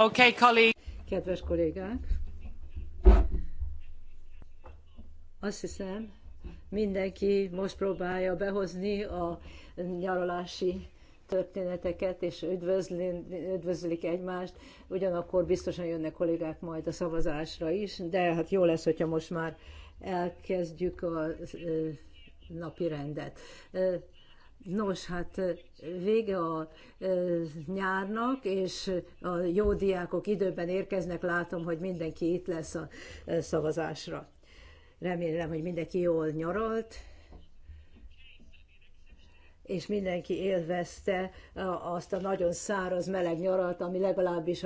Okay, colleague. Kedves kollégák, azt hiszem, mindenki most próbálja behozni a nyaralási történeteket, és üdvözli, üdvözlik egymást, ugyanakkor biztosan jönnek kollégák majd a szavazásra is, de hát jó lesz, hogyha most már elkezdjük a napi rendet. Nos, hát vége a nyárnak, és a jó diákok időben érkeznek, látom, hogy mindenki itt lesz a szavazásra. Remélem, hogy mindenki jól nyaralt, és mindenki élvezte azt a nagyon száraz, meleg nyaralt, ami legalábbis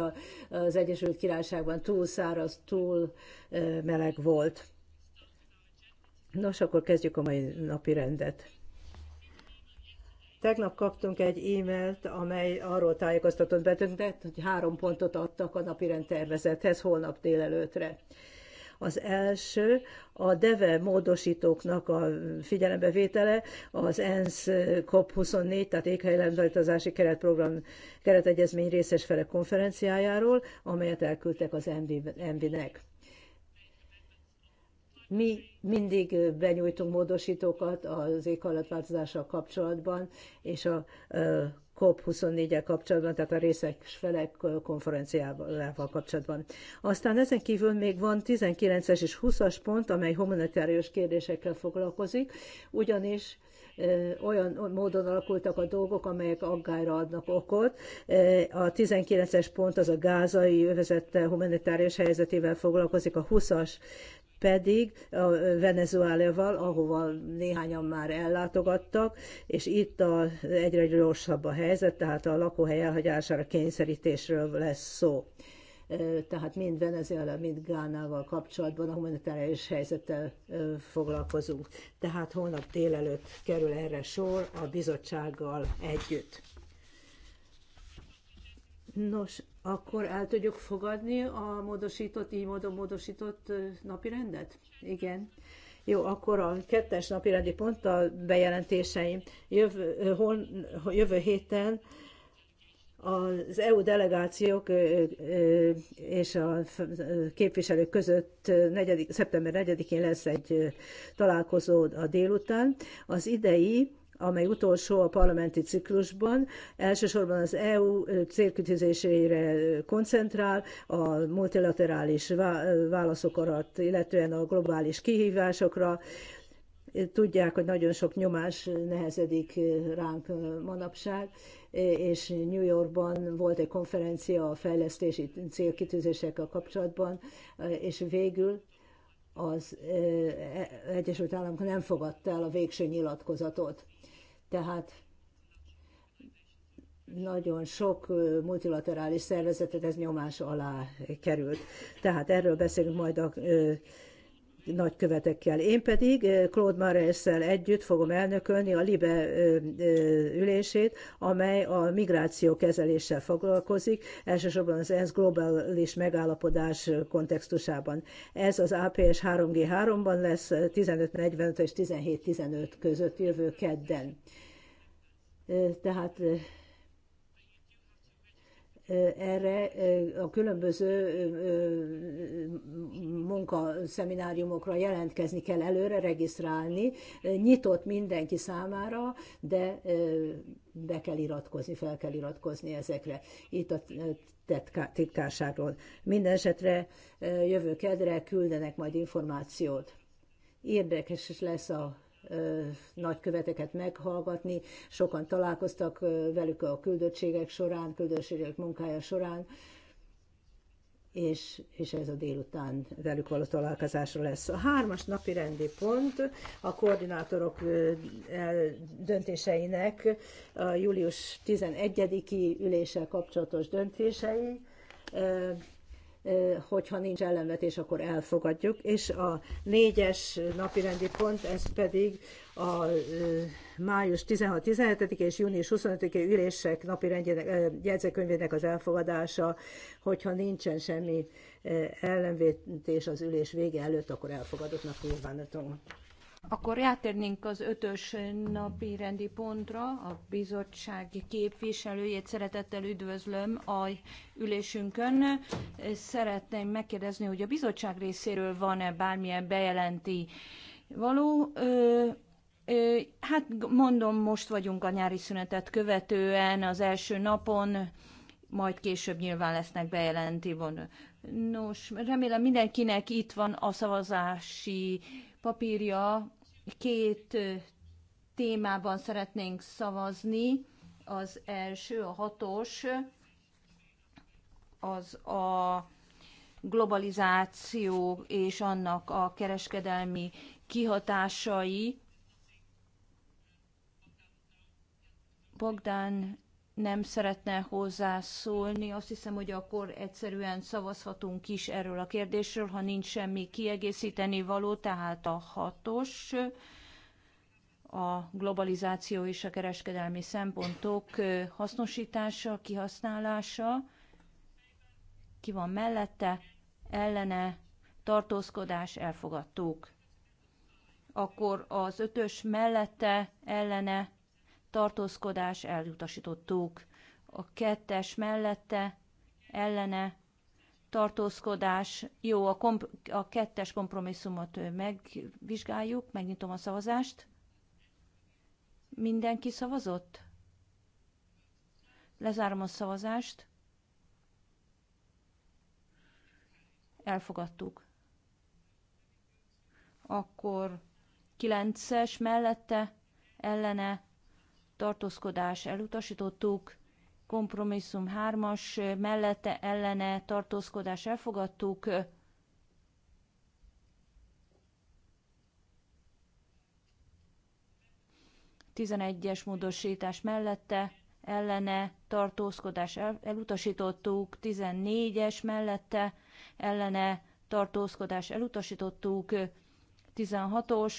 az Egyesült Királyságban túl száraz, túl meleg volt. Nos, akkor kezdjük a mai napi rendet. Tegnap kaptunk egy e-mailt, amely arról tájékoztatott betöntet, hogy három pontot adtak a napirend tervezethez holnap délelőtre. Az első a DEVE módosítóknak a figyelembevétele az ENSZ COP24, tehát éghajlandajtazási keretprogram keretegyezmény részes felek konferenciájáról, amelyet elküldtek az MB-nek. Mi mindig benyújtunk módosítókat az éghajlatváltozással kapcsolatban, és a COP24-el kapcsolatban, tehát a részek felek konferenciával kapcsolatban. Aztán ezen kívül még van 19-es és 20-as pont, amely humanitárius kérdésekkel foglalkozik, ugyanis olyan módon alakultak a dolgok, amelyek aggályra adnak okot. A 19-es pont az a gázai övezette humanitárius helyzetével foglalkozik, a 20-as pedig a Venezuelával, ahova néhányan már ellátogattak, és itt a, egyre gyorsabb a helyzet, tehát a lakóhely elhagyására kényszerítésről lesz szó. Tehát mind Venezuela, mind Gánával kapcsolatban a humanitárius helyzettel foglalkozunk. Tehát holnap délelőtt kerül erre sor a bizottsággal együtt. Nos, akkor el tudjuk fogadni a módosított, így módon módosított rendet, Igen. Jó, akkor a kettes napi rendi ponttal bejelentéseim. Jövő, hol, jövő héten az EU delegációk és a képviselők között 4. szeptember 4-én lesz egy találkozó a délután. Az idei amely utolsó a parlamenti ciklusban, elsősorban az EU célkütőzésére koncentrál, a multilaterális válaszok alatt, illetően a globális kihívásokra, tudják, hogy nagyon sok nyomás nehezedik ránk manapság, és New Yorkban volt egy konferencia a fejlesztési célkitűzésekkel kapcsolatban, és végül az e-, Egyesült Államok nem fogadta el a végső nyilatkozatot. Tehát nagyon sok multilaterális szervezetet ez nyomás alá került. Tehát erről beszélünk majd a nagykövetekkel. Én pedig eh, Claude marais együtt fogom elnökölni a LIBE eh, eh, ülését, amely a migráció kezeléssel foglalkozik, elsősorban az ENSZ globális megállapodás kontextusában. Ez az APS 3G3-ban lesz 15.45 és 17.15 között jövő kedden. Tehát erre a különböző munkaszemináriumokra jelentkezni kell előre, regisztrálni. Nyitott mindenki számára, de be kell iratkozni, fel kell iratkozni ezekre. Itt a titkárságról. Minden esetre jövő kedre küldenek majd információt. Érdekes lesz a nagyköveteket meghallgatni, sokan találkoztak velük a küldöttségek során, küldöttségek munkája során, és, és ez a délután velük való találkozásra lesz. A hármas napi rendi pont a koordinátorok döntéseinek a július 11-i üléssel kapcsolatos döntései hogyha nincs ellenvetés, akkor elfogadjuk, és a négyes napirendi pont, ez pedig a május 16-17 és június 25 ülések napi jegyzőkönyvének az elfogadása, hogyha nincsen semmi ellenvetés az ülés vége előtt, akkor elfogadottnak nyilvánítom. Akkor rátérnénk az ötös napi rendi pontra. A bizottság képviselőjét szeretettel üdvözlöm a ülésünkön. Szeretném megkérdezni, hogy a bizottság részéről van-e bármilyen bejelenti való. Ö, ö, hát mondom, most vagyunk a nyári szünetet követően, az első napon, majd később nyilván lesznek bejelenti von. Nos, remélem mindenkinek itt van a szavazási papírja két témában szeretnénk szavazni. Az első, a hatos, az a globalizáció és annak a kereskedelmi kihatásai. Bogdan nem szeretne hozzászólni, azt hiszem, hogy akkor egyszerűen szavazhatunk is erről a kérdésről, ha nincs semmi kiegészíteni való, tehát a hatos a globalizáció és a kereskedelmi szempontok hasznosítása, kihasználása. Ki van mellette? Ellene tartózkodás elfogadtuk. Akkor az ötös mellette ellene tartózkodás, elutasítottuk. A kettes mellette, ellene, tartózkodás, jó, a, komp- a kettes kompromisszumot megvizsgáljuk, megnyitom a szavazást. Mindenki szavazott? Lezárom a szavazást. Elfogadtuk. Akkor kilences mellette, ellene, tartózkodás elutasítottuk, kompromisszum hármas mellette ellene tartózkodás elfogadtuk, tizenegyes módosítás mellette ellene tartózkodás elutasítottuk, 14-es mellette ellene tartózkodás elutasítottuk, 16-os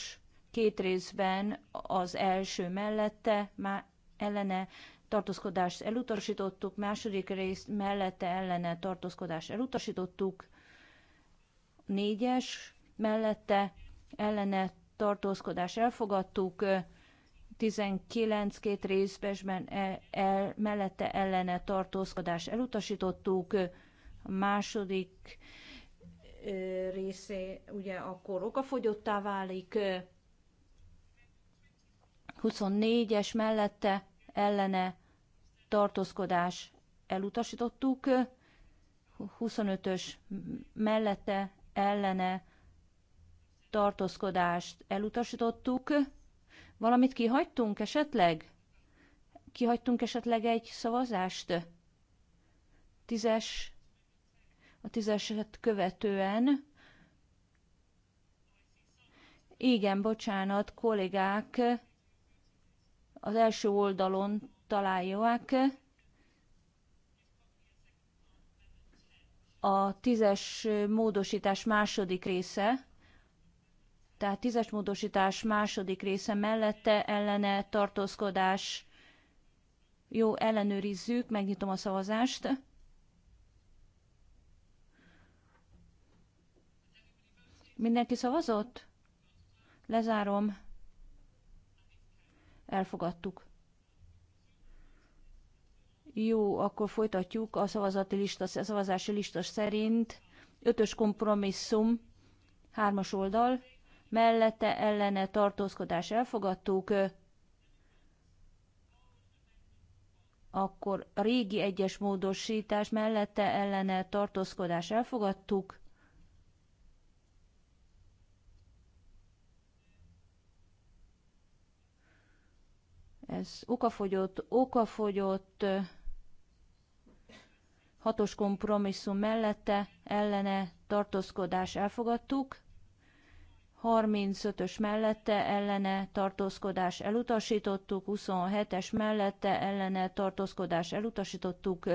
két részben az első mellette, má, ellene tartózkodást elutasítottuk, második rész mellette ellene tartózkodást elutasítottuk, négyes mellette ellene tartózkodást elfogadtuk, 19 két részben el, el, mellette ellene tartózkodást elutasítottuk, a második ö, része ugye akkor okafogyottá válik, 24-es mellette ellene tartózkodás elutasítottuk, 25-ös mellette ellene tartózkodást elutasítottuk, valamit kihagytunk esetleg? Kihagytunk esetleg egy szavazást? Tízes, a tízeset követően. Igen, bocsánat, kollégák, az első oldalon találják a tízes módosítás második része, tehát tízes módosítás második része mellette ellene tartózkodás. Jó, ellenőrizzük, megnyitom a szavazást. Mindenki szavazott? Lezárom. Elfogadtuk. Jó, akkor folytatjuk a szavazati lista, a szavazási lista szerint. Ötös kompromisszum, hármas oldal, mellette ellene tartózkodás elfogadtuk. Akkor a régi egyes módosítás mellette ellene tartózkodás elfogadtuk. Ez okafogyott, okafogyott hatos kompromisszum mellette ellene tartózkodás elfogadtuk, 35-ös mellette ellene tartózkodás elutasítottuk, 27-es mellette ellene tartózkodás elutasítottuk,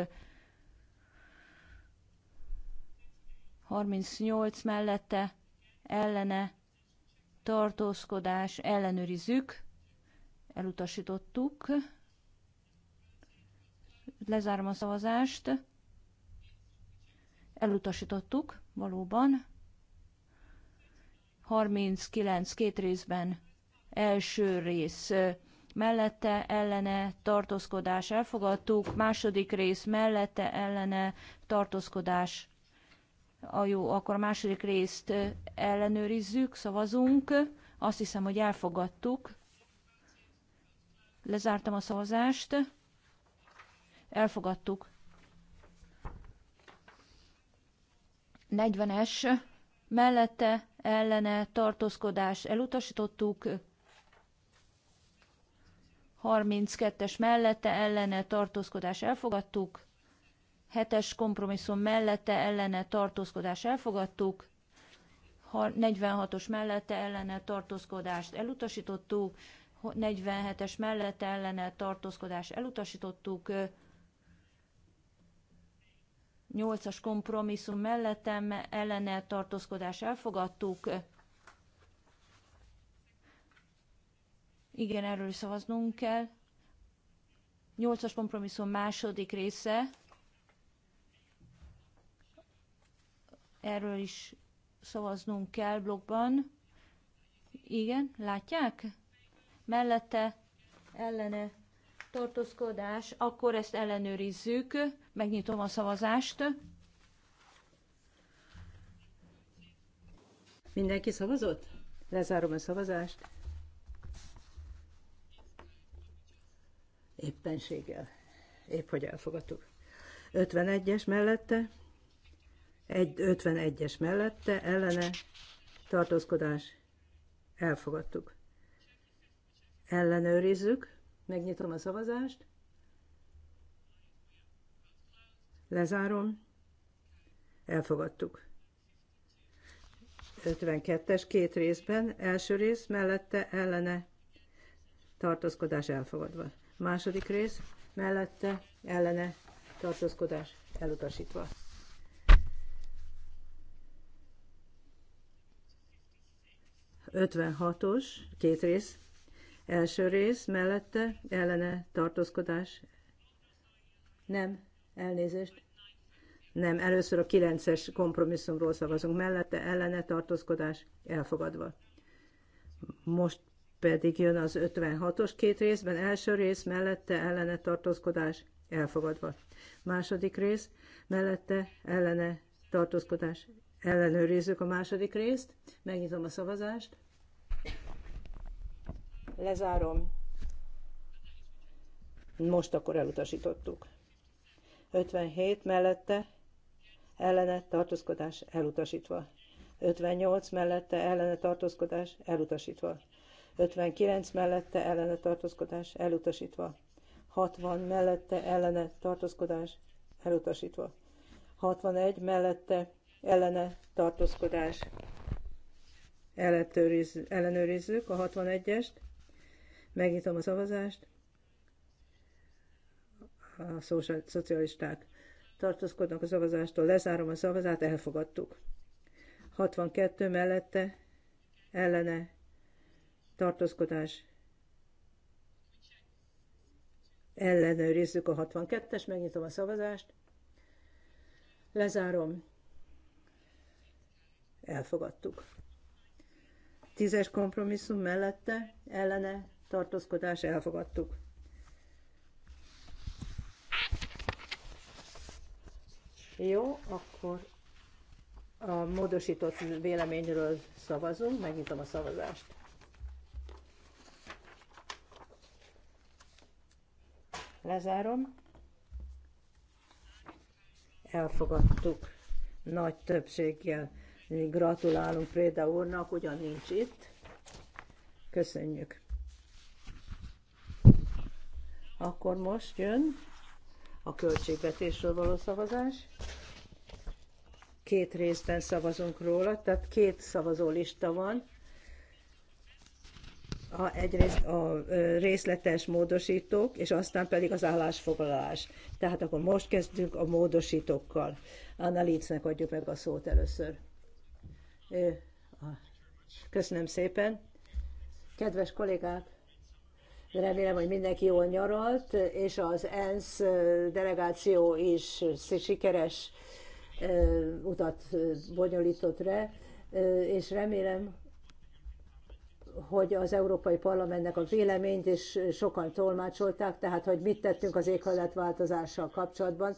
38 mellette ellene tartózkodás ellenőrizzük. Elutasítottuk. Lezárom a szavazást. Elutasítottuk, valóban. 39 két részben első rész mellette ellene tartózkodás elfogadtuk, második rész mellette ellene tartózkodás. A jó, akkor a második részt ellenőrizzük, szavazunk. Azt hiszem, hogy elfogadtuk. Lezártam a szavazást. Elfogadtuk. 40-es mellette ellene tartózkodás elutasítottuk. 32-es mellette ellene tartózkodás elfogadtuk. 7-es kompromisszum mellette ellene tartózkodás elfogadtuk. 46-os mellette ellene tartózkodást elutasítottuk, 47-es mellett ellene tartózkodás elutasítottuk, 8-as kompromisszum mellettem ellene tartózkodás elfogadtuk. Igen, erről szavaznunk kell. 8-as kompromisszum második része. Erről is szavaznunk kell blogban. Igen, látják? mellette ellene tartózkodás, akkor ezt ellenőrizzük. Megnyitom a szavazást. Mindenki szavazott? Lezárom a szavazást. Éppenséggel. Épp hogy elfogadtuk. 51-es mellette, egy 51-es mellette, ellene, tartózkodás, elfogadtuk. Ellenőrizzük. Megnyitom a szavazást. Lezárom. Elfogadtuk. 52-es két részben, első rész mellette ellene tartózkodás elfogadva. Második rész mellette ellene tartózkodás elutasítva. 56-os, két rész, Első rész mellette ellene tartózkodás. Nem, elnézést. Nem, először a 9-es kompromisszumról szavazunk mellette, ellene tartózkodás elfogadva. Most pedig jön az 56-os két részben, első rész mellette ellene tartózkodás elfogadva. Második rész mellette ellene tartózkodás ellenőrizzük a második részt, megnyitom a szavazást lezárom. Most akkor elutasítottuk. 57 mellette ellene tartózkodás elutasítva. 58 mellette ellene tartózkodás elutasítva. 59 mellette ellene tartózkodás elutasítva. 60 mellette ellene tartózkodás elutasítva. 61 mellette ellene tartózkodás ellenőrizzük a 61-est. Megnyitom a szavazást. A szocialisták tartózkodnak a szavazástól, lezárom a szavazát, elfogadtuk. 62 mellette ellene tartózkodás ellenőrizzük a 62-es, megnyitom a szavazást, lezárom, elfogadtuk. Tízes kompromisszum mellette ellene tartózkodás elfogadtuk. Jó, akkor a módosított véleményről szavazunk, megnyitom a szavazást. Lezárom. Elfogadtuk nagy többséggel. Gratulálunk Préda úrnak, ugyan nincs itt. Köszönjük. Akkor most jön a költségvetésről való szavazás. Két részben szavazunk róla, tehát két szavazólista van. A, egyrészt a részletes módosítók, és aztán pedig az állásfoglalás. Tehát akkor most kezdünk a módosítókkal. Anna Litznek adjuk meg a szót először. Köszönöm szépen. Kedves kollégák, Remélem, hogy mindenki jól nyaralt, és az ENSZ delegáció is sikeres utat bonyolított re, és remélem, hogy az Európai Parlamentnek a véleményt is sokan tolmácsolták, tehát hogy mit tettünk az éghajlatváltozással kapcsolatban,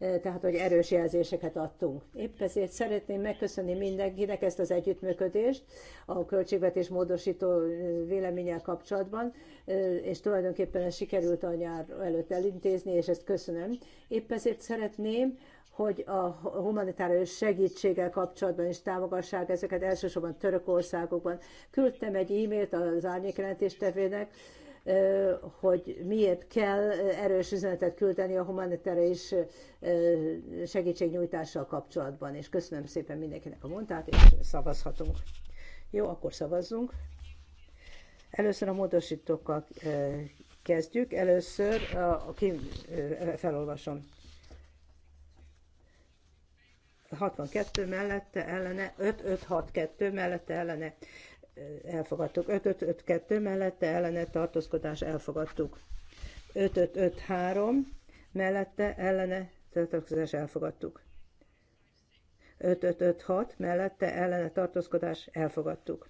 E, tehát hogy erős jelzéseket adtunk. Épp ezért szeretném megköszönni mindenkinek ezt az együttműködést a költségvetés módosító e, véleménnyel kapcsolatban, e, és tulajdonképpen ez sikerült a nyár előtt elintézni, és ezt köszönöm. Épp ezért szeretném, hogy a humanitárius segítséggel kapcsolatban is támogassák ezeket, elsősorban Törökországokban. Küldtem egy e-mailt az árnyékjelentéstevének, hogy miért kell erős üzenetet küldeni a humanitárius segítségnyújtással kapcsolatban. És köszönöm szépen mindenkinek a mondát, és szavazhatunk. Jó, akkor szavazzunk. Először a módosítókkal kezdjük. Először a, Kim felolvasom. 62 mellette ellene, 5-5-6-2 mellette ellene elfogadtuk. 5-5-2 mellette ellene tartózkodás elfogadtuk. 5-5-5-3 mellette ellene tartózkodás elfogadtuk. 5-5-5-6 mellette ellene tartózkodás elfogadtuk.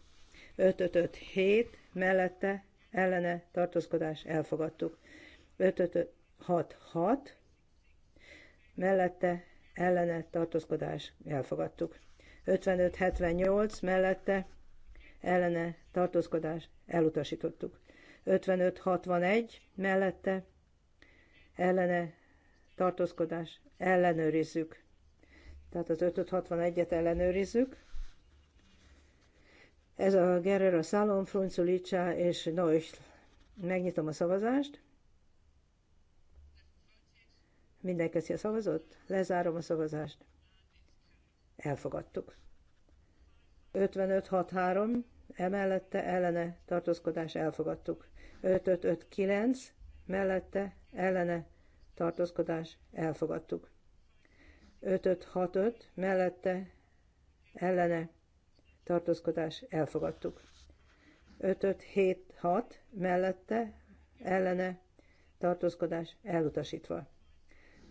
5-5-5-7 mellette ellene tartózkodás elfogadtuk. 5-5-6-6 mellette ellene tartózkodás elfogadtuk. 55-78 mellette ellene tartózkodás elutasítottuk. 55-61 mellette ellene tartózkodás ellenőrizzük. Tehát az 55-61-et ellenőrizzük. Ez a Gerrer, a Szalon, Frunculicsa és Nois. Megnyitom a szavazást. Mindenki a szavazott? Lezárom a szavazást. Elfogadtuk. 5563 emellette ellene tartózkodás elfogadtuk. 5559 mellette ellene tartózkodás elfogadtuk. 5565 mellette ellene tartózkodás elfogadtuk. 5576 mellette ellene tartózkodás elutasítva.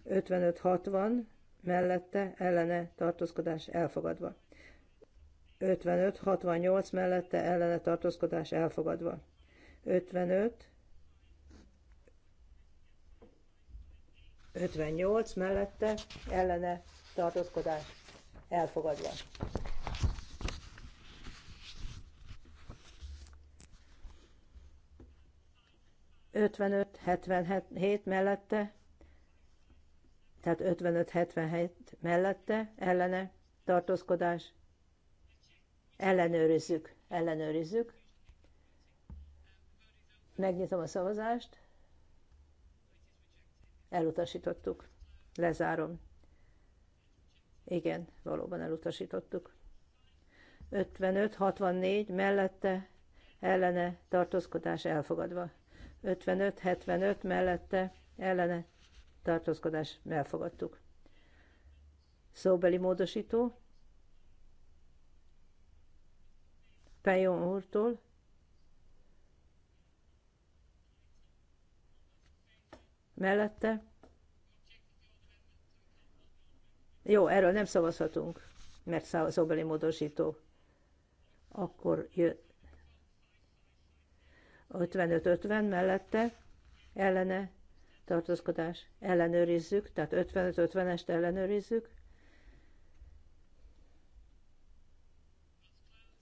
5560 mellette ellene tartózkodás elfogadva. 55-68 mellette ellene tartózkodás elfogadva. 55 58 mellette ellene tartózkodás elfogadva. Ötvenöt, hetvenhét mellette, tehát 55-77 mellette ellene tartózkodás Ellenőrizzük, ellenőrizzük. Megnyitom a szavazást. Elutasítottuk. Lezárom. Igen, valóban elutasítottuk. 55-64 mellette ellene tartózkodás elfogadva. 55-75 mellette ellene tartózkodás elfogadtuk. Szóbeli módosító Pejon úrtól. Mellette. Jó, erről nem szavazhatunk, mert szavazóbeli módosító. Akkor jön 55-50 mellette, ellene tartózkodás, ellenőrizzük, tehát 55-50-est ellenőrizzük.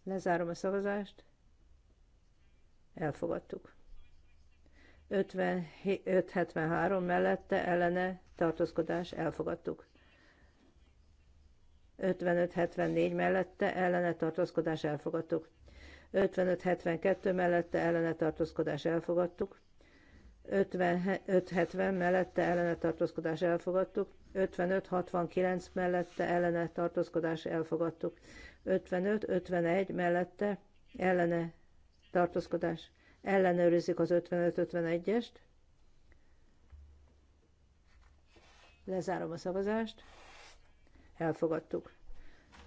Lezárom a szavazást. Elfogadtuk. 573 mellette ellene tartózkodás elfogadtuk. 5574 mellette ellene tartózkodás elfogadtuk. 5572 mellette ellene tartózkodás elfogadtuk. 55-70 mellette ellene tartózkodás elfogadtuk, 55-69 mellette ellene tartózkodás elfogadtuk, 55-51 mellette ellene tartózkodás ellenőrizik az 55-51-est. Lezárom a szavazást. Elfogadtuk.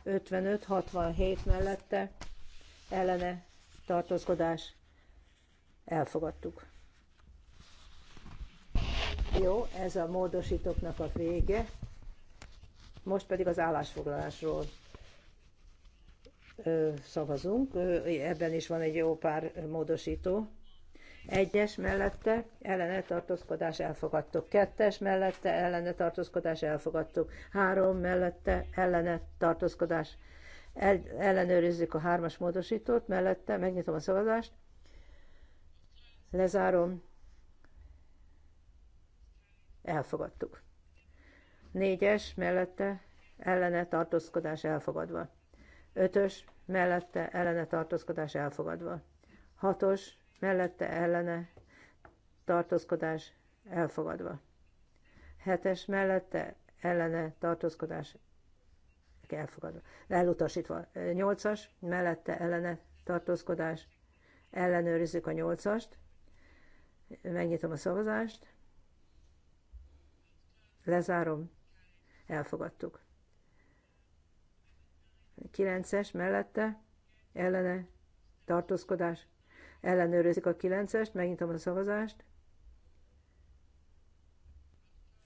55-67 mellette ellene tartózkodás elfogadtuk. Jó, ez a módosítóknak a vége. Most pedig az állásfoglalásról szavazunk. Ebben is van egy jó pár módosító. Egyes mellette ellene tartózkodás elfogadtuk. Kettes mellette ellene tartózkodás elfogadtuk. Három mellette ellene tartózkodás. El, ellenőrizzük a hármas módosítót, mellette megnyitom a szavazást. Lezárom elfogadtuk. Négyes mellette ellene tartózkodás elfogadva. Ötös mellette ellene tartózkodás elfogadva. Hatos mellette ellene tartózkodás elfogadva. Hetes mellette ellene tartózkodás elfogadva. Elutasítva. Nyolcas mellette ellene tartózkodás ellenőrizzük a nyolcast. Megnyitom a szavazást. Lezárom. Elfogadtuk. Kilences mellette ellene tartózkodás. Ellenőrizik a kilencest. megnyitom a szavazást.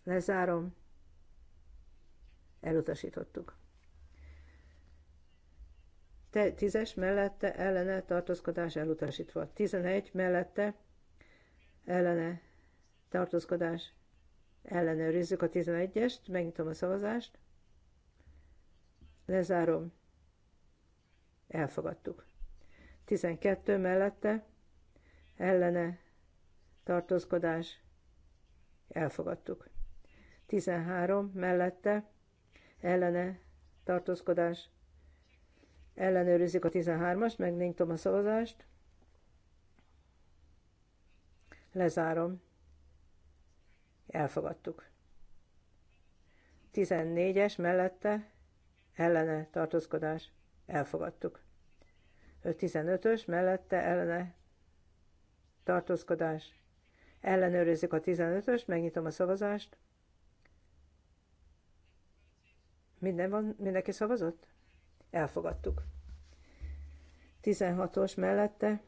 Lezárom. Elutasítottuk. Te, tízes mellette ellene tartózkodás elutasítva. Tizenegy mellette ellene tartózkodás ellenőrizzük a 11-est, megnyitom a szavazást, lezárom, elfogadtuk. 12 mellette ellene tartózkodás, elfogadtuk. 13 mellette ellene tartózkodás, ellenőrizzük a 13-ast, megnyitom a szavazást, lezárom, elfogadtuk. 14-es mellette ellene tartózkodás elfogadtuk. 15-ös mellette ellene tartózkodás. Ellenőrizzük a 15 ös megnyitom a szavazást. Minden van, mindenki szavazott? Elfogadtuk. 16-os mellette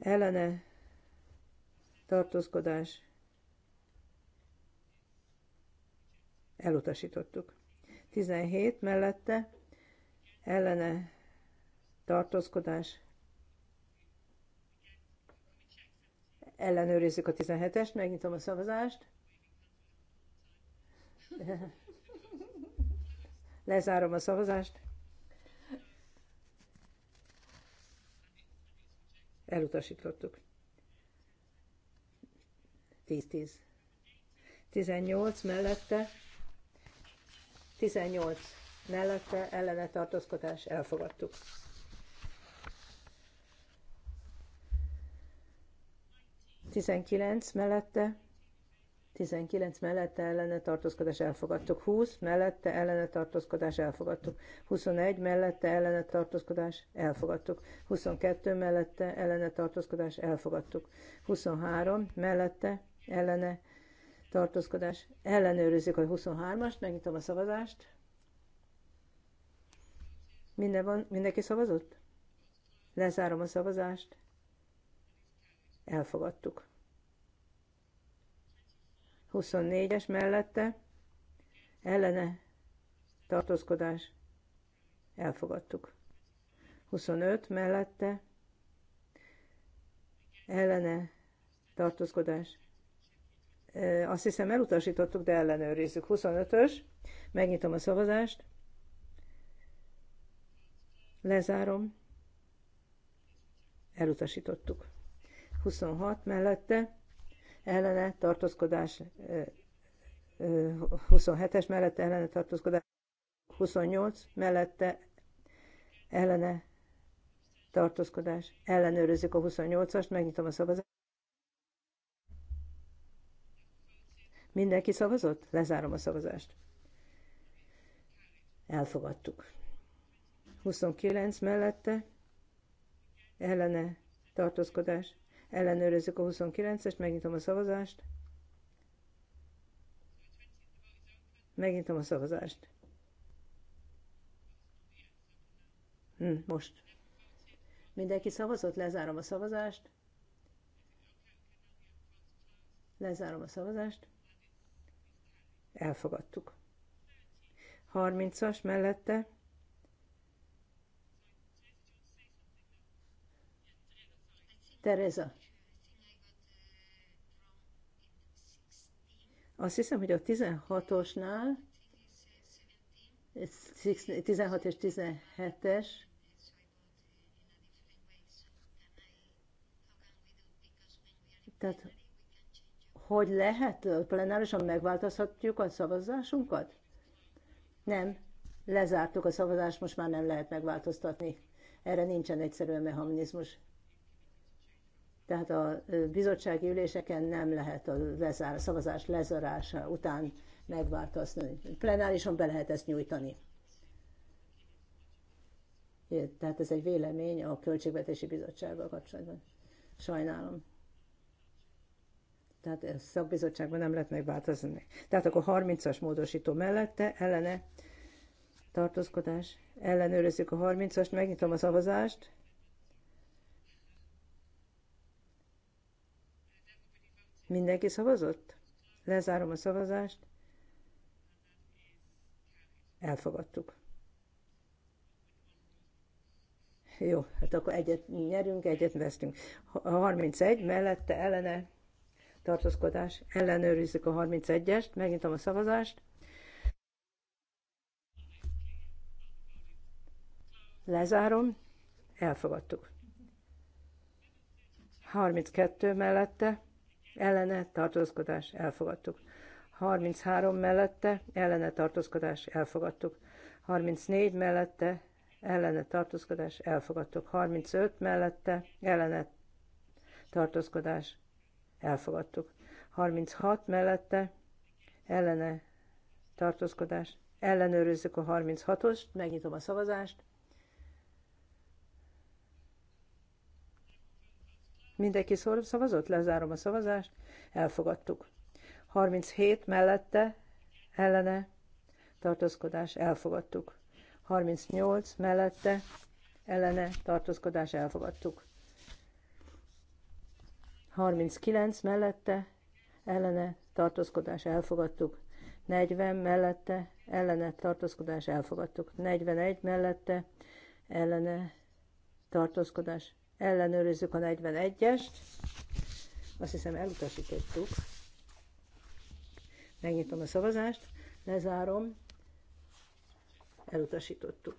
ellene tartózkodás elutasítottuk. 17 mellette ellene tartózkodás ellenőrizzük a 17-est, megnyitom a szavazást. Lezárom a szavazást. Elutasítottuk. 10-10. 18 mellette 18 mellette ellene tartózkodás elfogadtuk. 19 mellette 19 mellette ellene tartózkodás elfogadtuk, 20 mellette ellene tartózkodás elfogadtuk, 21 mellette ellene tartózkodás elfogadtuk, 22 mellette ellene tartózkodás elfogadtuk, 23 mellette ellene tartózkodás. Ellenőrizzük a 23-ast, megnyitom a szavazást. Minden van, mindenki szavazott? Lezárom a szavazást. Elfogadtuk. 24-es mellette ellene tartózkodás. Elfogadtuk. 25 mellette ellene tartózkodás azt hiszem elutasítottuk, de ellenőrizzük. 25-ös. Megnyitom a szavazást. Lezárom. Elutasítottuk. 26 mellette ellene tartózkodás 27-es mellette ellene tartózkodás 28 mellette ellene tartózkodás. Ellenőrizzük a 28-ast, megnyitom a szavazást. Mindenki szavazott? Lezárom a szavazást. Elfogadtuk. 29 mellette ellene tartózkodás. Ellenőrizzük a 29-est, megnyitom a szavazást. Megnyitom a szavazást. Hm, most. Mindenki szavazott, lezárom a szavazást. Lezárom a szavazást. Elfogadtuk. 30-as mellette Tereza. Azt hiszem, hogy a 16-osnál 16 és 17-es tehát hogy lehet plenárisan megváltozhatjuk a szavazásunkat? Nem, lezártuk a szavazást, most már nem lehet megváltoztatni. Erre nincsen egyszerűen mechanizmus. Tehát a bizottsági üléseken nem lehet a, lezár, a szavazás lezárása után megváltoztatni. Plenárison be lehet ezt nyújtani. Tehát ez egy vélemény a Költségvetési Bizottsággal kapcsolatban. Sajnálom tehát a szakbizottságban nem lehet megváltozni. Tehát akkor 30-as módosító mellette ellene tartózkodás. Ellenőrizzük a 30-ast, megnyitom a szavazást. Mindenki szavazott? Lezárom a szavazást. Elfogadtuk. Jó, hát akkor egyet nyerünk, egyet vesztünk. A 31 mellette ellene tartózkodás, ellenőrizzük a 31-est, megnyitom a szavazást, lezárom, elfogadtuk. 32 mellette, ellene tartózkodás, elfogadtuk. 33 mellette, ellene tartózkodás, elfogadtuk. 34 mellette, ellene tartózkodás, elfogadtuk. 35 mellette, ellene tartózkodás, elfogadtuk. 36 mellette ellene tartózkodás, ellenőrizzük a 36-ost, megnyitom a szavazást. Mindenki szavazott, lezárom a szavazást, elfogadtuk. 37 mellette ellene tartózkodás, elfogadtuk. 38 mellette ellene tartózkodás, elfogadtuk. 39 mellette ellene tartózkodás elfogadtuk. 40 mellette ellene tartózkodás elfogadtuk. 41 mellette ellene tartózkodás. Ellenőrizzük a 41-est. Azt hiszem elutasítottuk. Megnyitom a szavazást, lezárom. Elutasítottuk.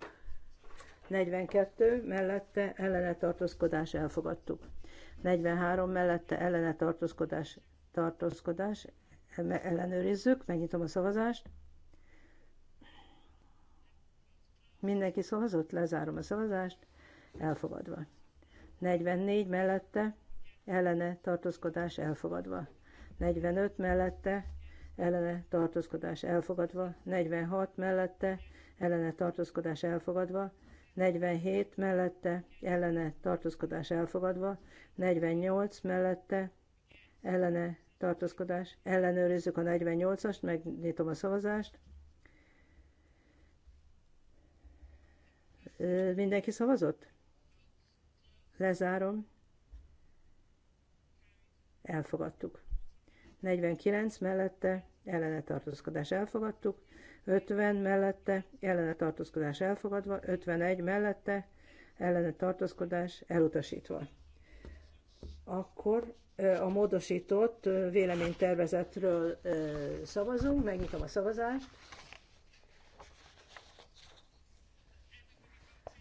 42 mellette ellene tartózkodás elfogadtuk. 43 mellette ellene tartózkodás, tartózkodás, ellenőrizzük, megnyitom a szavazást. Mindenki szavazott, lezárom a szavazást, elfogadva. 44 mellette ellene tartózkodás elfogadva. 45 mellette ellene tartózkodás elfogadva. 46 mellette ellene tartózkodás elfogadva. 47 mellette ellene tartózkodás elfogadva, 48 mellette ellene tartózkodás, ellenőrizzük a 48-ast, megnyitom a szavazást. Mindenki szavazott? Lezárom. Elfogadtuk. 49 mellette ellene tartózkodás elfogadtuk, 50 mellette ellene tartózkodás elfogadva, 51 mellette ellene tartózkodás elutasítva. Akkor a módosított véleménytervezetről szavazunk, megnyitom a szavazást.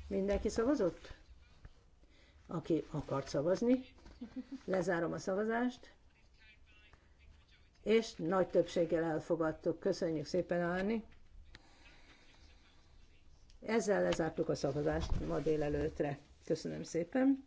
Mindenki szavazott? Aki akart szavazni, lezárom a szavazást, és nagy többséggel elfogadtuk. Köszönjük szépen, Árni! Ezzel lezártuk a szavazást ma délelőtre. Köszönöm szépen.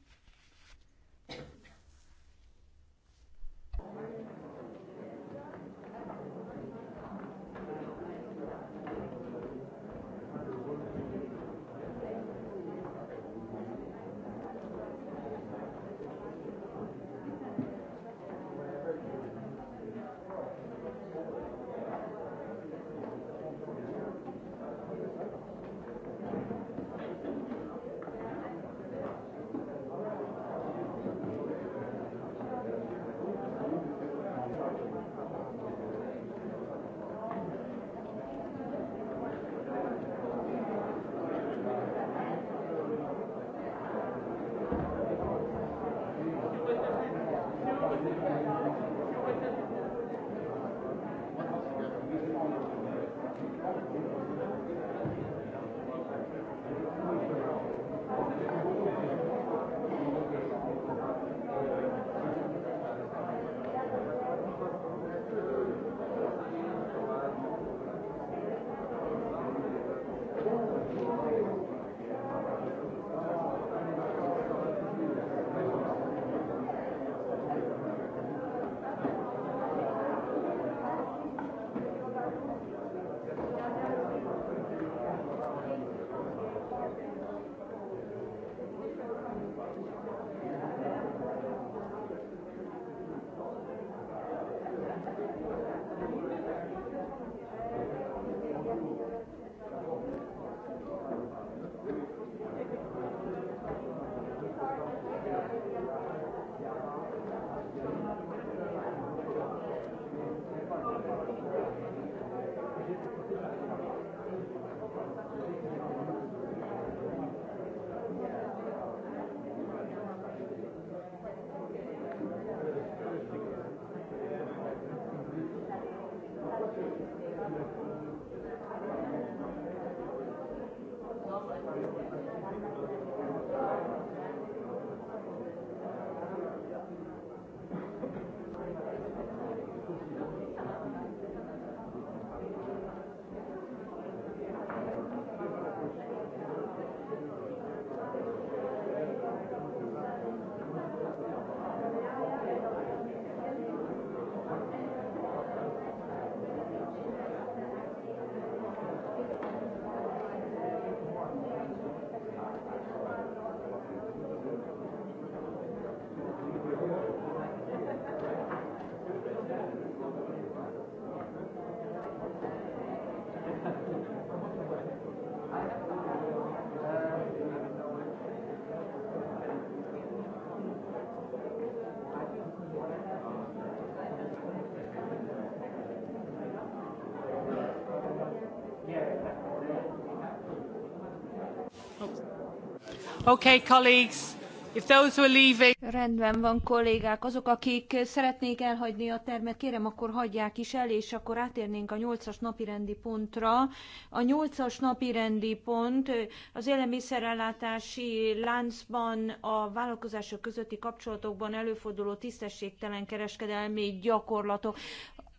Okay, colleagues. If those who are leaving... Rendben van, kollégák. Azok, akik szeretnék elhagyni a termet, kérem, akkor hagyják is el, és akkor átérnénk a nyolcas napi rendi pontra. A nyolcas napi rendi pont az élelmiszerellátási láncban a vállalkozások közötti kapcsolatokban előforduló tisztességtelen kereskedelmi gyakorlatok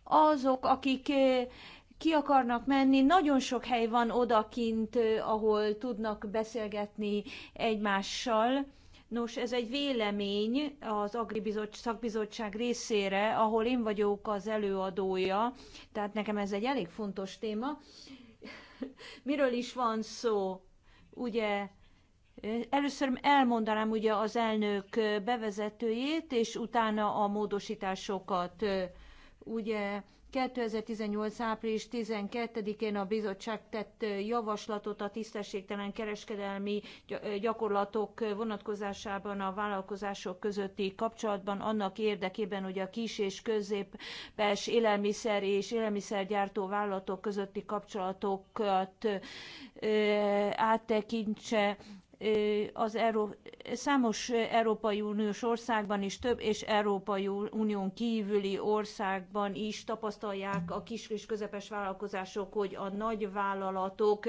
azok, akik ki akarnak menni. Nagyon sok hely van odakint, ahol tudnak beszélgetni egymással. Nos, ez egy vélemény az Agribizottság szakbizottság részére, ahol én vagyok az előadója, tehát nekem ez egy elég fontos téma. Miről is van szó? Ugye Először elmondanám ugye az elnök bevezetőjét, és utána a módosításokat. Ugye 2018. április 12-én a bizottság tett javaslatot a tisztességtelen kereskedelmi gyakorlatok vonatkozásában a vállalkozások közötti kapcsolatban annak érdekében, hogy a kis és középes élelmiszer és élelmiszergyártó vállalatok közötti kapcsolatokat áttekintse az Euró- számos Európai Uniós országban is, több és Európai Unión kívüli országban is tapasztalják a kis és közepes vállalkozások, hogy a nagy vállalatok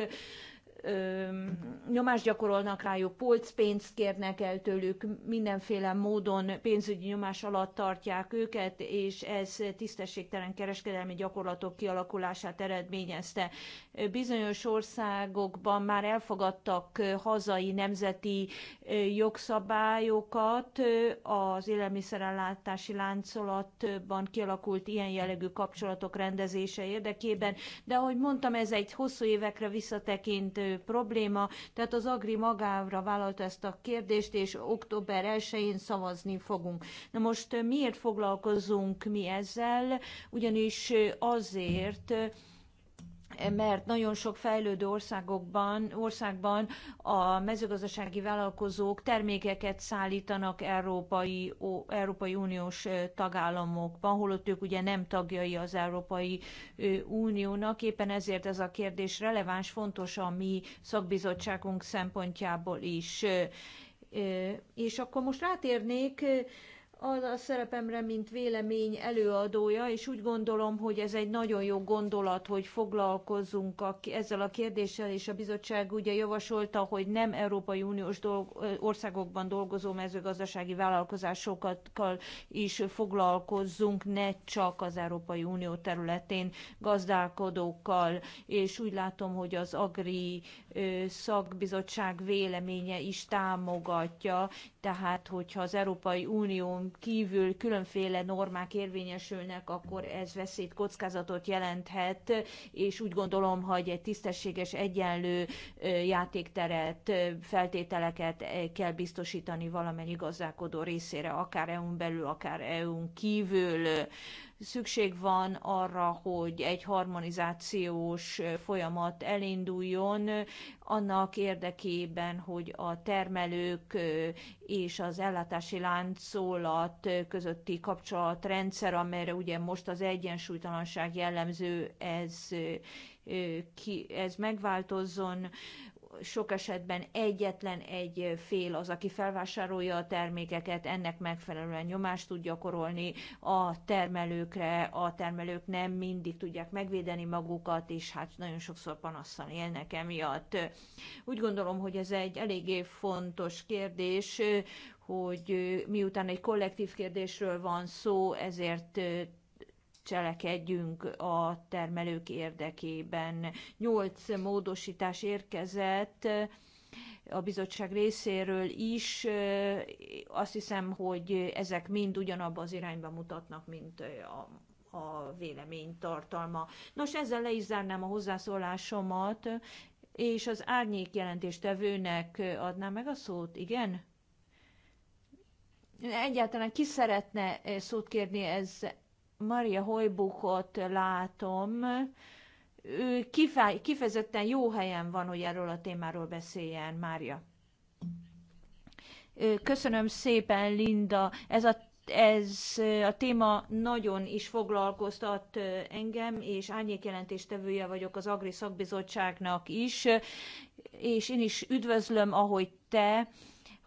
ö, mhm. nyomást gyakorolnak rájuk, polcpénzt kérnek el tőlük, mindenféle módon pénzügyi nyomás alatt tartják őket, és ez tisztességtelen kereskedelmi gyakorlatok kialakulását eredményezte. Bizonyos országokban már elfogadtak hazai nemzeti jogszabályokat az élelmiszerellátási láncolatban kialakult ilyen jellegű kapcsolatok rendezése érdekében, de ahogy mondtam, ez egy hosszú évekre visszatekintő probléma, tehát az Agri magára vállalta ezt a kérdést, és október 1-én szavazni fogunk. Na most miért foglalkozunk mi ezzel? Ugyanis azért, mert nagyon sok fejlődő országokban, országban a mezőgazdasági vállalkozók termékeket szállítanak Európai, Európai Uniós tagállamokba, holott ők ugye nem tagjai az Európai Uniónak. Éppen ezért ez a kérdés releváns, fontos a mi szakbizottságunk szempontjából is. És akkor most rátérnék az a szerepemre, mint vélemény előadója, és úgy gondolom, hogy ez egy nagyon jó gondolat, hogy foglalkozzunk a, ezzel a kérdéssel, és a bizottság ugye javasolta, hogy nem Európai Uniós dolg, országokban dolgozó mezőgazdasági vállalkozásokkal is foglalkozzunk, ne csak az Európai Unió területén gazdálkodókkal, és úgy látom, hogy az Agri szakbizottság véleménye is támogatja, tehát hogyha az Európai Unión kívül különféle normák érvényesülnek, akkor ez veszélyt, kockázatot jelenthet, és úgy gondolom, hogy egy tisztességes, egyenlő játékteret, feltételeket kell biztosítani valamennyi gazdálkodó részére, akár EU-n belül, akár EU-n kívül szükség van arra, hogy egy harmonizációs folyamat elinduljon annak érdekében, hogy a termelők és az ellátási láncolat közötti kapcsolatrendszer, amelyre ugye most az egyensúlytalanság jellemző, ez, ez megváltozzon, sok esetben egyetlen egy fél az, aki felvásárolja a termékeket, ennek megfelelően nyomást tud gyakorolni a termelőkre, a termelők nem mindig tudják megvédeni magukat, és hát nagyon sokszor panasszal élnek emiatt. Úgy gondolom, hogy ez egy eléggé fontos kérdés, hogy miután egy kollektív kérdésről van szó, ezért cselekedjünk a termelők érdekében. Nyolc módosítás érkezett a bizottság részéről is. Azt hiszem, hogy ezek mind ugyanabba az irányba mutatnak, mint a a vélemény tartalma. Nos, ezzel le is zárnám a hozzászólásomat, és az árnyék jelentéstevőnek adnám meg a szót, igen? Egyáltalán ki szeretne szót kérni ez, Maria Hojbukot látom, ő kifejezetten jó helyen van, hogy erről a témáról beszéljen, Mária. Köszönöm szépen, Linda. Ez a ez a téma nagyon is foglalkoztat engem, és árnyékjelentéstevője vagyok az Agri Szakbizottságnak is, és én is üdvözlöm, ahogy te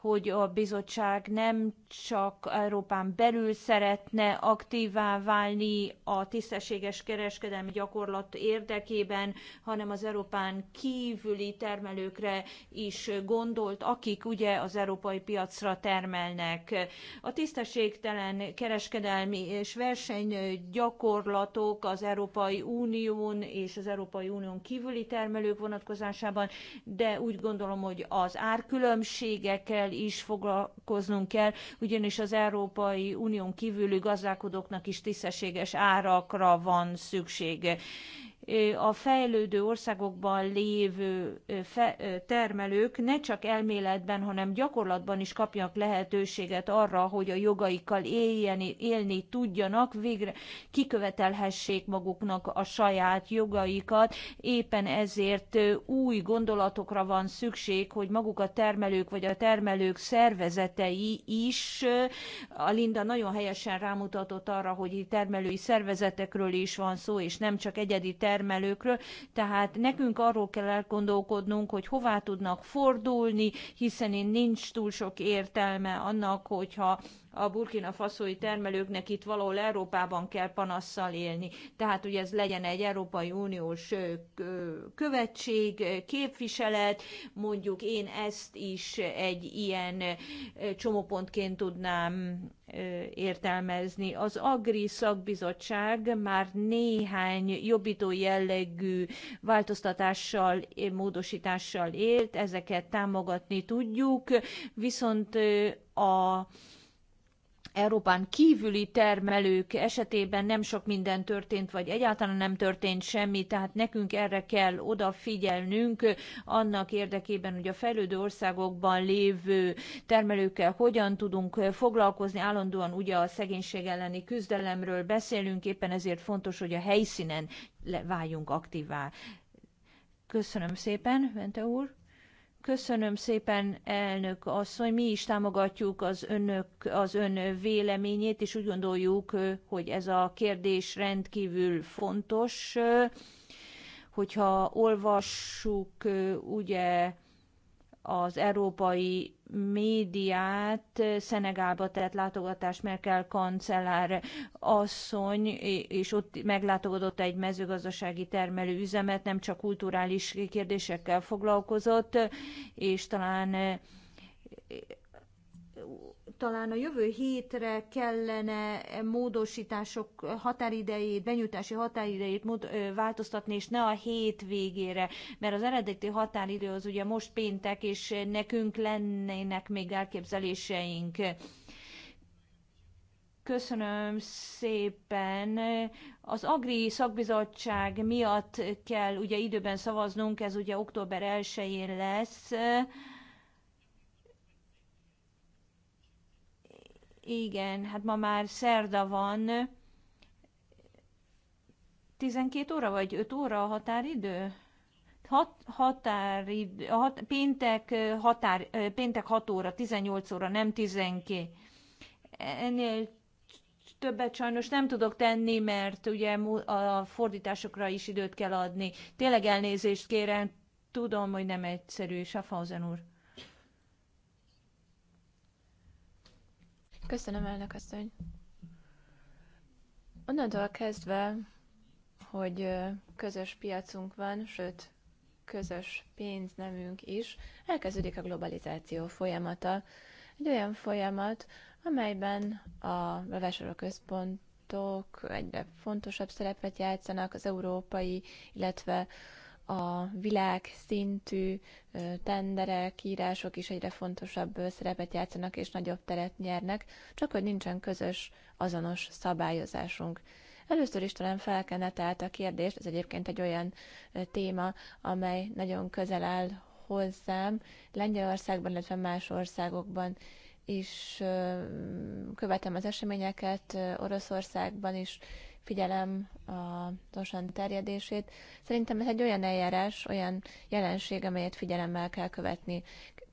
hogy a bizottság nem csak Európán belül szeretne aktívá válni a tisztességes kereskedelmi gyakorlat érdekében, hanem az Európán kívüli termelőkre is gondolt, akik ugye az európai piacra termelnek. A tisztességtelen kereskedelmi és verseny gyakorlatok az Európai Unión és az Európai Unión kívüli termelők vonatkozásában, de úgy gondolom, hogy az árkülönbségekkel is foglalkoznunk kell, ugyanis az Európai Unión kívüli gazdálkodóknak is tisztességes árakra van szüksége a fejlődő országokban lévő termelők ne csak elméletben, hanem gyakorlatban is kapjanak lehetőséget arra, hogy a jogaikkal éljen, élni tudjanak, végre kikövetelhessék maguknak a saját jogaikat. Éppen ezért új gondolatokra van szükség, hogy maguk a termelők vagy a termelők szervezetei is, a Linda nagyon helyesen rámutatott arra, hogy termelői szervezetekről is van szó, és nem csak egyedi termelők, termelőkről, tehát nekünk arról kell elgondolkodnunk, hogy hová tudnak fordulni, hiszen én nincs túl sok értelme annak, hogyha a burkina faszói termelőknek itt valahol Európában kell panasszal élni. Tehát ugye ez legyen egy Európai Uniós követség, képviselet, mondjuk én ezt is egy ilyen csomópontként tudnám értelmezni. Az Agri Szakbizottság már néhány jobbító jellegű változtatással, módosítással élt, ezeket támogatni tudjuk, viszont a Európán kívüli termelők esetében nem sok minden történt, vagy egyáltalán nem történt semmi, tehát nekünk erre kell odafigyelnünk annak érdekében, hogy a fejlődő országokban lévő termelőkkel hogyan tudunk foglalkozni. Állandóan ugye a szegénység elleni küzdelemről beszélünk, éppen ezért fontos, hogy a helyszínen váljunk aktívá. Köszönöm szépen, Vente úr! Köszönöm szépen, elnök asszony. Mi is támogatjuk az, önök, az ön véleményét, és úgy gondoljuk, hogy ez a kérdés rendkívül fontos. Hogyha olvassuk ugye az európai médiát Szenegálba tett látogatás Merkel kancellár asszony, és ott meglátogatott egy mezőgazdasági termelő üzemet, nem csak kulturális kérdésekkel foglalkozott, és talán talán a jövő hétre kellene módosítások határidejét, benyújtási határidejét mód, ö, változtatni, és ne a hét végére, mert az eredeti határidő az ugye most péntek, és nekünk lennének még elképzeléseink. Köszönöm szépen. Az Agri szakbizottság miatt kell ugye időben szavaznunk, ez ugye október 1-én lesz. Igen, hát ma már szerda van. 12 óra vagy 5 óra a határidő? Hat, határid, hat, péntek, határ, péntek 6 óra, 18 óra, nem 12. Ennél többet sajnos nem tudok tenni, mert ugye a fordításokra is időt kell adni. Tényleg elnézést kérem, tudom, hogy nem egyszerű, Safhausen úr. Köszönöm, elnök asszony. Onnantól kezdve, hogy közös piacunk van, sőt, közös pénznemünk is, elkezdődik a globalizáció folyamata. Egy olyan folyamat, amelyben a bevásárlóközpontok egyre fontosabb szerepet játszanak az európai, illetve a világ szintű tenderek, írások is egyre fontosabb szerepet játszanak és nagyobb teret nyernek, csak hogy nincsen közös, azonos szabályozásunk. Először is talán fel kellene tehát a kérdést, ez egyébként egy olyan téma, amely nagyon közel áll hozzám, Lengyelországban, illetve más országokban is követem az eseményeket, Oroszországban is, figyelem a osan terjedését. Szerintem ez egy olyan eljárás, olyan jelenség, amelyet figyelemmel kell követni.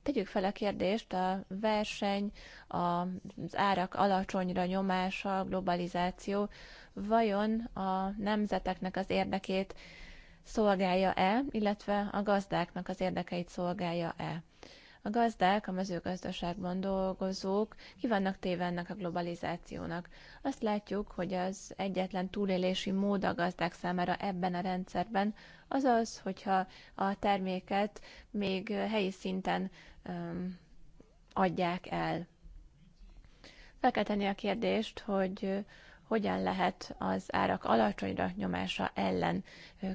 Tegyük fel a kérdést, a verseny, az árak alacsonyra nyomása, globalizáció vajon a nemzeteknek az érdekét szolgálja-e, illetve a gazdáknak az érdekeit szolgálja-e? A gazdák, a mezőgazdaságban dolgozók ki vannak téve ennek a globalizációnak. Azt látjuk, hogy az egyetlen túlélési mód a gazdák számára ebben a rendszerben az az, hogyha a terméket még helyi szinten um, adják el. Fel kell tenni a kérdést, hogy hogyan lehet az árak alacsonyra nyomása ellen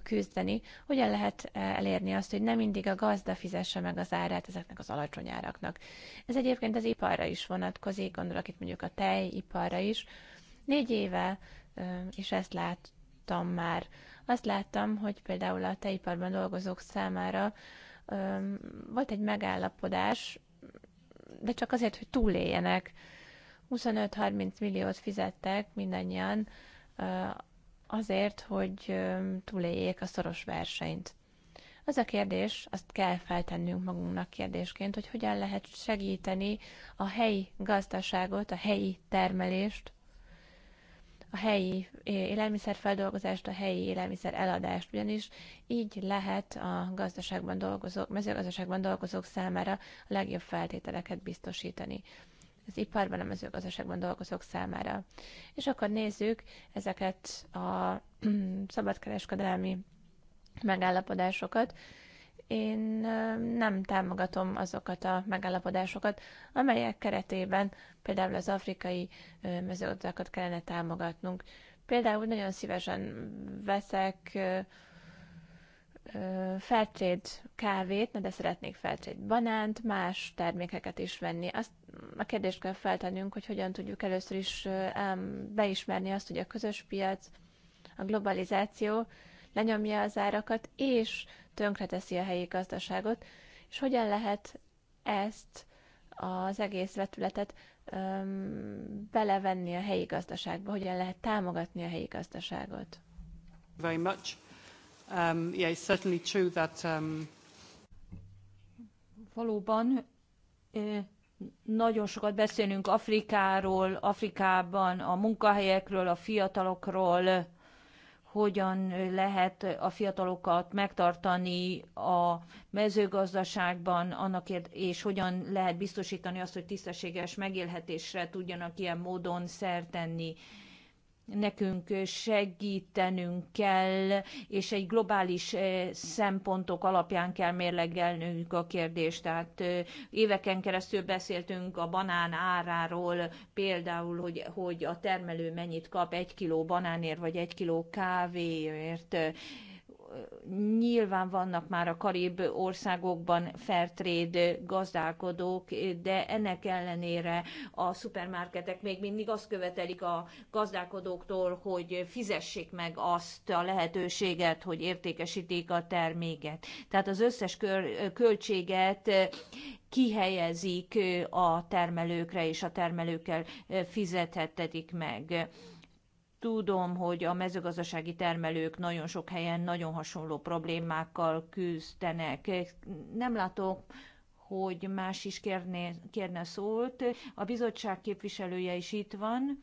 küzdeni, hogyan lehet elérni azt, hogy nem mindig a gazda fizesse meg az árát ezeknek az alacsony áraknak. Ez egyébként az iparra is vonatkozik, gondolok itt mondjuk a tejiparra is. Négy éve és ezt láttam már. Azt láttam, hogy például a tejiparban dolgozók számára volt egy megállapodás, de csak azért, hogy túléljenek, 25-30 milliót fizettek mindannyian azért, hogy túléljék a szoros versenyt. Az a kérdés, azt kell feltennünk magunknak kérdésként, hogy hogyan lehet segíteni a helyi gazdaságot, a helyi termelést, a helyi élelmiszerfeldolgozást, a helyi élelmiszer eladást, ugyanis így lehet a gazdaságban dolgozók, mezőgazdaságban dolgozók számára a legjobb feltételeket biztosítani az iparban, a mezőgazdaságban dolgozók számára. És akkor nézzük ezeket a szabadkereskedelmi megállapodásokat. Én nem támogatom azokat a megállapodásokat, amelyek keretében például az afrikai mezőgazdákat kellene támogatnunk. Például nagyon szívesen veszek Fairtrade kávét, de szeretnék Fairtrade banánt, más termékeket is venni. Azt a kérdést kell feltennünk, hogy hogyan tudjuk először is beismerni azt, hogy a közös piac, a globalizáció lenyomja az árakat, és tönkreteszi a helyi gazdaságot, és hogyan lehet ezt az egész vetületet öm, belevenni a helyi gazdaságba, hogyan lehet támogatni a helyi gazdaságot. Very much um, yeah, it's certainly true that um, valóban nagyon sokat beszélünk Afrikáról, Afrikában, a munkahelyekről, a fiatalokról, hogyan lehet a fiatalokat megtartani a mezőgazdaságban, annak és hogyan lehet biztosítani azt, hogy tisztességes megélhetésre tudjanak ilyen módon szertenni. tenni nekünk segítenünk kell, és egy globális eh, szempontok alapján kell mérlegelnünk a kérdést. Tehát eh, éveken keresztül beszéltünk a banán áráról, például, hogy, hogy a termelő mennyit kap egy kiló banánért, vagy egy kiló kávéért, nyilván vannak már a karib országokban fairtrade gazdálkodók, de ennek ellenére a szupermarketek még mindig azt követelik a gazdálkodóktól, hogy fizessék meg azt a lehetőséget, hogy értékesítik a terméket. Tehát az összes kör, költséget kihelyezik a termelőkre, és a termelőkkel fizethetetik meg Tudom, hogy a mezőgazdasági termelők nagyon sok helyen nagyon hasonló problémákkal küzdenek. Nem látok, hogy más is kérne, kérne szólt. A bizottság képviselője is itt van.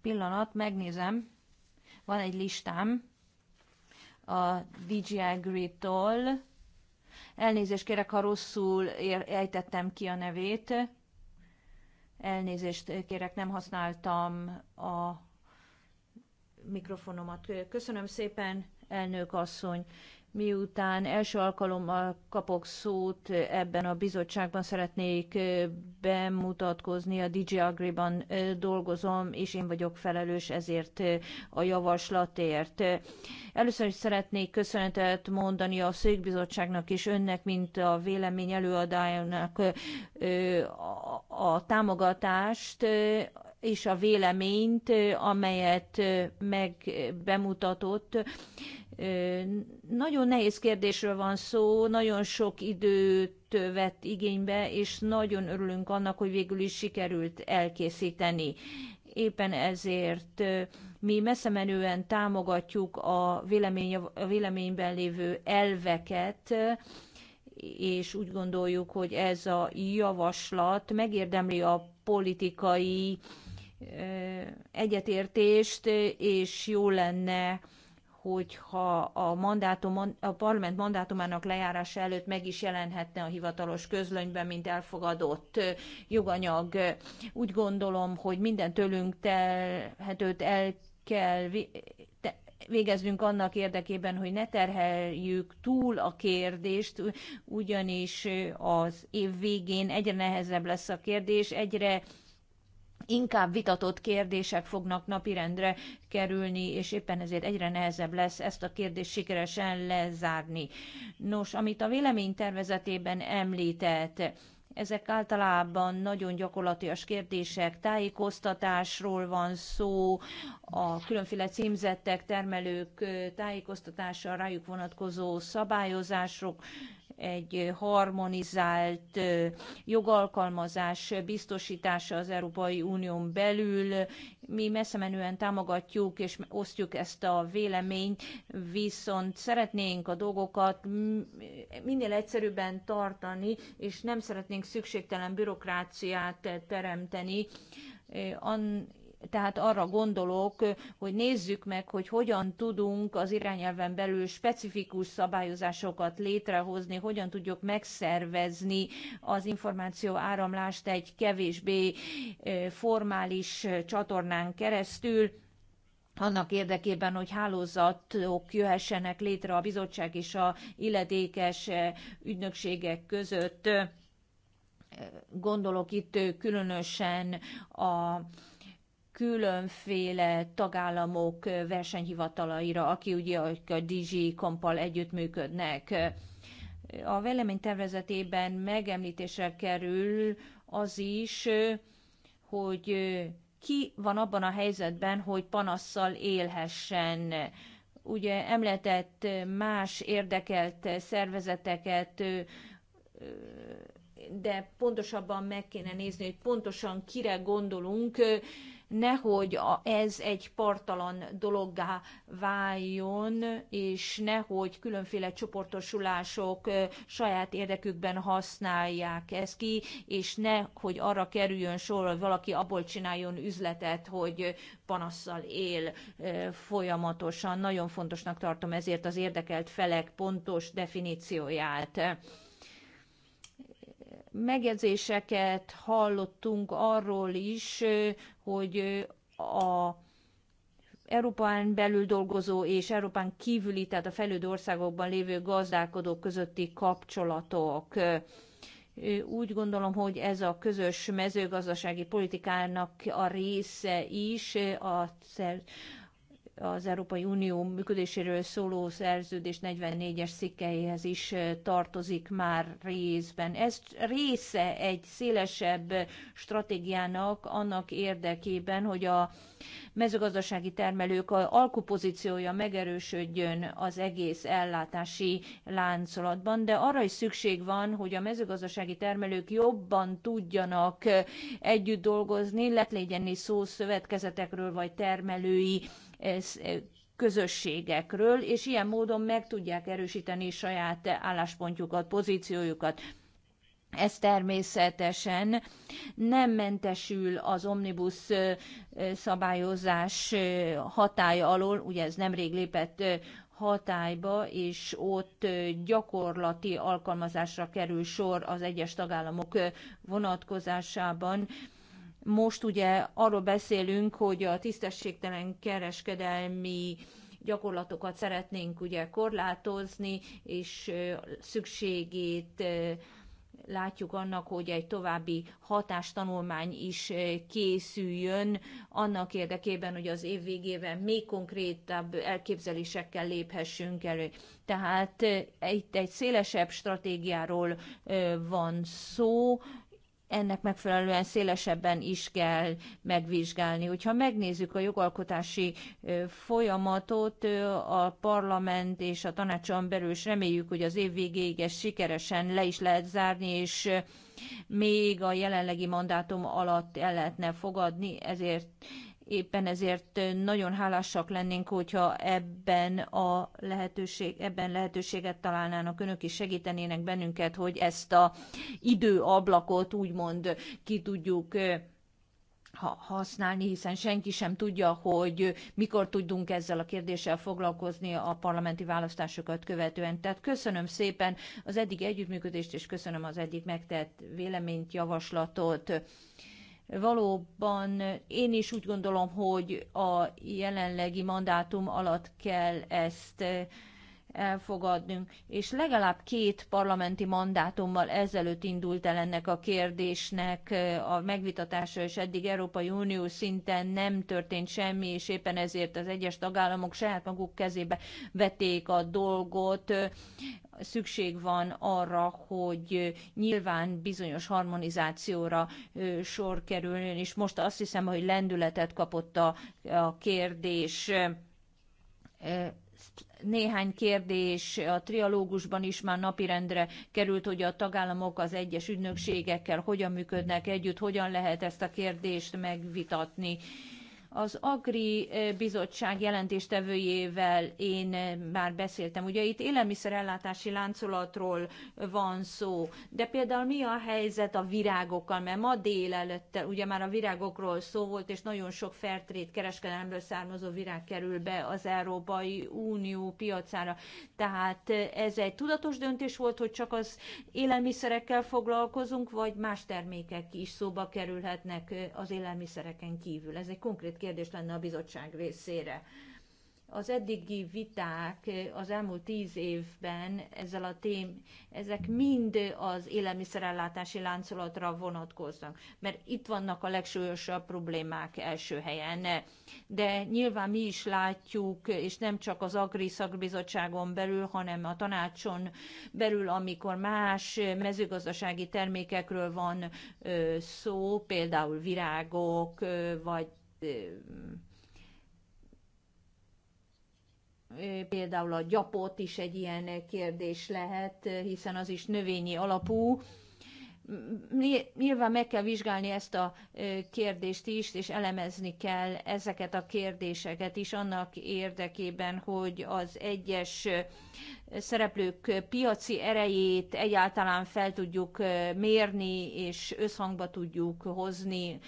Pillanat, megnézem. Van egy listám a DJ Grid-tól. Elnézést kérek, ha rosszul ejtettem ki a nevét. Elnézést kérek, nem használtam a mikrofonomat. Köszönöm szépen, elnök asszony. Miután első alkalommal kapok szót ebben a bizottságban, szeretnék bemutatkozni, a DJ Agriban dolgozom, és én vagyok felelős ezért a javaslatért. Először is szeretnék köszönetet mondani a szőkbizottságnak és önnek, mint a vélemény előadájának a támogatást, és a véleményt, amelyet meg bemutatott. Nagyon nehéz kérdésről van szó, nagyon sok időt vett igénybe, és nagyon örülünk annak, hogy végül is sikerült elkészíteni. Éppen ezért mi messze menően támogatjuk a, vélemény, a véleményben lévő elveket, és úgy gondoljuk, hogy ez a javaslat megérdemli a politikai egyetértést, és jó lenne, hogyha a, mandátum, a parlament mandátumának lejárása előtt meg is jelenhetne a hivatalos közlönyben, mint elfogadott joganyag. Úgy gondolom, hogy minden tőlünk telhetőt el kell végeznünk annak érdekében, hogy ne terheljük túl a kérdést, ugyanis az év végén egyre nehezebb lesz a kérdés, egyre inkább vitatott kérdések fognak napirendre kerülni, és éppen ezért egyre nehezebb lesz ezt a kérdést sikeresen lezárni. Nos, amit a vélemény tervezetében említett, ezek általában nagyon gyakorlatias kérdések, tájékoztatásról van szó, a különféle címzettek, termelők tájékoztatása, rájuk vonatkozó szabályozások, egy harmonizált jogalkalmazás biztosítása az Európai Unión belül. Mi messze menően támogatjuk és osztjuk ezt a véleményt, viszont szeretnénk a dolgokat minél egyszerűbben tartani, és nem szeretnénk szükségtelen bürokráciát teremteni tehát arra gondolok, hogy nézzük meg, hogy hogyan tudunk az irányelven belül specifikus szabályozásokat létrehozni, hogyan tudjuk megszervezni az információ áramlást egy kevésbé formális csatornán keresztül, annak érdekében, hogy hálózatok jöhessenek létre a bizottság és a illetékes ügynökségek között. Gondolok itt különösen a különféle tagállamok versenyhivatalaira, aki ugye a DG kompal együttműködnek. A tervezetében megemlítésre kerül az is, hogy ki van abban a helyzetben, hogy panasszal élhessen. Ugye említett más érdekelt szervezeteket, de pontosabban meg kéne nézni, hogy pontosan kire gondolunk, nehogy ez egy partalan dologgá váljon, és nehogy különféle csoportosulások saját érdekükben használják ezt ki, és nehogy arra kerüljön sor, hogy valaki abból csináljon üzletet, hogy panasszal él folyamatosan. Nagyon fontosnak tartom ezért az érdekelt felek pontos definícióját megjegyzéseket hallottunk arról is, hogy a Európán belül dolgozó és Európán kívüli, tehát a fejlődő országokban lévő gazdálkodók közötti kapcsolatok. Úgy gondolom, hogy ez a közös mezőgazdasági politikának a része is a, az Európai Unió működéséről szóló szerződés 44-es szikkeihez is tartozik már részben. Ez része egy szélesebb stratégiának annak érdekében, hogy a mezőgazdasági termelők alkupozíciója megerősödjön az egész ellátási láncolatban, de arra is szükség van, hogy a mezőgazdasági termelők jobban tudjanak együtt dolgozni, lett legyen szó szövetkezetekről vagy termelői E, közösségekről, és ilyen módon meg tudják erősíteni saját álláspontjukat, pozíciójukat. Ez természetesen nem mentesül az omnibus e, e, szabályozás hatája alól, ugye ez nemrég lépett hatályba, és ott gyakorlati alkalmazásra kerül sor az egyes tagállamok vonatkozásában most ugye arról beszélünk, hogy a tisztességtelen kereskedelmi gyakorlatokat szeretnénk ugye korlátozni, és szükségét látjuk annak, hogy egy további hatástanulmány is készüljön, annak érdekében, hogy az év végében még konkrétabb elképzelésekkel léphessünk elő. Tehát itt egy szélesebb stratégiáról van szó, ennek megfelelően szélesebben is kell megvizsgálni. Hogyha megnézzük a jogalkotási folyamatot, a parlament és a tanácson belül is reméljük, hogy az év végéig ezt sikeresen le is lehet zárni, és még a jelenlegi mandátum alatt el lehetne fogadni, ezért Éppen ezért nagyon hálásak lennénk, hogyha ebben a lehetőség, ebben lehetőséget találnának önök is segítenének bennünket, hogy ezt a időablakot úgymond ki tudjuk használni, hiszen senki sem tudja, hogy mikor tudunk ezzel a kérdéssel foglalkozni a parlamenti választásokat követően. Tehát köszönöm szépen az eddig együttműködést, és köszönöm az eddig megtett véleményt, javaslatot. Valóban én is úgy gondolom, hogy a jelenlegi mandátum alatt kell ezt eh, elfogadnunk, és legalább két parlamenti mandátummal ezelőtt indult el ennek a kérdésnek eh, a megvitatása, és eddig Európai Unió szinten nem történt semmi, és éppen ezért az egyes tagállamok saját maguk kezébe vették a dolgot szükség van arra, hogy nyilván bizonyos harmonizációra sor kerüljön, és most azt hiszem, hogy lendületet kapott a, a kérdés néhány kérdés a trialógusban is már napirendre került, hogy a tagállamok az egyes ügynökségekkel hogyan működnek együtt, hogyan lehet ezt a kérdést megvitatni. Az Agri eh, Bizottság jelentéstevőjével én eh, már beszéltem. Ugye itt élelmiszerellátási láncolatról eh, van szó, de például mi a helyzet a virágokkal? Mert ma délelőtt ugye már a virágokról szó volt, és nagyon sok fertrét kereskedelemből származó virág kerül be az Európai Unió piacára. Tehát ez egy tudatos döntés volt, hogy csak az élelmiszerekkel foglalkozunk, vagy más termékek is szóba kerülhetnek az élelmiszereken kívül. Ez egy konkrét kérdés kérdés lenne a bizottság részére. Az eddigi viták az elmúlt tíz évben ezzel a tém, ezek mind az élelmiszerellátási láncolatra vonatkoznak, mert itt vannak a legsúlyosabb problémák első helyen. De nyilván mi is látjuk, és nem csak az Agri Szakbizottságon belül, hanem a tanácson belül, amikor más mezőgazdasági termékekről van szó, például virágok, vagy például a gyapot is egy ilyen kérdés lehet, hiszen az is növényi alapú. Nyilván meg kell vizsgálni ezt a kérdést is, és elemezni kell ezeket a kérdéseket is annak érdekében, hogy az egyes szereplők piaci erejét egyáltalán fel tudjuk mérni, és összhangba tudjuk hozni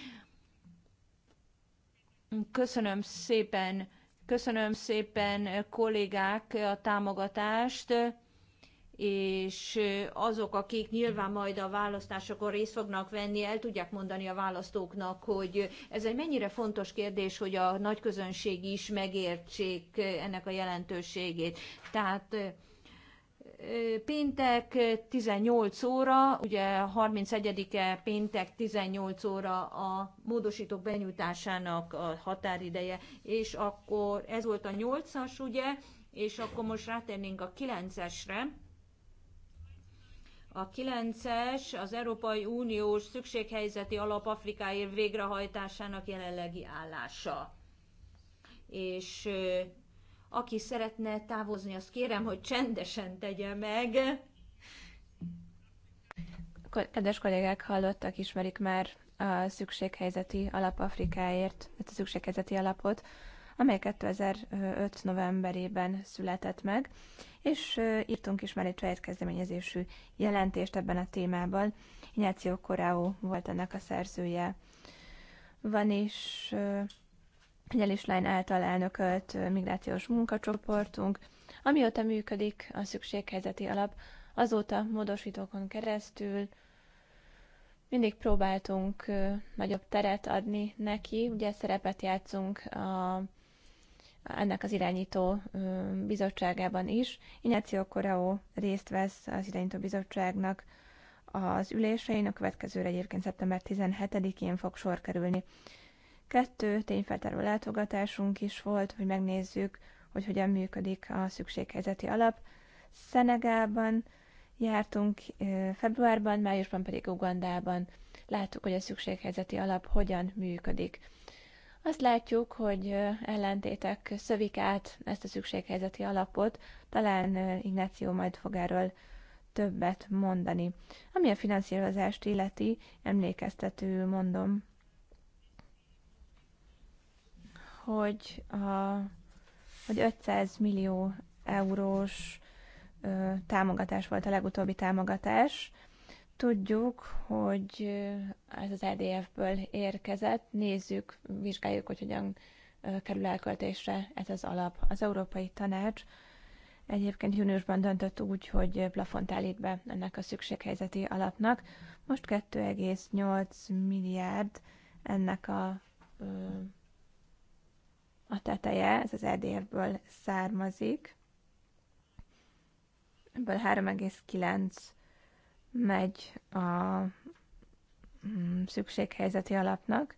Köszönöm szépen, köszönöm szépen eh, kollégák eh, a támogatást, eh, és azok, akik nyilván majd a választásokon részt fognak venni, el tudják mondani a választóknak, hogy ez egy mennyire fontos kérdés, hogy a nagyközönség is megértsék ennek a jelentőségét. Tehát Péntek 18 óra, ugye 31-e péntek 18 óra a módosítók benyújtásának a határideje, és akkor ez volt a 8-as, ugye, és akkor most rátennénk a 9-esre. A 9-es az Európai Uniós Szükséghelyzeti Alap Afrikáért végrehajtásának jelenlegi állása. És aki szeretne távozni, azt kérem, hogy csendesen tegye meg. Kedves kollégák, hallottak, ismerik már a szükséghelyzeti alap Afrikáért, tehát a szükséghelyzeti alapot, amely 2005. novemberében született meg, és írtunk is már egy saját kezdeményezésű jelentést ebben a témában. Ignácio Corao volt ennek a szerzője. Van is egy Line által elnökölt migrációs munkacsoportunk, amióta működik a szükséghelyzeti alap, azóta módosítókon keresztül mindig próbáltunk nagyobb teret adni neki, ugye szerepet játszunk a, ennek az irányító bizottságában is. Ignáció Koreó részt vesz az irányító bizottságnak az ülésein, a következőre egyébként szeptember 17-én fog sor kerülni. Kettő tényfeltáró látogatásunk is volt, hogy megnézzük, hogy hogyan működik a szükséghelyzeti alap. Szenegában jártunk februárban, májusban pedig Ugandában. Láttuk, hogy a szükséghelyzeti alap hogyan működik. Azt látjuk, hogy ellentétek szövik át ezt a szükséghelyzeti alapot, talán Ignáció majd fog erről többet mondani. Ami a finanszírozást illeti, emlékeztető mondom hogy, a, hogy 500 millió eurós ö, támogatás volt a legutóbbi támogatás. Tudjuk, hogy ez az EDF-ből érkezett. Nézzük, vizsgáljuk, hogy hogyan kerül elköltésre ez az alap. Az Európai Tanács egyébként júniusban döntött úgy, hogy plafont állít be ennek a szükséghelyzeti alapnak. Most 2,8 milliárd ennek a a teteje, ez az edérből származik. Ebből 3,9 megy a mm, szükséghelyzeti alapnak.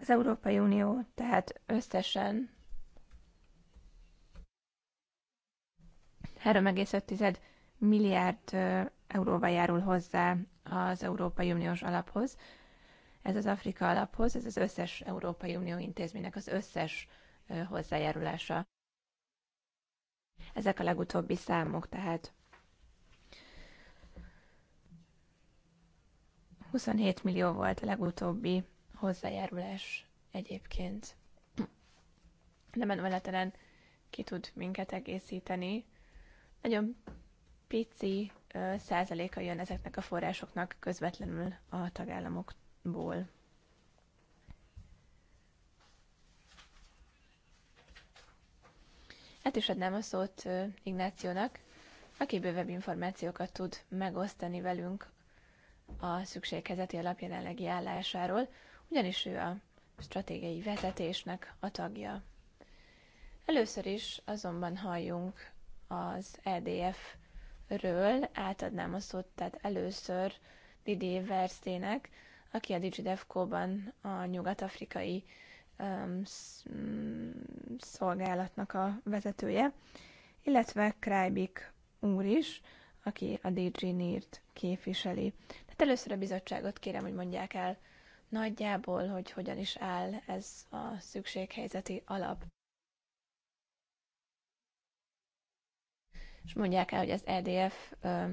Az Európai Unió tehát összesen 3,5 milliárd euróval járul hozzá az Európai Uniós alaphoz, ez az Afrika alaphoz, ez az összes Európai Unió intézménynek az összes hozzájárulása. Ezek a legutóbbi számok, tehát 27 millió volt a legutóbbi hozzájárulás egyébként. De menveletelen ki tud minket egészíteni. Nagyon pici ö, százaléka jön ezeknek a forrásoknak közvetlenül a tagállamok ból. Hát is adnám a szót Ignációnak, aki bővebb információkat tud megosztani velünk a szükséghezeti alap jelenlegi állásáról, ugyanis ő a stratégiai vezetésnek a tagja. Először is azonban halljunk az EDF-ről, átadnám a szót, tehát először Didier Verszének, aki a DigiDevCo-ban a nyugat-afrikai um, mm, szolgálatnak a vezetője, illetve Krajbik úr is, aki a DG NIRT képviseli. Tehát először a bizottságot kérem, hogy mondják el nagyjából, hogy hogyan is áll ez a szükséghelyzeti alap. És mondják el, hogy az EDF-ben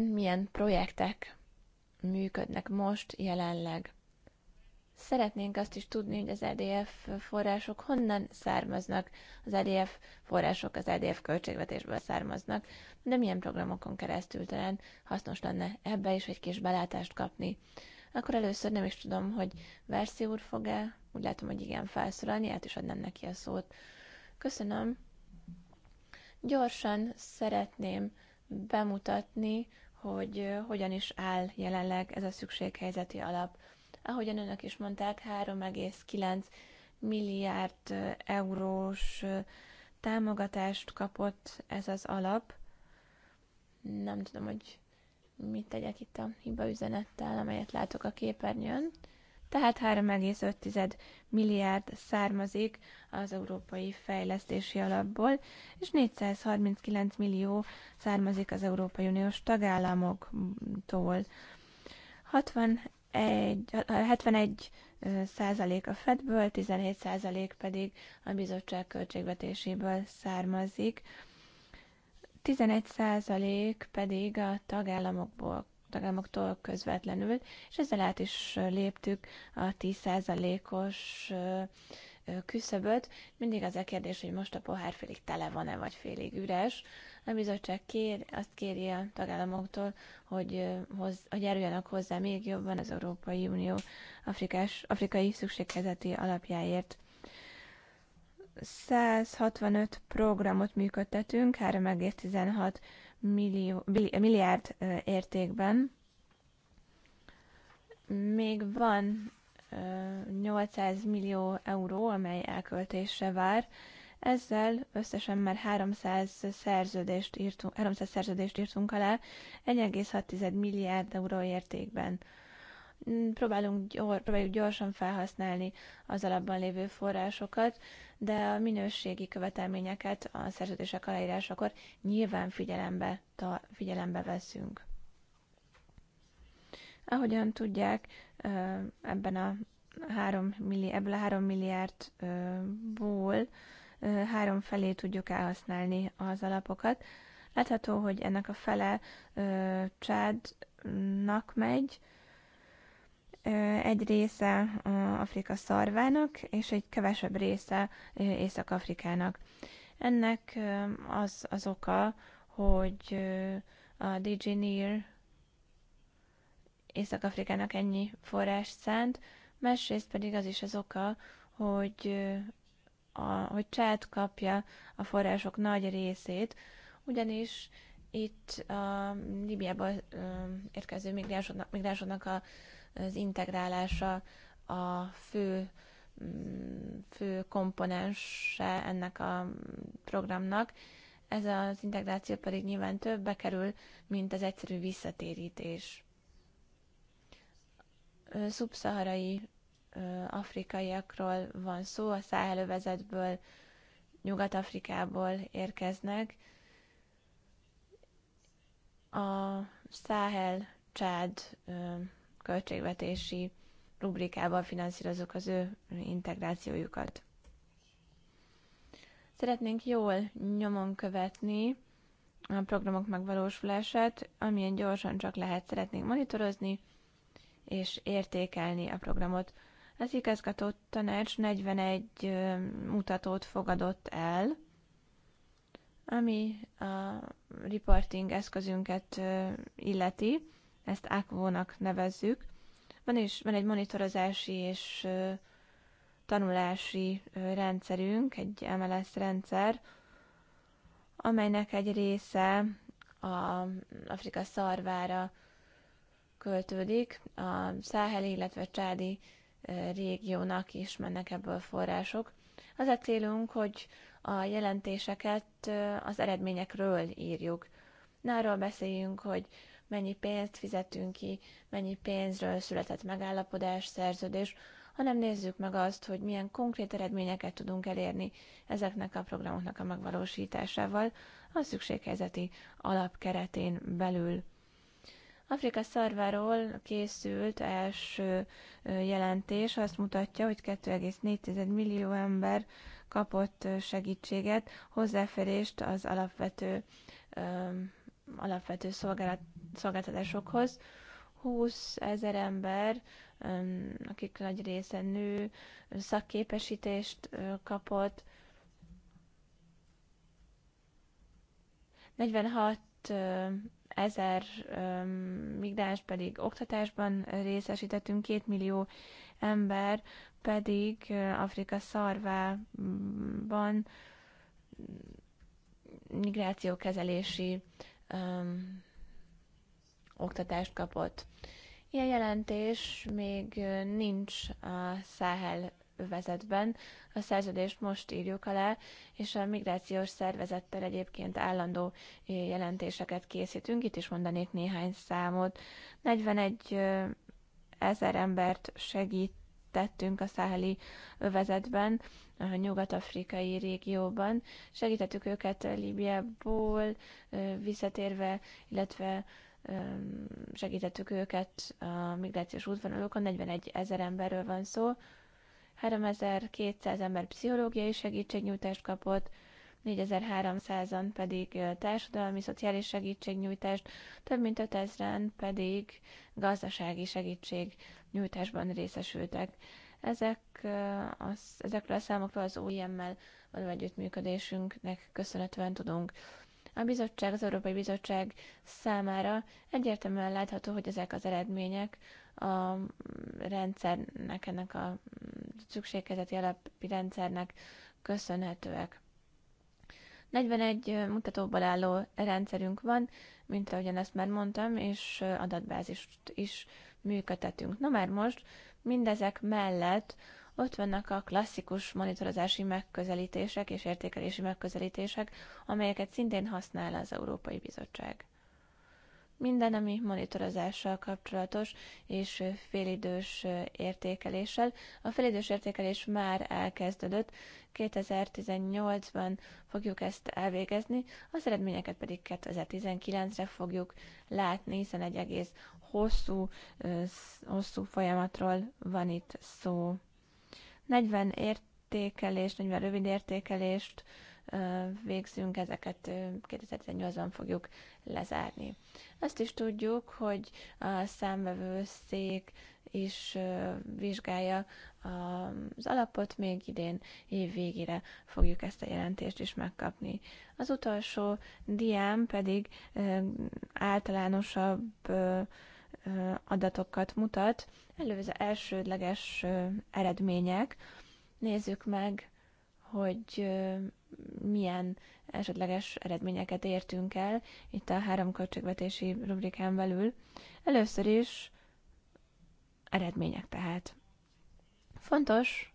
milyen projektek működnek most, jelenleg. Szeretnénk azt is tudni, hogy az EDF források honnan származnak. Az EDF források az EDF költségvetésből származnak, de milyen programokon keresztül talán hasznos lenne ebbe is egy kis belátást kapni. Akkor először nem is tudom, hogy Verszi úr fog-e, úgy látom, hogy igen, felszólalni, hát is adnám neki a szót. Köszönöm. Gyorsan szeretném bemutatni hogy hogyan is áll jelenleg ez a szükséghelyzeti alap. Ahogyan önök is mondták, 3,9 milliárd eurós támogatást kapott ez az alap. Nem tudom, hogy mit tegyek itt a hiba üzenettel, amelyet látok a képernyőn tehát 3,5 milliárd származik az Európai Fejlesztési Alapból, és 439 millió származik az Európai Uniós tagállamoktól. 61, 71 százalék a Fedből, 17 százalék pedig a bizottság költségvetéséből származik, 11 százalék pedig a tagállamokból tagállamoktól közvetlenül, és ezzel át is léptük a 10%-os küszöböt. Mindig az a kérdés, hogy most a pohár félig tele van-e, vagy félig üres. A bizottság kér, azt kéri a tagállamoktól, hogy, hoz, hogy járuljanak hozzá még jobban az Európai Unió afrikás, afrikai szükséghelyzeti alapjáért. 165 programot működtetünk, 3,16 millió, milliárd értékben. Még van 800 millió euró, amely elköltésre vár. Ezzel összesen már 300 szerződést írtunk, 300 szerződést írtunk alá 1,6 milliárd euró értékben. Mm, próbálunk gyor, próbáljuk gyorsan felhasználni az alapban lévő forrásokat, de a minőségi követelményeket a szerződések aláírásakor nyilván figyelembe, ta, figyelembe veszünk. Ahogyan tudják, ebben a 3 milli, ebből a 3 milliárdból három felé tudjuk elhasználni az alapokat. Látható, hogy ennek a fele Csádnak megy, egy része Afrika szarvának, és egy kevesebb része Észak-Afrikának. Ennek az, az oka, hogy a DigiNear Észak-Afrikának ennyi forrás szánt, másrészt pedig az is az oka, hogy, a, hogy Csát kapja a források nagy részét, ugyanis itt a Libiából érkező migránsoknak, migránsoknak a az integrálása a fő mm, fő komponense ennek a programnak. Ez az integráció pedig nyilván többbe kerül, mint az egyszerű visszatérítés. Szubszaharai afrikaiakról van szó, a száhelővezetből, Nyugat-Afrikából érkeznek. A Száhel-Csád költségvetési rubrikában finanszírozok az ő integrációjukat. Szeretnénk jól nyomon követni a programok megvalósulását, amilyen gyorsan csak lehet szeretnénk monitorozni és értékelni a programot. Az igazgató tanács 41 mutatót fogadott el, ami a reporting eszközünket illeti ezt ACVO-nak nevezzük. Van is van egy monitorozási és tanulási rendszerünk, egy MLS rendszer, amelynek egy része a Afrika szarvára költődik, a száheli, illetve csádi régiónak is mennek ebből források. Az a célunk, hogy a jelentéseket az eredményekről írjuk. Na, arról beszéljünk, hogy mennyi pénzt fizetünk ki, mennyi pénzről született megállapodás, szerződés, hanem nézzük meg azt, hogy milyen konkrét eredményeket tudunk elérni ezeknek a programoknak a megvalósításával a szükséghelyzeti alapkeretén belül. Afrika szarváról készült első jelentés azt mutatja, hogy 2,4 millió ember kapott segítséget, hozzáférést az alapvető alapvető szolgálat, szolgáltatásokhoz. 20 ezer ember, akik nagy része nő, szakképesítést kapott. 46 ezer migráns pedig oktatásban részesítettünk, 2 millió ember pedig Afrika szarvában mm, migrációkezelési öm, oktatást kapott. Ilyen jelentés még nincs a Száhel övezetben. A szerződést most írjuk alá, és a migrációs szervezettel egyébként állandó jelentéseket készítünk. Itt is mondanék néhány számot. 41 ezer embert segít tettünk a száheli övezetben, a nyugat-afrikai régióban. Segítettük őket Líbiából visszatérve, illetve segítettük őket a migrációs útvonalokon, 41 ezer emberről van szó, 3200 ember pszichológiai segítségnyújtást kapott, 4300-an pedig társadalmi, szociális segítségnyújtást, több mint 5000-en pedig gazdasági segítség nyújtásban részesültek. Ezek, az, ezekről a számokról az OIM-mel való együttműködésünknek köszönhetően tudunk. A bizottság, az Európai Bizottság számára egyértelműen látható, hogy ezek az eredmények a rendszernek, ennek a szükségkezeti alapi rendszernek köszönhetőek. 41 mutatóból álló rendszerünk van, mint ahogyan ezt már mondtam, és adatbázist is működtetünk. Na már most mindezek mellett ott vannak a klasszikus monitorozási megközelítések és értékelési megközelítések, amelyeket szintén használ az Európai Bizottság. Minden, ami monitorozással kapcsolatos és félidős értékeléssel. A félidős értékelés már elkezdődött, 2018-ban fogjuk ezt elvégezni, az eredményeket pedig 2019-re fogjuk látni, hiszen egy egész hosszú, hosszú folyamatról van itt szó. 40 értékelést, 40 rövid értékelést végzünk, ezeket 2018-ban fogjuk lezárni. Azt is tudjuk, hogy a számvevőszék is vizsgálja az alapot, még idén év végére fogjuk ezt a jelentést is megkapni. Az utolsó diám pedig általánosabb adatokat mutat. Előző elsődleges eredmények. Nézzük meg, hogy milyen esetleges eredményeket értünk el itt a három költségvetési rubrikán belül. Először is eredmények tehát. Fontos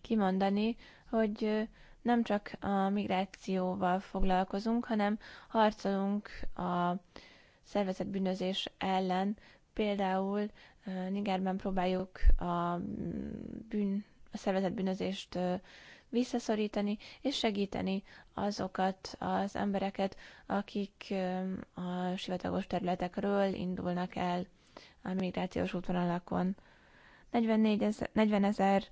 kimondani, hogy nem csak a migrációval foglalkozunk, hanem harcolunk a szervezett bűnözés ellen, például Nigerben próbáljuk a, mm, bűn, a szervezett bűnözést visszaszorítani és segíteni azokat az embereket, akik a sivatagos területekről indulnak el a migrációs útvonalakon. 44 ezer, 40 ezer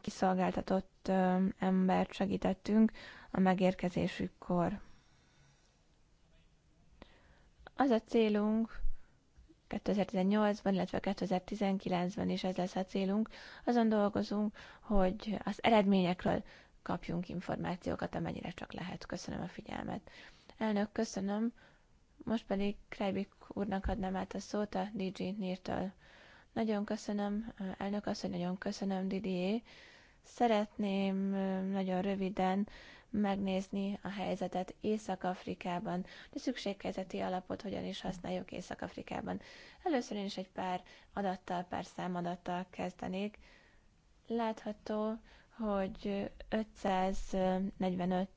kiszolgáltatott embert segítettünk a megérkezésükkor. Az a célunk, 2018-ban, illetve 2019-ben is ez lesz a célunk, azon dolgozunk, hogy az eredményekről kapjunk információkat, amennyire csak lehet. Köszönöm a figyelmet. Elnök, köszönöm. Most pedig Krajbik úrnak adnám át a szót a dj Nirtől. Nagyon köszönöm, elnök asszony, nagyon köszönöm, Didier. Szeretném nagyon röviden megnézni a helyzetet Észak-Afrikában, de szükséghelyzeti alapot hogyan is használjuk Észak-Afrikában. Először én is egy pár adattal, pár számadattal kezdenék. Látható, hogy 545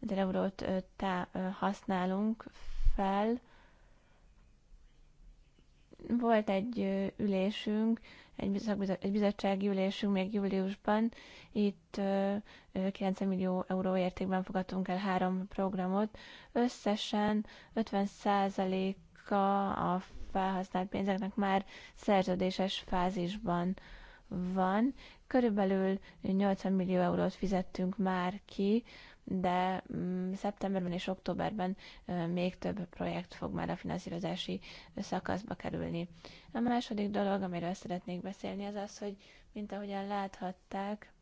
ezer eurót tá, használunk fel. Volt egy ülésünk, egy, egy bizottsági ülésünk még júliusban. Itt 90 millió euró értékben fogadtunk el három programot. Összesen 50%-a a felhasznált pénzeknek már szerződéses fázisban van. Körülbelül 80 millió eurót fizettünk már ki de mm, szeptemberben és októberben még több projekt fog már a finanszírozási szakaszba kerülni. A második dolog, amiről szeretnék beszélni, az az, hogy mint ahogyan láthatták,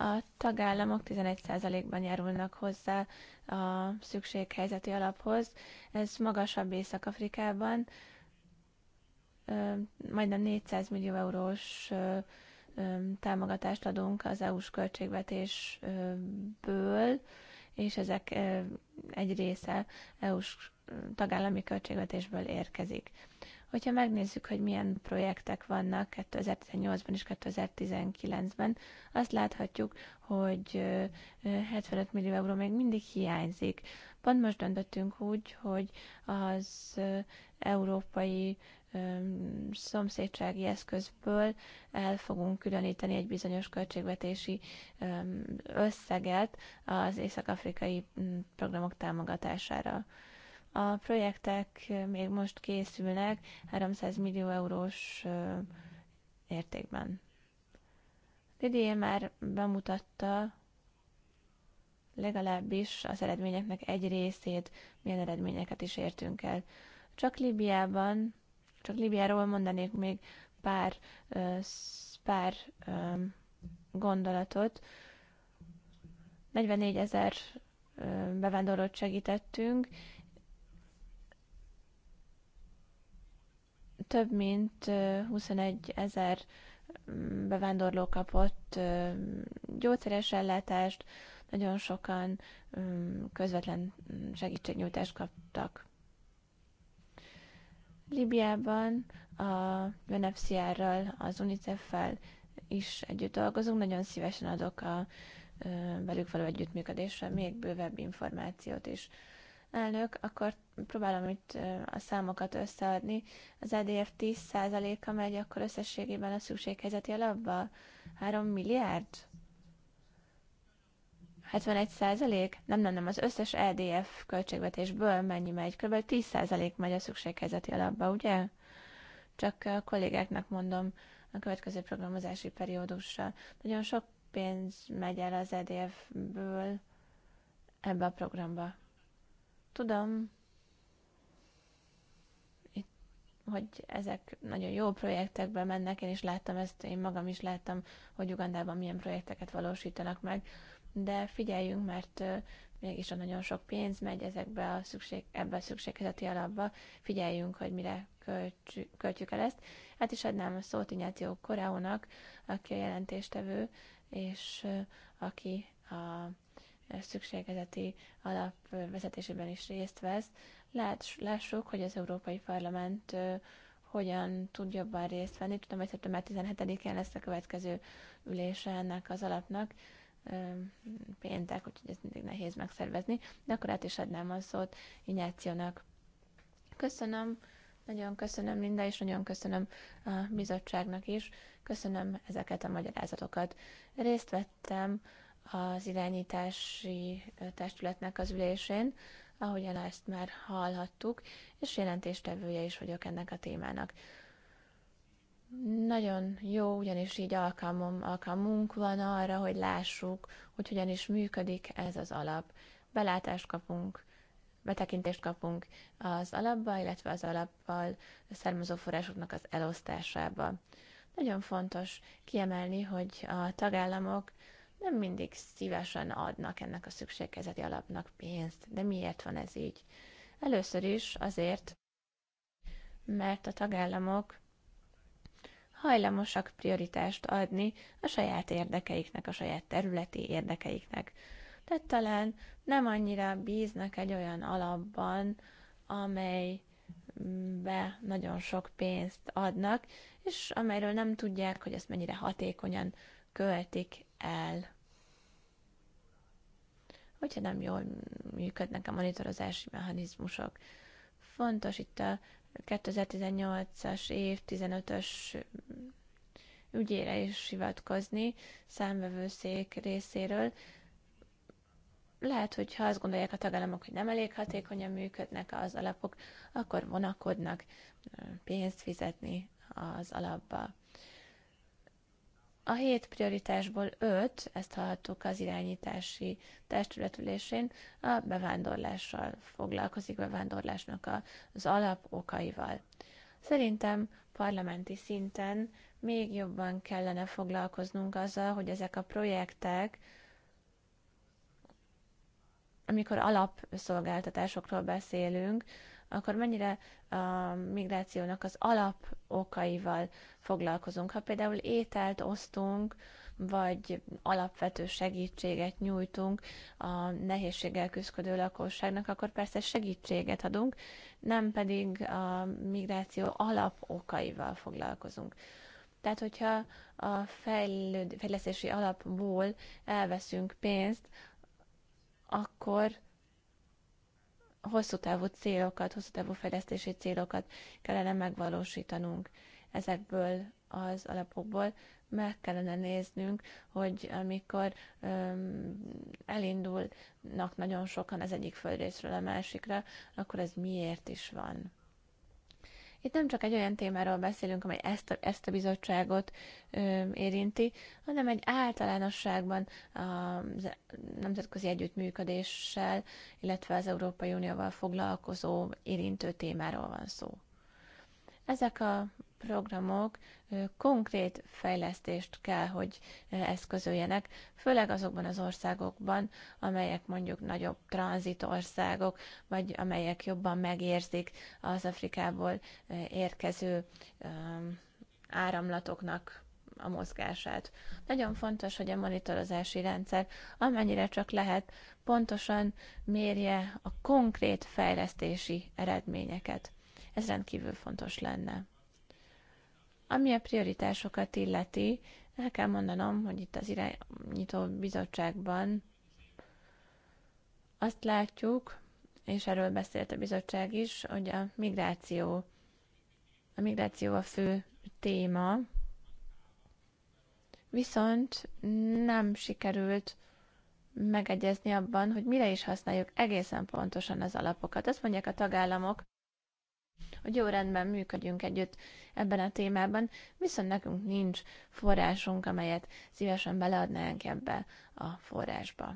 a tagállamok 11%-ban járulnak hozzá a szükséghelyzeti alaphoz. Ez magasabb Észak-Afrikában, majdnem 400 millió eurós támogatást adunk az EU-s költségvetésből, és ezek egy része EU-s tagállami költségvetésből érkezik. Hogyha megnézzük, hogy milyen projektek vannak 2018-ban és 2019-ben, azt láthatjuk, hogy 75 millió euró még mindig hiányzik. Pont most döntöttünk úgy, hogy az európai szomszédsági eszközből el fogunk különíteni egy bizonyos költségvetési összeget az észak-afrikai mm, programok támogatására. A projektek még most készülnek 300 millió eurós értékben. Didier már bemutatta legalábbis az eredményeknek egy részét, milyen eredményeket is értünk el. Csak Libiában csak Libiáról mondanék még pár, pár gondolatot. 44 ezer bevándorlót segítettünk, több mint 21 ezer mm, bevándorló kapott gyógyszeres ellátást, nagyon sokan mm, közvetlen segítségnyújtást kaptak. Libiában a UNFCR-ral, az UNICEF-fel is együtt dolgozunk, nagyon szívesen adok a velük való együttműködésre még bővebb információt is. Elnök, akkor próbálom itt a számokat összeadni. Az EDF 10%-a megy akkor összességében a szükséghelyzeti alapba? 3 milliárd? 71 százalék? Nem, nem, nem, az összes EDF költségvetésből mennyi megy? Kb. 10 százalék megy a szükséghelyzeti alapba, ugye? Csak a kollégáknak mondom a következő programozási periódusra. Nagyon sok pénz megy el az EDF-ből ebbe a programba. Tudom, hogy ezek nagyon jó projektekben mennek, én is láttam ezt, én magam is láttam, hogy Ugandában milyen projekteket valósítanak meg de figyeljünk, mert mégis a nagyon sok pénz megy ezekbe a szükség, ebbe a szükséghezeti alapba, figyeljünk, hogy mire költjük el ezt. Hát is adnám a szót Ignáció Koreónak, aki a jelentéstevő, és aki a szükségezeti alap vezetésében is részt vesz. Lássuk, hogy az Európai Parlament hogyan tud jobban részt venni. Tudom, hogy szeptember 17-én lesz a következő ülése ennek az alapnak, péntek, úgyhogy ez mindig nehéz megszervezni, de akkor át is adnám a szót Inyációnak. Köszönöm, nagyon köszönöm Linda, és nagyon köszönöm a bizottságnak is, köszönöm ezeket a magyarázatokat. Részt vettem az irányítási testületnek az ülésén, ahogyan ezt már hallhattuk, és jelentéstevője is vagyok ennek a témának. Nagyon jó, ugyanis így alkalmam, alkalmunk van arra, hogy lássuk, hogy hogyan is működik ez az alap. Belátást kapunk, betekintést kapunk az alapba, illetve az alappal származó forrásoknak az elosztásába. Nagyon fontos kiemelni, hogy a tagállamok nem mindig szívesen adnak ennek a szükségkezeti alapnak pénzt. De miért van ez így? Először is azért, mert a tagállamok hajlamosak prioritást adni a saját érdekeiknek, a saját területi érdekeiknek. Tehát talán nem annyira bíznak egy olyan alapban, amelybe nagyon sok pénzt adnak, és amelyről nem tudják, hogy ezt mennyire hatékonyan költik el. Hogyha nem jól működnek a monitorozási mechanizmusok. Fontos itt a 2018-as év 15-ös ügyére is hivatkozni számvevőszék részéről. Lehet, hogy ha azt gondolják a tagállamok, hogy nem elég hatékonyan működnek az alapok, akkor vonakodnak pénzt fizetni az alapba. A hét prioritásból öt, ezt hallhattuk az irányítási testületülésén, a bevándorlással foglalkozik, bevándorlásnak az alap okaival. Szerintem parlamenti szinten még jobban kellene foglalkoznunk azzal, hogy ezek a projektek, amikor alapszolgáltatásokról beszélünk, akkor mennyire a migrációnak az alap okaival foglalkozunk. Ha például ételt osztunk, vagy alapvető segítséget nyújtunk a nehézséggel küzdő lakosságnak, akkor persze segítséget adunk, nem pedig a migráció alap okaival foglalkozunk. Tehát, hogyha a fejlesztési alapból elveszünk pénzt, akkor hosszú távú célokat, hosszú távú fejlesztési célokat kellene megvalósítanunk ezekből az alapokból. Meg kellene néznünk, hogy amikor öm, elindulnak nagyon sokan az egyik földrészről a másikra, akkor ez miért is van. Itt nem csak egy olyan témáról beszélünk, amely ezt a, ezt a bizottságot ö, érinti, hanem egy általánosságban a nemzetközi együttműködéssel, illetve az Európai Unióval foglalkozó érintő témáról van szó. Ezek a programok konkrét fejlesztést kell, hogy eszközöljenek, főleg azokban az országokban, amelyek mondjuk nagyobb tranzitországok, vagy amelyek jobban megérzik az Afrikából érkező áramlatoknak a mozgását. Nagyon fontos, hogy a monitorozási rendszer amennyire csak lehet pontosan mérje a konkrét fejlesztési eredményeket. Ez rendkívül fontos lenne. Ami a prioritásokat illeti, el kell mondanom, hogy itt az irányító bizottságban azt látjuk, és erről beszélt a bizottság is, hogy a migráció, a migráció a fő téma, viszont nem sikerült megegyezni abban, hogy mire is használjuk egészen pontosan az alapokat. Azt mondják a tagállamok, hogy jó rendben működjünk együtt ebben a témában, viszont nekünk nincs forrásunk, amelyet szívesen beleadnánk ebbe a forrásba.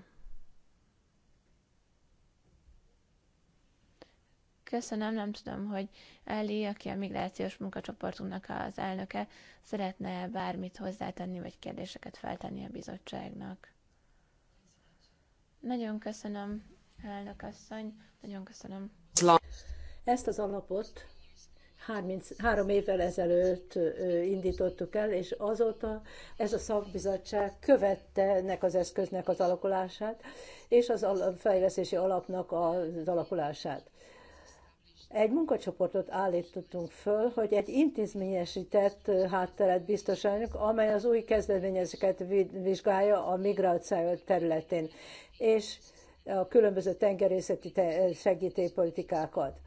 Köszönöm, nem tudom, hogy Eli, aki a migrációs munkacsoportunknak az elnöke, szeretne bármit hozzátenni, vagy kérdéseket feltenni a bizottságnak. Nagyon köszönöm, elnök asszony, nagyon köszönöm. Ezt az alapot 33 évvel ezelőtt indítottuk el, és azóta ez a szakbizottság követte nek az eszköznek az alakulását, és az fejlesztési alapnak az alakulását. Egy munkacsoportot állítottunk föl, hogy egy intézményesített hátteret biztosanjuk, amely az új kezdeményezéseket vizsgálja a migráció területén, és a különböző tengerészeti segítélypolitikákat. politikákat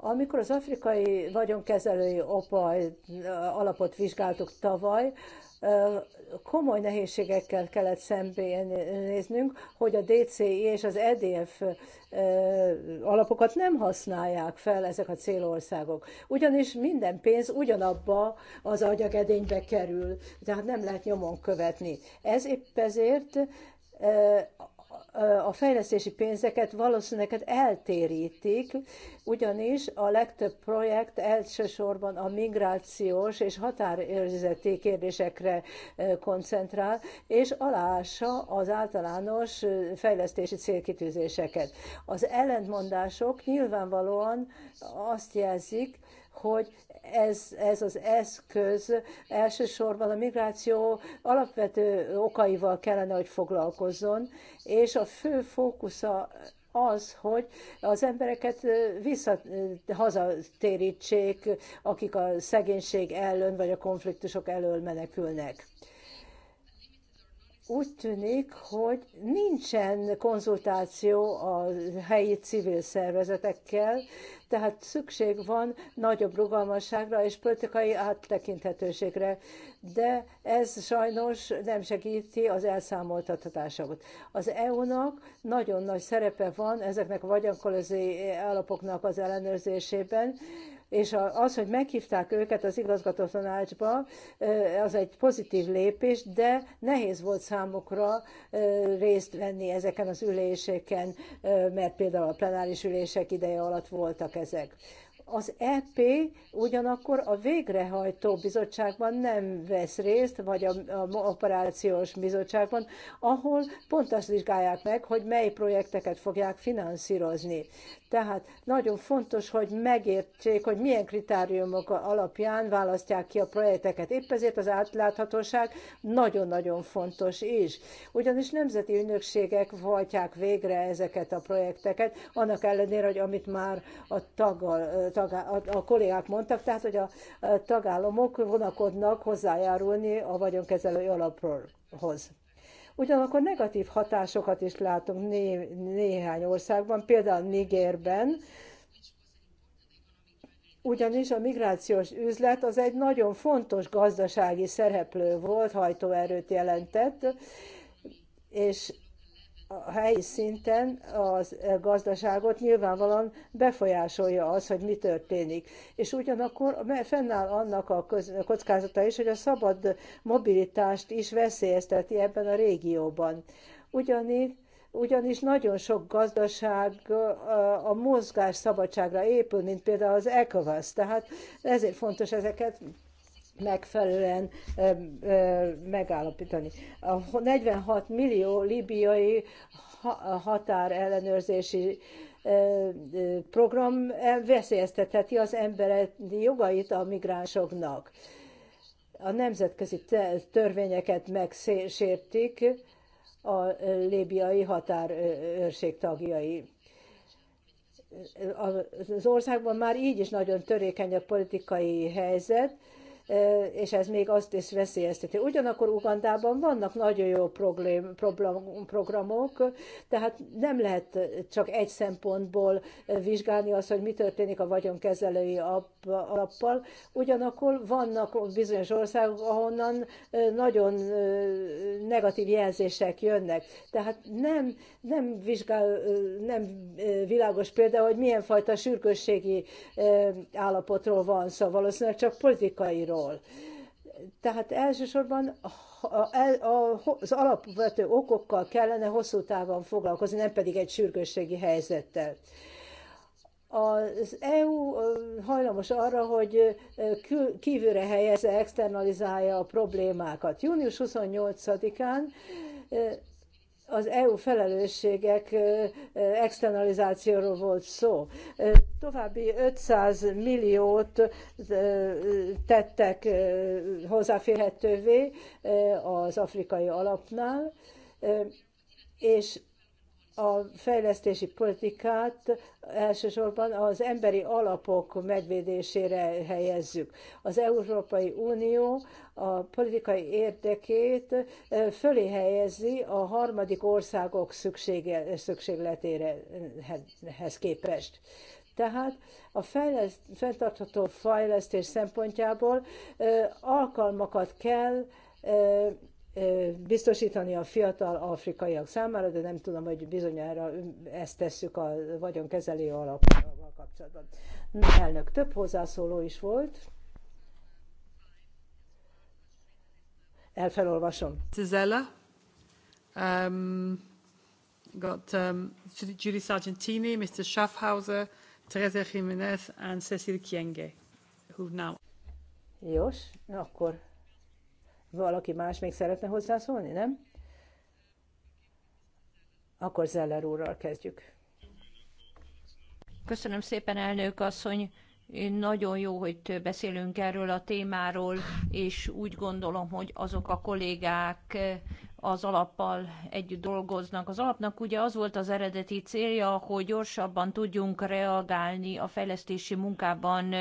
amikor az afrikai vagyonkezelői OPA eh, alapot vizsgáltuk tavaly, eh, komoly nehézségekkel kellett szembenéznünk, hogy a DCI és az EDF eh, alapokat nem használják fel ezek a célországok. Ugyanis minden pénz ugyanabba az agyagedénybe kerül, tehát nem lehet nyomon követni. Ez épp ezért a fejlesztési pénzeket valószínűleg hát eltérítik, ugyanis a legtöbb projekt elsősorban a migrációs és határőrzeti kérdésekre koncentrál, és alása az általános fejlesztési célkitűzéseket. Az ellentmondások nyilvánvalóan azt jelzik, hogy ez, ez az eszköz elsősorban a migráció alapvető okaival kellene, hogy foglalkozzon, és a fő fókusza az, hogy az embereket vissza, akik a szegénység ellen vagy a konfliktusok elől menekülnek úgy tűnik, hogy nincsen konzultáció a helyi civil szervezetekkel, tehát szükség van nagyobb rugalmasságra és politikai áttekinthetőségre, de ez sajnos nem segíti az elszámoltatásokat. Az EU-nak nagyon nagy szerepe van ezeknek a vagyonkolozói alapoknak az ellenőrzésében, és az, hogy meghívták őket az igazgató tanácsba, az egy pozitív lépés, de nehéz volt számukra részt venni ezeken az üléseken, mert például a plenáris ülések ideje alatt voltak ezek. Az EP ugyanakkor a végrehajtó bizottságban nem vesz részt, vagy a, a operációs bizottságban, ahol pont azt vizsgálják meg, hogy mely projekteket fogják finanszírozni. Tehát nagyon fontos, hogy megértsék, hogy milyen kritériumok alapján választják ki a projekteket. Épp ezért az átláthatóság nagyon-nagyon fontos is. Ugyanis nemzeti ügynökségek hajtják végre ezeket a projekteket, annak ellenére, hogy amit már a tagal a kollégák mondtak, tehát hogy a tagállamok vonakodnak hozzájárulni a vagyonkezelő alaphoz. Ugyanakkor negatív hatásokat is látunk né- néhány országban, például Nigerben, ugyanis a migrációs üzlet az egy nagyon fontos gazdasági szereplő volt, hajtóerőt jelentett, és a helyi szinten a e, gazdaságot nyilvánvalóan befolyásolja az, hogy mi történik. És ugyanakkor fennáll annak a kockázata is, hogy a szabad mobilitást is veszélyezteti ebben a régióban. Ugyanígy ugyanis nagyon sok gazdaság a mozgás szabadságra épül, mint például az ECOWAS, tehát ezért fontos ezeket megfelelően megállapítani. A 46 millió libiai határellenőrzési program veszélyeztetheti az emberek jogait a migránsoknak. A nemzetközi törvényeket megsértik a líbiai határőrség tagjai az országban már így is nagyon törékeny a politikai helyzet, és ez még azt is veszélyezteti. Ugyanakkor Ugandában vannak nagyon jó problém, problém, programok, tehát nem lehet csak egy szempontból vizsgálni azt, hogy mi történik a vagyonkezelői alappal. Ugyanakkor vannak bizonyos országok, ahonnan nagyon negatív jelzések jönnek. Tehát nem, nem vizsgál, nem világos példa, hogy milyen fajta sürgősségi állapotról van szó, valószínűleg csak politikairól okokról. Tehát elsősorban az alapvető okokkal kellene hosszú távon foglalkozni, nem pedig egy sürgősségi helyzettel. Az EU hajlamos arra, hogy kívülre helyezze, externalizálja a problémákat. Június 28-án az EU felelősségek externalizációról volt szó. További 500 milliót tettek hozzáférhetővé az afrikai alapnál, és a fejlesztési politikát elsősorban az emberi alapok megvédésére helyezzük. Az Európai Unió a politikai érdekét fölé helyezi a harmadik országok szüksége, szükségletérehez képest. Tehát a fejleszt, fenntartható fejlesztés szempontjából alkalmakat kell biztosítani a fiatal afrikaiak számára, de nem tudom, hogy bizonyára ezt tesszük a vagyonkezelő alapjával kapcsolatban. Elnök, több hozzászóló is volt. Elfelolvasom. Tizella, um, got um, Judy Sargentini, Mr. Schaffhauser, Teresa Jiménez and Cecil Kienge, who now... Jós, akkor valaki más még szeretne hozzászólni, nem? Akkor Zeller úrral kezdjük. Köszönöm szépen, elnök asszony. Nagyon jó, hogy beszélünk erről a témáról, és úgy gondolom, hogy azok a kollégák, az alappal együtt dolgoznak. Az alapnak ugye az volt az eredeti célja, hogy gyorsabban tudjunk reagálni a fejlesztési munkában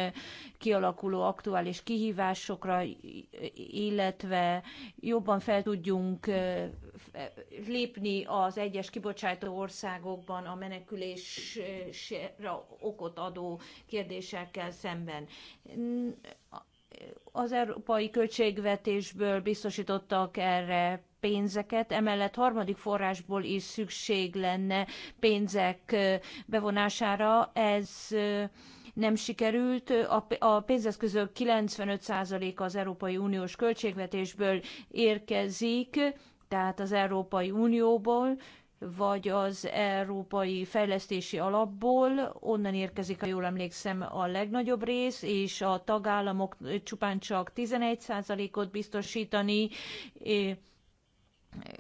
kialakuló aktuális kihívásokra, illetve jobban fel tudjunk lépni az egyes kibocsátó országokban a menekülésre okot adó kérdésekkel szemben az európai költségvetésből biztosítottak erre pénzeket, emellett harmadik forrásból is szükség lenne pénzek bevonására. Ez nem sikerült. A pénzeszközök 95%-a az Európai Uniós költségvetésből érkezik, tehát az Európai Unióból, vagy az Európai Fejlesztési Alapból, onnan érkezik, ha jól emlékszem, a legnagyobb rész, és a tagállamok csupán csak 11%-ot biztosítani,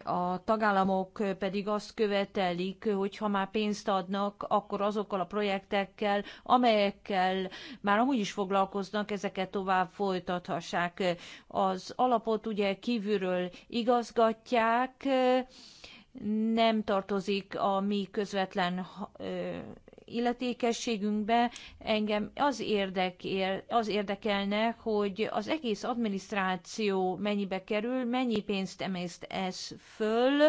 a tagállamok pedig azt követelik, hogy ha már pénzt adnak, akkor azokkal a projektekkel, amelyekkel már amúgy is foglalkoznak, ezeket tovább folytathassák. Az alapot ugye kívülről igazgatják, nem tartozik a mi közvetlen illetékességünkbe. Engem az, érdekel, az érdekelne, hogy az egész adminisztráció mennyibe kerül, mennyi pénzt emészt ez föl,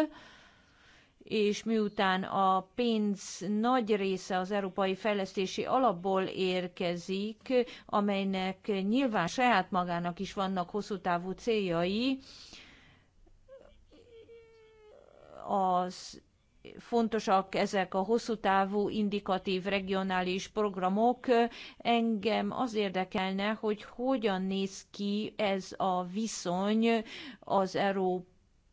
és miután a pénz nagy része az Európai Fejlesztési Alapból érkezik, amelynek nyilván saját magának is vannak hosszú távú céljai, az fontosak ezek a hosszú távú indikatív regionális programok. Engem az érdekelne, hogy hogyan néz ki ez a viszony az Európa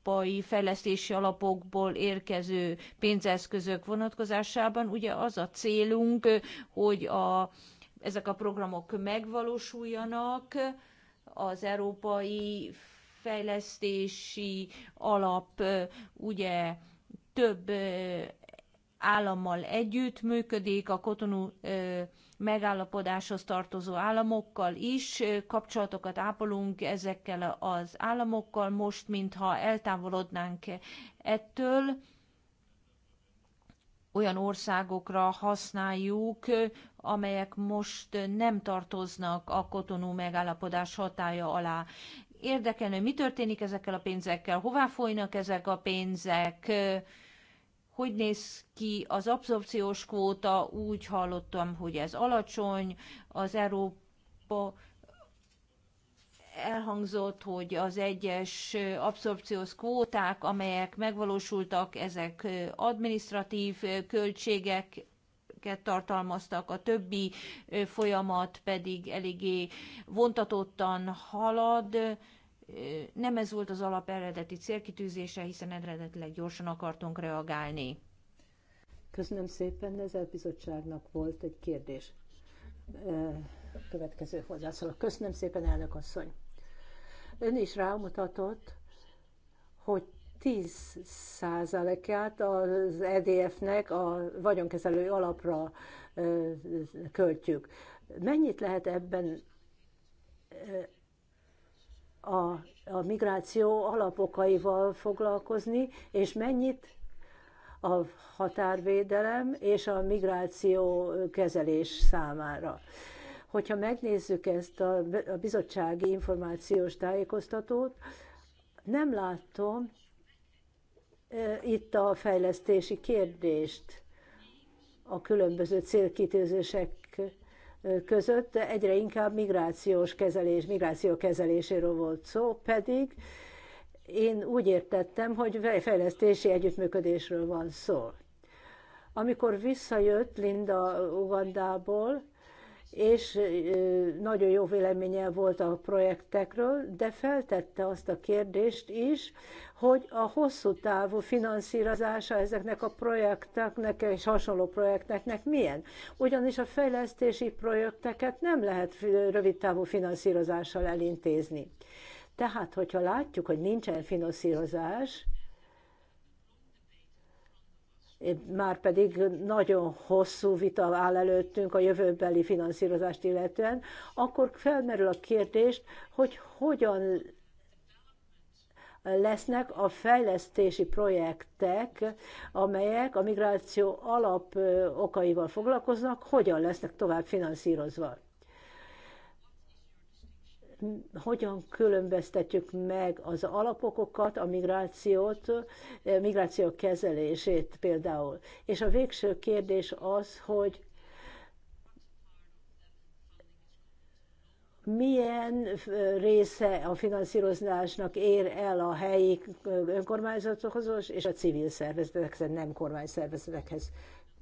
európai fejlesztési alapokból érkező pénzeszközök vonatkozásában. Ugye az a célunk, hogy a, ezek a programok megvalósuljanak, az európai fejlesztési alap ugye több állammal együtt működik, a Kotonú megállapodáshoz tartozó államokkal is kapcsolatokat ápolunk ezekkel az államokkal, most mintha eltávolodnánk ettől, olyan országokra használjuk, amelyek most nem tartoznak a kotonú megállapodás hatája alá. Érdekelne, mi történik ezekkel a pénzekkel, hová folynak ezek a pénzek, hogy néz ki az abszorpciós kvóta, úgy hallottam, hogy ez alacsony, az Európa elhangzott, hogy az egyes abszorpciós kvóták, amelyek megvalósultak, ezek administratív költségek tartalmaztak, a többi folyamat pedig eléggé vontatottan halad nem ez volt az alap eredeti célkitűzése, hiszen eredetileg gyorsan akartunk reagálni. Köszönöm szépen, ez a bizottságnak volt egy kérdés. Következő hozzászóló. Köszönöm szépen, elnök asszony. Ön is rámutatott, hogy 10%-át az EDF-nek a vagyonkezelő alapra költjük. Mennyit lehet ebben a, a migráció alapokaival foglalkozni, és mennyit a határvédelem és a migráció kezelés számára. Hogyha megnézzük ezt a, a bizottsági információs tájékoztatót, nem látom e, itt a fejlesztési kérdést a különböző célkitűzések között egyre inkább migrációs kezelés, migráció kezeléséről volt szó, pedig én úgy értettem, hogy fejlesztési együttműködésről van szó. Amikor visszajött Linda Ugandából, és nagyon jó véleménye volt a projektekről, de feltette azt a kérdést is, hogy a hosszú távú finanszírozása ezeknek a projekteknek és hasonló projekteknek milyen. Ugyanis a fejlesztési projekteket nem lehet rövid távú finanszírozással elintézni. Tehát, hogyha látjuk, hogy nincsen finanszírozás, már pedig nagyon hosszú vita áll előttünk a jövőbeli finanszírozást illetően, akkor felmerül a kérdést, hogy hogyan lesznek a fejlesztési projektek, amelyek a migráció alap okaival foglalkoznak, hogyan lesznek tovább finanszírozva hogyan különböztetjük meg az alapokokat, a migrációt, eh, migráció kezelését például. És a végső kérdés az, hogy milyen eh, része a finanszírozásnak ér el a helyi eh, önkormányzatokhoz és a civil szervezetekhez, nem kormány szervezetekhez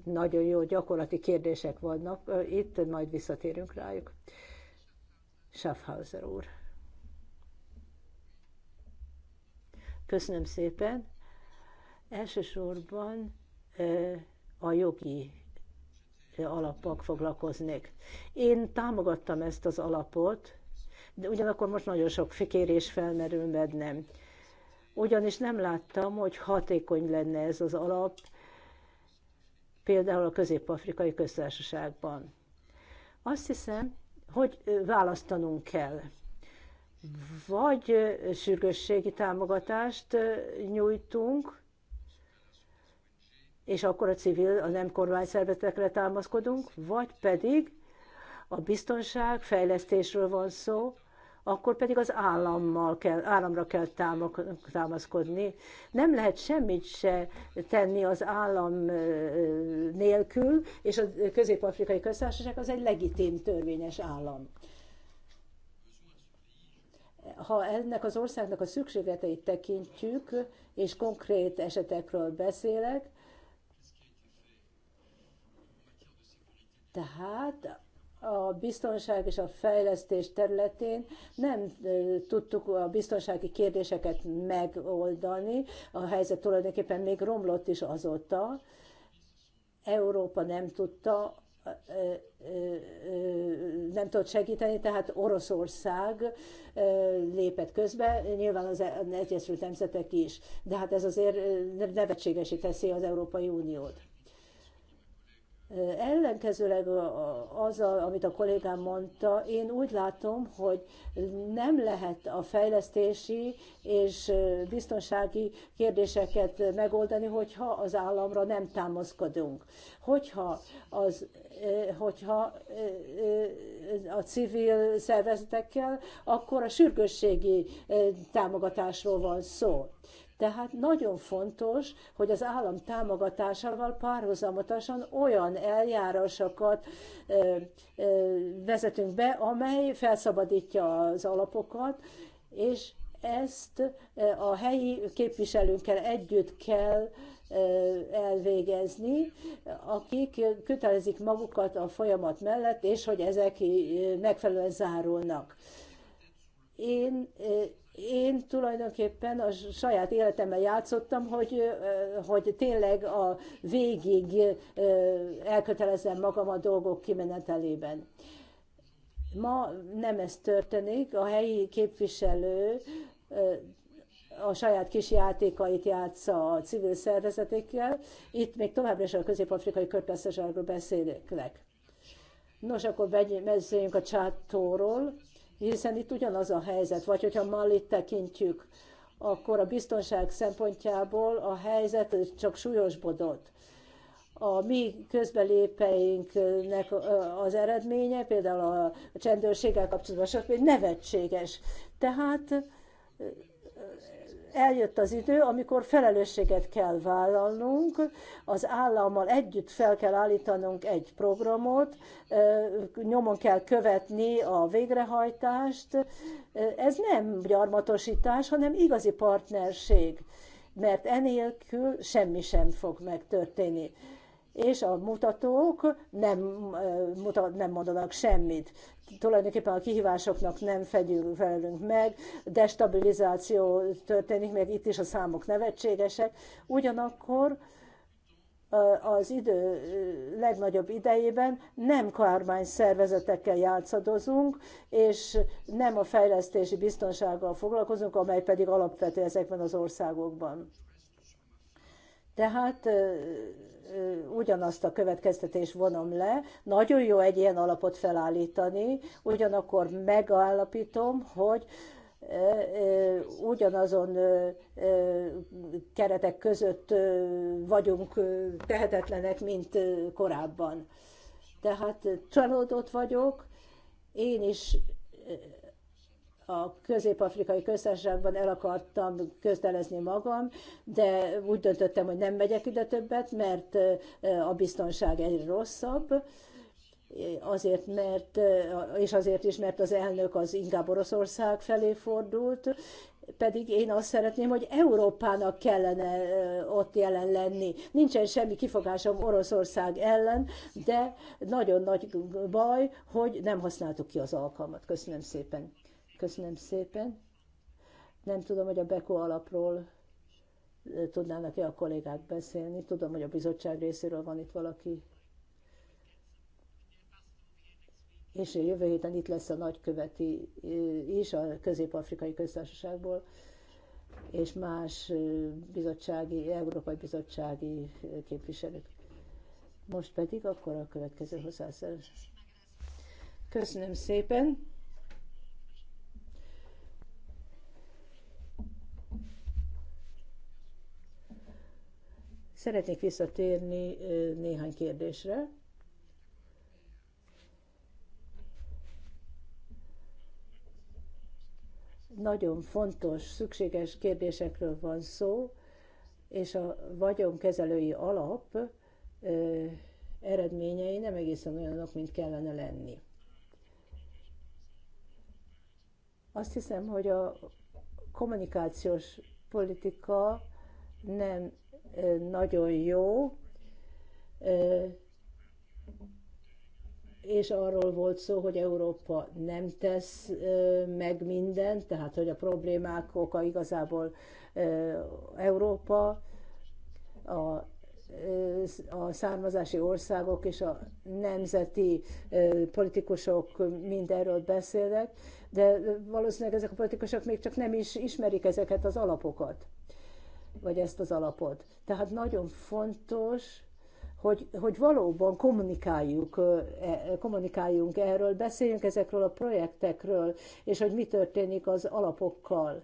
Nagyon jó gyakorlati kérdések vannak, itt majd visszatérünk rájuk. Schaffhauser úr. Köszönöm szépen. Elsősorban a jogi alapok foglalkoznék. Én támogattam ezt az alapot, de ugyanakkor most nagyon sok kérés felmerül bennem. Ugyanis nem láttam, hogy hatékony lenne ez az alap, például a Közép-Afrikai Köztársaságban. Azt hiszem, hogy választanunk kell. Vagy sürgősségi támogatást nyújtunk, és akkor a civil, a nem kormányszervezetekre támaszkodunk, vagy pedig a biztonság fejlesztésről van szó, akkor pedig az állammal kell, államra kell támaszkodni. Nem lehet semmit se tenni az állam nélkül, és a közép-afrikai köztársaság az egy legitim törvényes állam. Ha ennek az országnak a szükségleteit tekintjük, és konkrét esetekről beszélek, tehát a biztonság és a fejlesztés területén nem tudtuk a biztonsági kérdéseket megoldani. A helyzet tulajdonképpen még romlott is azóta. Európa nem tudta nem tudott segíteni, tehát Oroszország lépett közbe, nyilván az Egyesült Nemzetek is, de hát ez azért nevetségesíteszi az Európai Uniót. Ellenkezőleg azzal, amit a kollégám mondta, én úgy látom, hogy nem lehet a fejlesztési és biztonsági kérdéseket megoldani, hogyha az államra nem támaszkodunk. Hogyha, az, hogyha a civil szervezetekkel, akkor a sürgősségi támogatásról van szó. Tehát nagyon fontos, hogy az állam támogatásával párhuzamosan olyan eljárásokat vezetünk be, amely felszabadítja az alapokat, és ezt a helyi képviselőnkkel együtt kell elvégezni, akik kötelezik magukat a folyamat mellett, és hogy ezek megfelelően zárulnak. Én én tulajdonképpen a saját életemben játszottam, hogy, hogy tényleg a végig elkötelezem magam a dolgok kimenetelében. Ma nem ez történik, a helyi képviselő a saját kis játékait játsza a civil szervezetekkel. Itt még továbbra is a közép-afrikai körpeszteságról beszélek. Nos, akkor beszéljünk a csátóról hiszen itt ugyanaz a helyzet, vagy hogyha Malit tekintjük, akkor a biztonság szempontjából a helyzet csak súlyosbodott. A mi közbelépeinknek az eredménye, például a csendőrséggel kapcsolatban, stb. nevetséges. Tehát eljött az idő, amikor felelősséget kell vállalnunk, az állammal együtt fel kell állítanunk egy programot, nyomon kell követni a végrehajtást. Ez nem gyarmatosítás, hanem igazi partnerség, mert enélkül semmi sem fog megtörténni és a mutatók nem, mutat, nem mondanak semmit. Tulajdonképpen a kihívásoknak nem fegyünk, felelünk meg, destabilizáció történik, meg. itt is a számok nevetségesek. Ugyanakkor az idő legnagyobb idejében nem kormány szervezetekkel játszadozunk, és nem a fejlesztési biztonsággal foglalkozunk, amely pedig alapvető ezekben az országokban. Tehát ugyanazt a következtetést vonom le. Nagyon jó egy ilyen alapot felállítani, ugyanakkor megállapítom, hogy ugyanazon keretek között vagyunk tehetetlenek, mint korábban. Tehát csalódott vagyok, én is a közép-afrikai köztársaságban el akartam köztelezni magam, de úgy döntöttem, hogy nem megyek ide többet, mert eh, a biztonság egyre rosszabb, azért mert, eh, és azért is, mert az elnök az inkább Oroszország felé fordult, pedig én azt szeretném, hogy Európának kellene eh, ott jelen lenni. Nincsen semmi kifogásom Oroszország ellen, de nagyon nagy baj, hogy nem használtuk ki az alkalmat. Köszönöm szépen. Köszönöm szépen. Nem tudom, hogy a BEKO alapról tudnának-e a kollégák beszélni. Tudom, hogy a bizottság részéről van itt valaki. És jövő héten itt lesz a nagyköveti is a Közép-Afrikai Köztársaságból, és más bizottsági, Európai Bizottsági képviselők. Most pedig akkor a következő hozzászólás. Köszönöm szépen! Szeretnék visszatérni néhány kérdésre. Nagyon fontos, szükséges kérdésekről van szó, és a vagyonkezelői alap eredményei nem egészen olyanok, mint kellene lenni. Azt hiszem, hogy a kommunikációs politika nem nagyon jó, és arról volt szó, hogy Európa nem tesz meg mindent, tehát hogy a problémák oka igazából Európa, a a származási országok és a nemzeti politikusok mind erről beszélnek, de valószínűleg ezek a politikusok még csak nem is ismerik ezeket az alapokat vagy ezt az alapot. Tehát nagyon fontos, hogy, hogy valóban kommunikáljuk, e, kommunikáljunk erről, beszéljünk ezekről a projektekről, és hogy mi történik az alapokkal.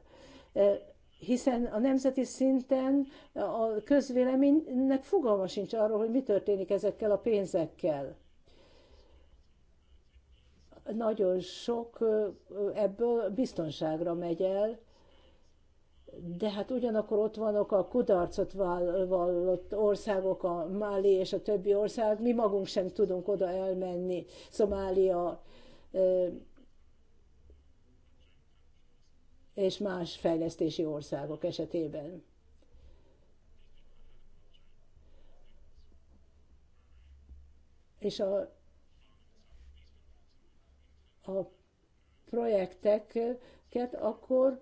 E, hiszen a nemzeti szinten a közvéleménynek fogalma sincs arról, hogy mi történik ezekkel a pénzekkel. Nagyon sok ebből biztonságra megy el, de hát ugyanakkor ott vannak a kudarcot vallott országok, a Mali és a többi ország, mi magunk sem tudunk oda elmenni, Szomália és más fejlesztési országok esetében. És a, a projekteket akkor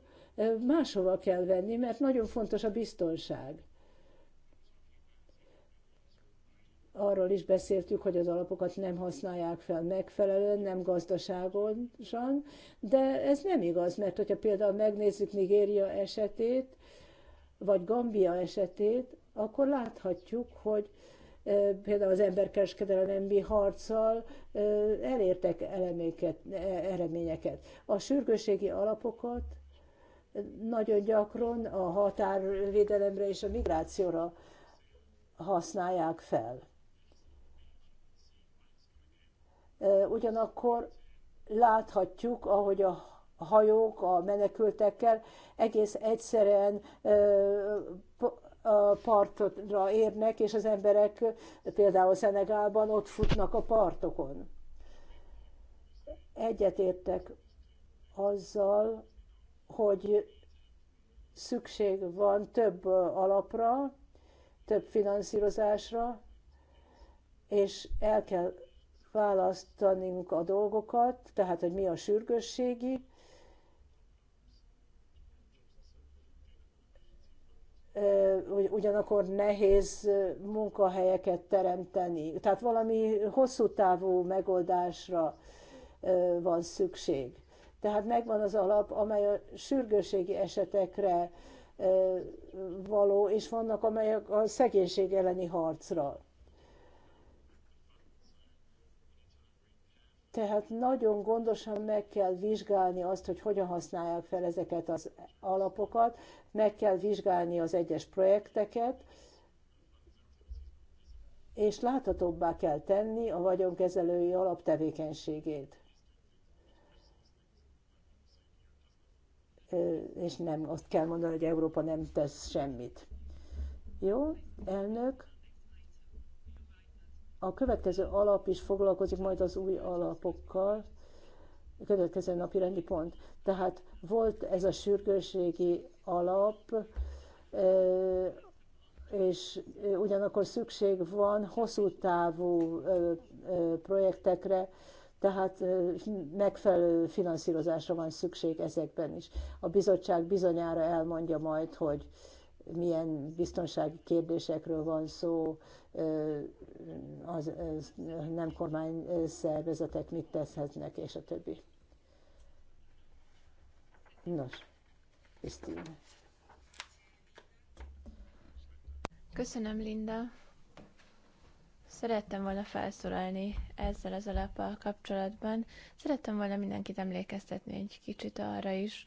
máshova kell venni, mert nagyon fontos a biztonság. Arról is beszéltük, hogy az alapokat nem használják fel megfelelően, nem gazdaságosan, de ez nem igaz, mert hogyha például megnézzük Nigéria esetét, vagy Gambia esetét, akkor láthatjuk, hogy például az emberkereskedelemi harccal elértek eleméket, e, eredményeket. A sürgőségi alapokat nagyon gyakran a határvédelemre és a migrációra használják fel. Ugyanakkor láthatjuk, ahogy a hajók a menekültekkel egész egyszerűen partra érnek, és az emberek például Szenegálban ott futnak a partokon. Egyetértek azzal, hogy szükség van több alapra, több finanszírozásra, és el kell választanunk a dolgokat, tehát hogy mi a sürgősségi, ugyanakkor nehéz munkahelyeket teremteni. Tehát valami hosszú távú megoldásra van szükség. Tehát megvan az alap, amely a sürgőségi esetekre való, és vannak amelyek a szegénység elleni harcra. Tehát nagyon gondosan meg kell vizsgálni azt, hogy hogyan használják fel ezeket az alapokat, meg kell vizsgálni az egyes projekteket, és láthatóbbá kell tenni a vagyonkezelői alap tevékenységét. és nem azt kell mondani, hogy Európa nem tesz semmit. Jó, elnök. A következő alap is foglalkozik majd az új alapokkal, a következő napi rendi pont. Tehát volt ez a sürgőségi alap, és ugyanakkor szükség van hosszú távú projektekre, tehát megfelelő finanszírozásra van szükség ezekben is. A bizottság bizonyára elmondja majd, hogy milyen biztonsági kérdésekről van szó, az, nem kormány szervezetek mit teszhetnek, és a többi. Nos, Krisztina. Köszönöm, Linda. Szerettem volna felszólalni ezzel az alappal kapcsolatban. Szerettem volna mindenkit emlékeztetni egy kicsit arra is,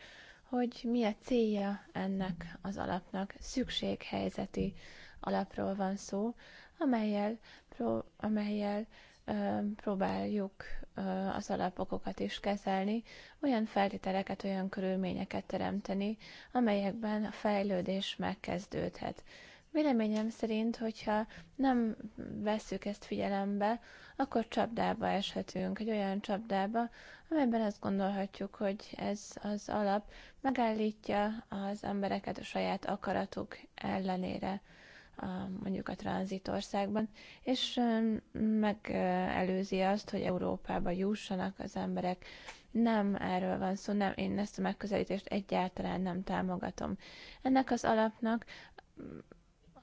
hogy mi a célja ennek az alapnak. Szükséghelyzeti alapról van szó, amelyel, pró, amelyel ö, próbáljuk ö, az alapokokat is kezelni, olyan feltételeket, olyan körülményeket teremteni, amelyekben a fejlődés megkezdődhet. Véleményem szerint, hogyha nem vesszük ezt figyelembe, akkor csapdába eshetünk, egy olyan csapdába, amelyben azt gondolhatjuk, hogy ez az alap megállítja az embereket a saját akaratuk ellenére a, mondjuk a tranzitországban, és megelőzi azt, hogy Európába jussanak az emberek. Nem erről van szó, nem, én ezt a megközelítést egyáltalán nem támogatom. Ennek az alapnak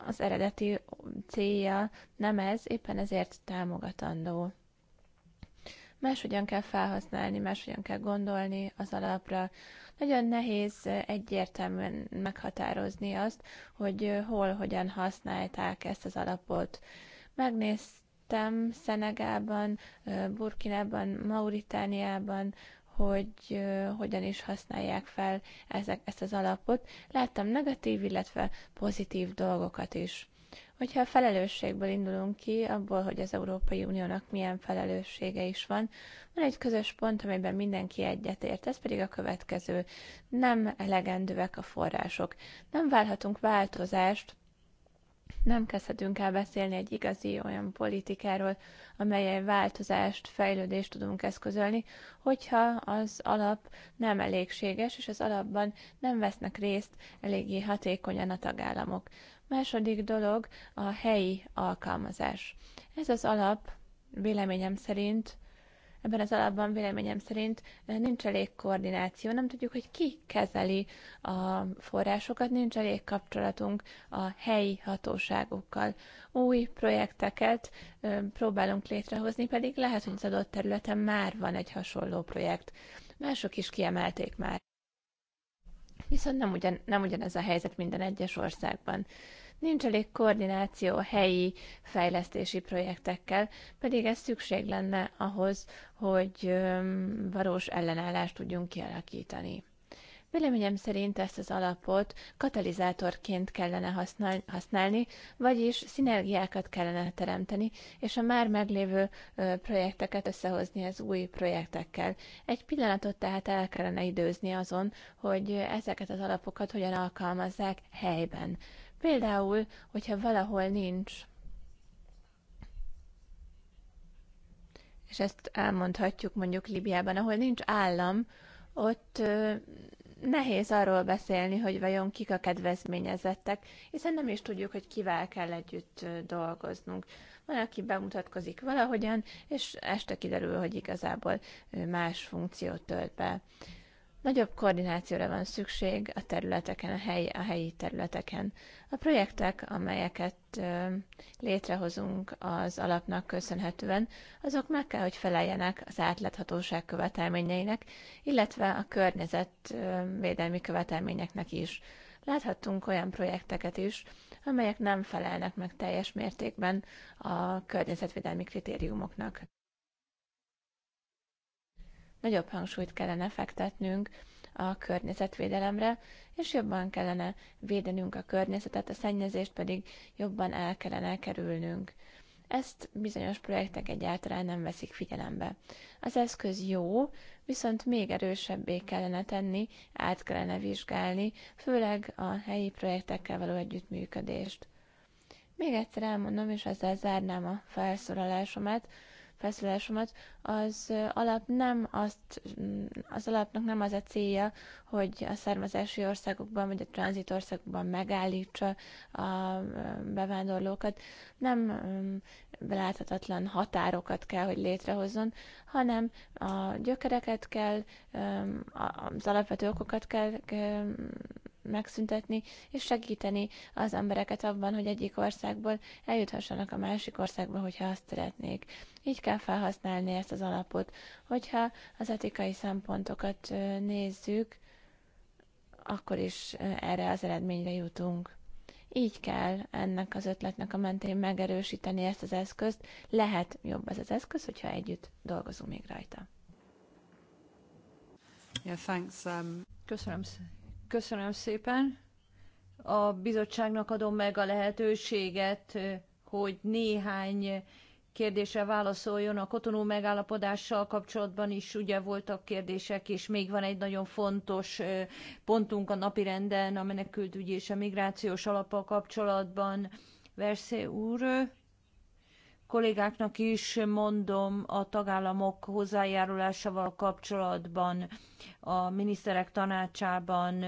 az eredeti célja nem ez, éppen ezért támogatandó. Máshogyan kell felhasználni, máshogyan kell gondolni az alapra. Nagyon nehéz egyértelműen meghatározni azt, hogy hol, hogyan használták ezt az alapot. Megnéztem Szenegában, Burkinában, Mauritániában, hogy hogyan is használják fel ezek, ezt az alapot. Láttam negatív, illetve pozitív dolgokat is. Hogyha a felelősségből indulunk ki, abból, hogy az Európai Uniónak milyen felelőssége is van, van egy közös pont, amelyben mindenki egyetért, ez pedig a következő. Nem elegendőek a források. Nem válhatunk változást nem kezdhetünk el beszélni egy igazi olyan politikáról, amelyen változást, fejlődést tudunk eszközölni, hogyha az alap nem elégséges, és az alapban nem vesznek részt eléggé hatékonyan a tagállamok. Második dolog a helyi alkalmazás. Ez az alap véleményem szerint ebben az alapban véleményem szerint eh, nincs elég koordináció, nem tudjuk, hogy ki kezeli a forrásokat, nincs elég kapcsolatunk a helyi hatóságokkal. Új projekteket eh, próbálunk létrehozni, pedig lehet, hogy az adott területen már van egy hasonló projekt. Mások is kiemelték már. Viszont nem, ugyan, nem ugyanez a helyzet minden egyes országban nincs elég koordináció a helyi fejlesztési projektekkel, pedig ez szükség lenne ahhoz, hogy valós ellenállást tudjunk kialakítani. Véleményem szerint ezt az alapot katalizátorként kellene használni, vagyis szinergiákat kellene teremteni, és a már meglévő projekteket összehozni az új projektekkel. Egy pillanatot tehát el kellene időzni azon, hogy ezeket az alapokat hogyan alkalmazzák helyben. Például, hogyha valahol nincs és ezt elmondhatjuk mondjuk Libiában, ahol nincs állam, ott nehéz arról beszélni, hogy vajon kik a kedvezményezettek, hiszen nem is tudjuk, hogy kivel kell együtt dolgoznunk. Van, aki bemutatkozik valahogyan, és este kiderül, hogy igazából más funkciót tölt be. Nagyobb koordinációra van szükség a területeken, a, helyi, a helyi területeken. A projektek, amelyeket létrehozunk az alapnak köszönhetően, azok meg kell, hogy feleljenek az átláthatóság követelményeinek, illetve a környezetvédelmi követelményeknek is. Láthattunk olyan projekteket is, amelyek nem felelnek meg teljes mértékben a környezetvédelmi kritériumoknak nagyobb hangsúlyt kellene fektetnünk a környezetvédelemre, és jobban kellene védenünk a környezetet, a szennyezést pedig jobban el kellene kerülnünk. Ezt bizonyos projektek egyáltalán nem veszik figyelembe. Az eszköz jó, viszont még erősebbé kellene tenni, át kellene vizsgálni, főleg a helyi projektekkel való együttműködést. Még egyszer elmondom, és ezzel zárnám a felszólalásomat, felszólásomat, az alap nem azt, mm, az alapnak nem az a célja, hogy a származási országokban vagy a országokban megállítsa a bevándorlókat. Nem mm, beláthatatlan határokat kell, hogy létrehozzon, hanem a gyökereket kell, az alapvető okokat kell megszüntetni, és segíteni az embereket abban, hogy egyik országból eljuthassanak a másik országba, hogyha azt szeretnék. Így kell felhasználni ezt az alapot. Hogyha az etikai szempontokat nézzük, akkor is erre az eredményre jutunk. Így kell ennek az ötletnek a mentén megerősíteni ezt az eszközt. Lehet jobb ez az eszköz, hogyha együtt dolgozunk még rajta. Yeah, thanks. Um... Köszönöm Köszönöm szépen. A bizottságnak adom meg a lehetőséget, hogy néhány kérdésre válaszoljon. A kotonó megállapodással kapcsolatban is ugye voltak kérdések, és még van egy nagyon fontos pontunk a napirenden, a menekültügyi és a migrációs alappal kapcsolatban. Verszé úr, kollégáknak is mondom a tagállamok hozzájárulásával kapcsolatban, a miniszterek tanácsában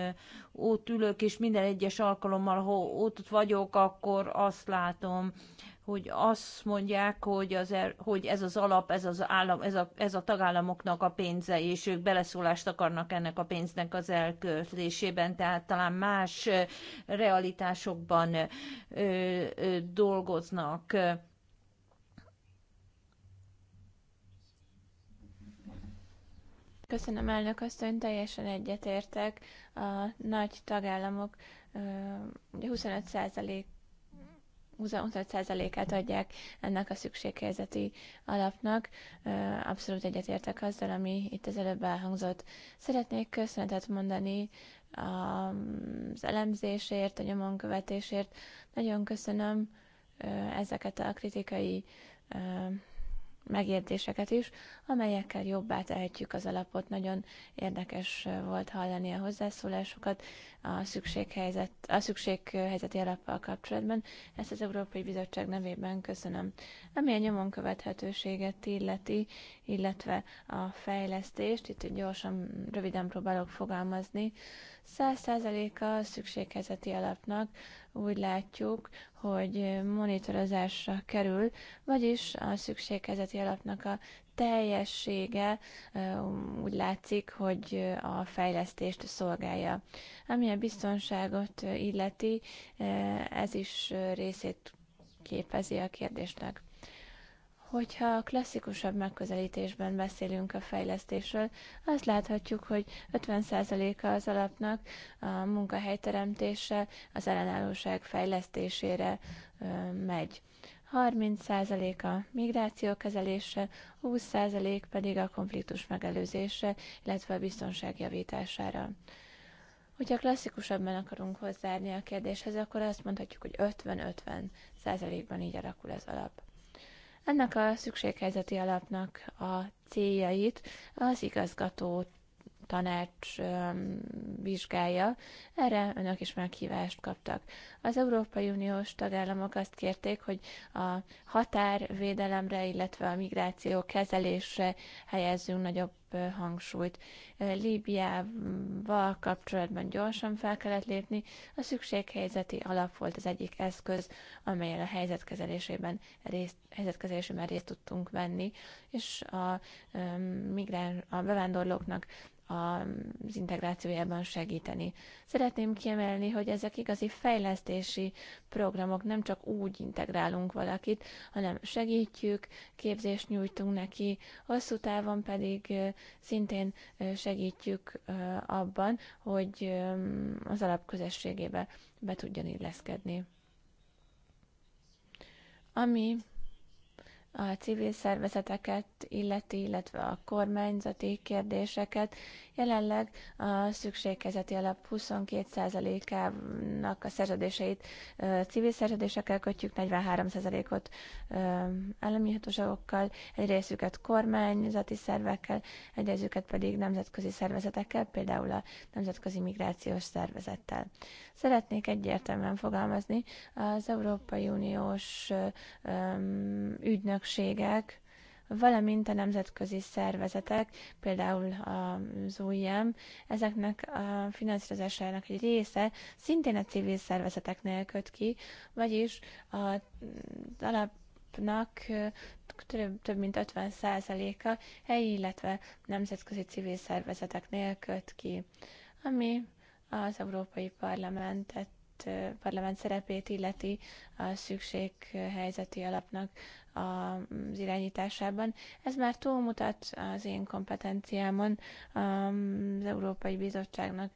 ott ülök, és minden egyes alkalommal, ha ott vagyok, akkor azt látom, hogy azt mondják, hogy, az, er- hogy ez az alap, ez, az állam, ez, a, ez a tagállamoknak a pénze, és ők beleszólást akarnak ennek a pénznek az elköltésében, tehát talán más realitásokban ö, ö, dolgoznak Köszönöm, elnök asszony, teljesen egyetértek. A nagy tagállamok ugye 25 25%-át adják ennek a szükséghelyzeti alapnak. Abszolút egyetértek azzal, ami itt az előbb elhangzott. Szeretnék köszönetet mondani az elemzésért, a követésért. Nagyon köszönöm ezeket a kritikai megértéseket is, amelyekkel jobbá tehetjük az alapot. Nagyon érdekes volt hallani a hozzászólásokat a, szükséghelyzet, a szükséghelyzeti alappal kapcsolatban. Ezt az Európai Bizottság nevében köszönöm. Ami a nyomon követhetőséget illeti, illetve a fejlesztést, itt gyorsan, röviden próbálok fogalmazni, 100%-a szükséghezeti alapnak úgy látjuk, hogy monitorozásra kerül, vagyis a szükséghezeti alapnak a teljessége úgy látszik, hogy a fejlesztést szolgálja. Ami a biztonságot illeti, ez is részét képezi a kérdésnek. Hogyha a klasszikusabb megközelítésben beszélünk a fejlesztésről, azt láthatjuk, hogy 50%-a az alapnak a munkahelyteremtése az ellenállóság fejlesztésére megy. 30% a migráció kezelése, 20% pedig a konfliktus megelőzése, illetve a biztonság javítására. Hogyha klasszikusabban akarunk hozzárni a kérdéshez, akkor azt mondhatjuk, hogy 50-50 ban így alakul az alap. Ennek a szükséghelyzeti alapnak a céljait az igazgató tanács vizsgálja. Erre önök is meghívást kaptak. Az Európai Uniós tagállamok azt kérték, hogy a határvédelemre, illetve a migráció kezelésre helyezzünk nagyobb hangsúlyt. Líbiával kapcsolatban gyorsan fel kellett lépni, a szükséghelyzeti alap volt az egyik eszköz, amelyel a helyzetkezelésében részt, helyzetkezelésében részt tudtunk venni, és a, migrán, a bevándorlóknak az integrációjában segíteni. Szeretném kiemelni, hogy ezek igazi fejlesztési programok, nem csak úgy integrálunk valakit, hanem segítjük, képzést nyújtunk neki, hosszú távon pedig szintén segítjük abban, hogy az alapközösségébe be tudjon illeszkedni. Ami a civil szervezeteket illeti, illetve a kormányzati kérdéseket. Jelenleg a szükségkezeti alap 22%-ának a szerződéseit civil szerződésekkel kötjük, 43%-ot állami hatóságokkal, egy részüket kormányzati szervekkel, egy részüket pedig nemzetközi szervezetekkel, például a Nemzetközi Migrációs Szervezettel. Szeretnék egyértelműen fogalmazni, az Európai Uniós ügynök ügynökségek, valamint a nemzetközi szervezetek, például az OIM, ezeknek a finanszírozásának egy része szintén a civil szervezeteknél köt ki, vagyis az alapnak több, több mint 50%-a helyi, illetve nemzetközi civil szervezeteknél köt ki, ami az Európai Parlamentet parlament szerepét illeti a szükséghelyzeti alapnak az irányításában. Ez már túlmutat az én kompetenciámon az Európai Bizottságnak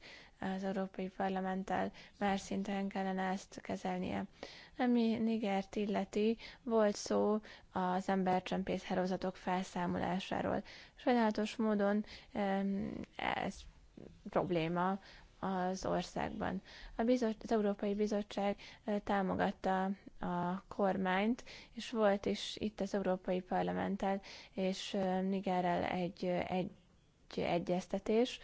az Európai Parlamenttel már szinten kellene ezt kezelnie. Ami Nigert illeti, volt szó az embercsempész hálózatok felszámolásáról. Sajnálatos módon ez probléma az országban. A bizot, az Európai Bizottság támogatta a kormányt, és volt is itt az Európai Parlamenttel és Nigerrel egy, egy, egyeztetés,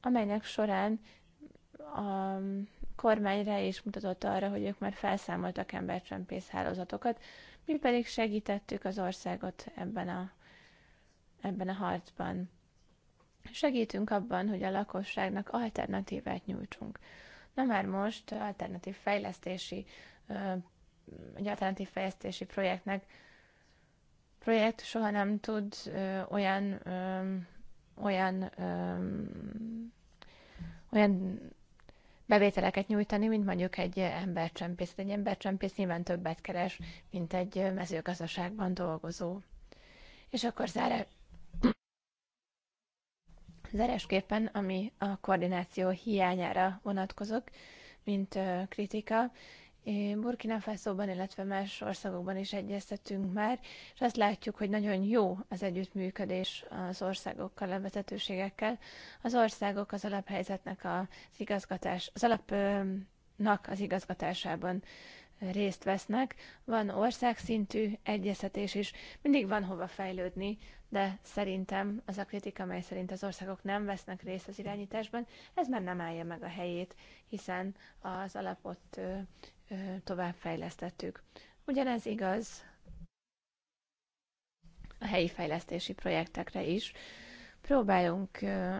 amelynek során a kormányra is mutatott arra, hogy ők már felszámoltak embercsempész hálózatokat, mi pedig segítettük az országot ebben a, ebben a harcban. Segítünk abban, hogy a lakosságnak alternatívát nyújtsunk. Na már most alternatív fejlesztési, egy alternatív fejlesztési projektnek projekt soha nem tud olyan olyan olyan bevételeket nyújtani, mint mondjuk egy embercsempész. Egy embercsempész nyilván többet keres, mint egy mezőgazdaságban dolgozó. És akkor zárás, Zárásképpen, ami a koordináció hiányára vonatkozok, mint kritika, Burkina Faso-ban, illetve más országokban is egyeztetünk már, és azt látjuk, hogy nagyon jó az együttműködés az országokkal, a vezetőségekkel. Az országok az alaphelyzetnek az igazgatás, az alapnak az igazgatásában részt vesznek, van országszintű egyeztetés is, mindig van hova fejlődni, de szerintem az a kritika, amely szerint az országok nem vesznek részt az irányításban, ez már nem állja meg a helyét, hiszen az alapot továbbfejlesztettük. Ugyanez igaz a helyi fejlesztési projektekre is. Próbálunk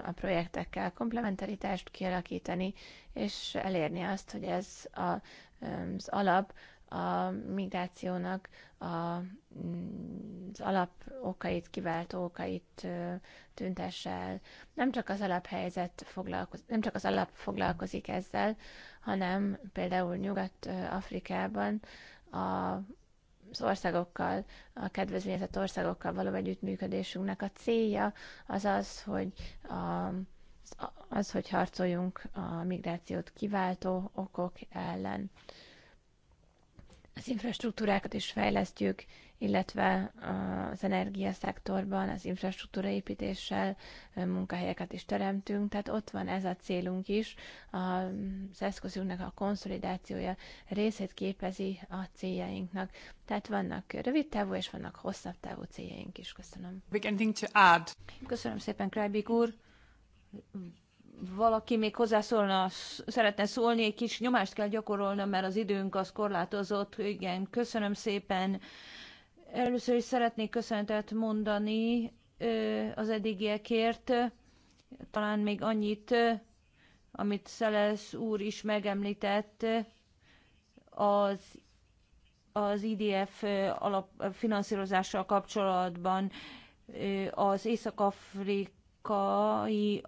a projektekkel komplementaritást kialakítani, és elérni azt, hogy ez a, az alap a migrációnak a, az alap okait, kiváltó okait tüntesse el. Nem csak az alaphelyzet foglalkozik, nem csak az alap foglalkozik ezzel, hanem például Nyugat-Afrikában a az országokkal, a kedvezményezett országokkal való együttműködésünknek a célja az az, hogy a, az, hogy harcoljunk a migrációt kiváltó okok ellen az infrastruktúrákat is fejlesztjük, illetve az energiaszektorban az infrastruktúra építéssel munkahelyeket is teremtünk, tehát ott van ez a célunk is, az eszközünknek a konszolidációja részét képezi a céljainknak, tehát vannak rövid távú és vannak hosszabb távú céljaink is. Köszönöm. Köszönöm szépen, Krajbik úr valaki még hozzászólna, szeretne szólni, egy kis nyomást kell gyakorolnom, mert az időnk az korlátozott. Igen, köszönöm szépen. Először is szeretnék köszönetet mondani az eddigiekért. Talán még annyit, amit Szelesz úr is megemlített, az az IDF alapfinanszírozással kapcsolatban az Észak-Afrikai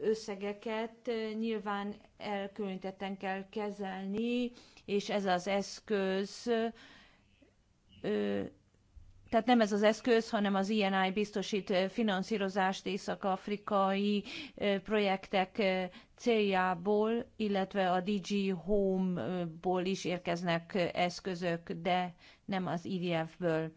összegeket nyilván elkülöníteten kell kezelni, és ez az eszköz, tehát nem ez az eszköz, hanem az INI biztosít finanszírozást észak-afrikai projektek céljából, illetve a DG Home-ból is érkeznek eszközök, de nem az IDF-ből. E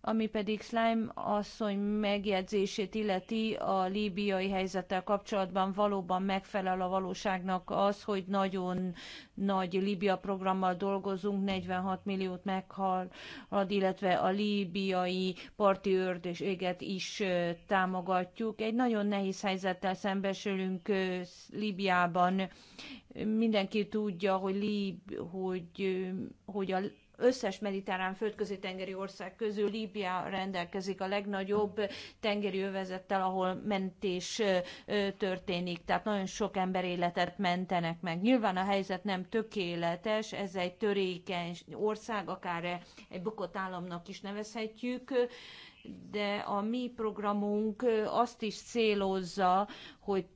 ami pedig Slime asszony megjegyzését illeti a líbiai helyzettel kapcsolatban valóban megfelel a valóságnak az, hogy nagyon nagy Líbia programmal dolgozunk, 46 milliót meghal, illetve a líbiai parti ördöséget is támogatjuk. Egy nagyon nehéz helyzettel szembesülünk Líbiában. Mindenki tudja, hogy, Lib, hogy, hogy a összes mediterrán földközi-tengeri ország közül Líbia rendelkezik a legnagyobb tengeri övezettel, ahol mentés történik, tehát nagyon sok ember életet mentenek meg. Nyilván a helyzet nem tökéletes, ez egy törékeny ország, akár egy bukott államnak is nevezhetjük, de a mi programunk azt is célozza, hogy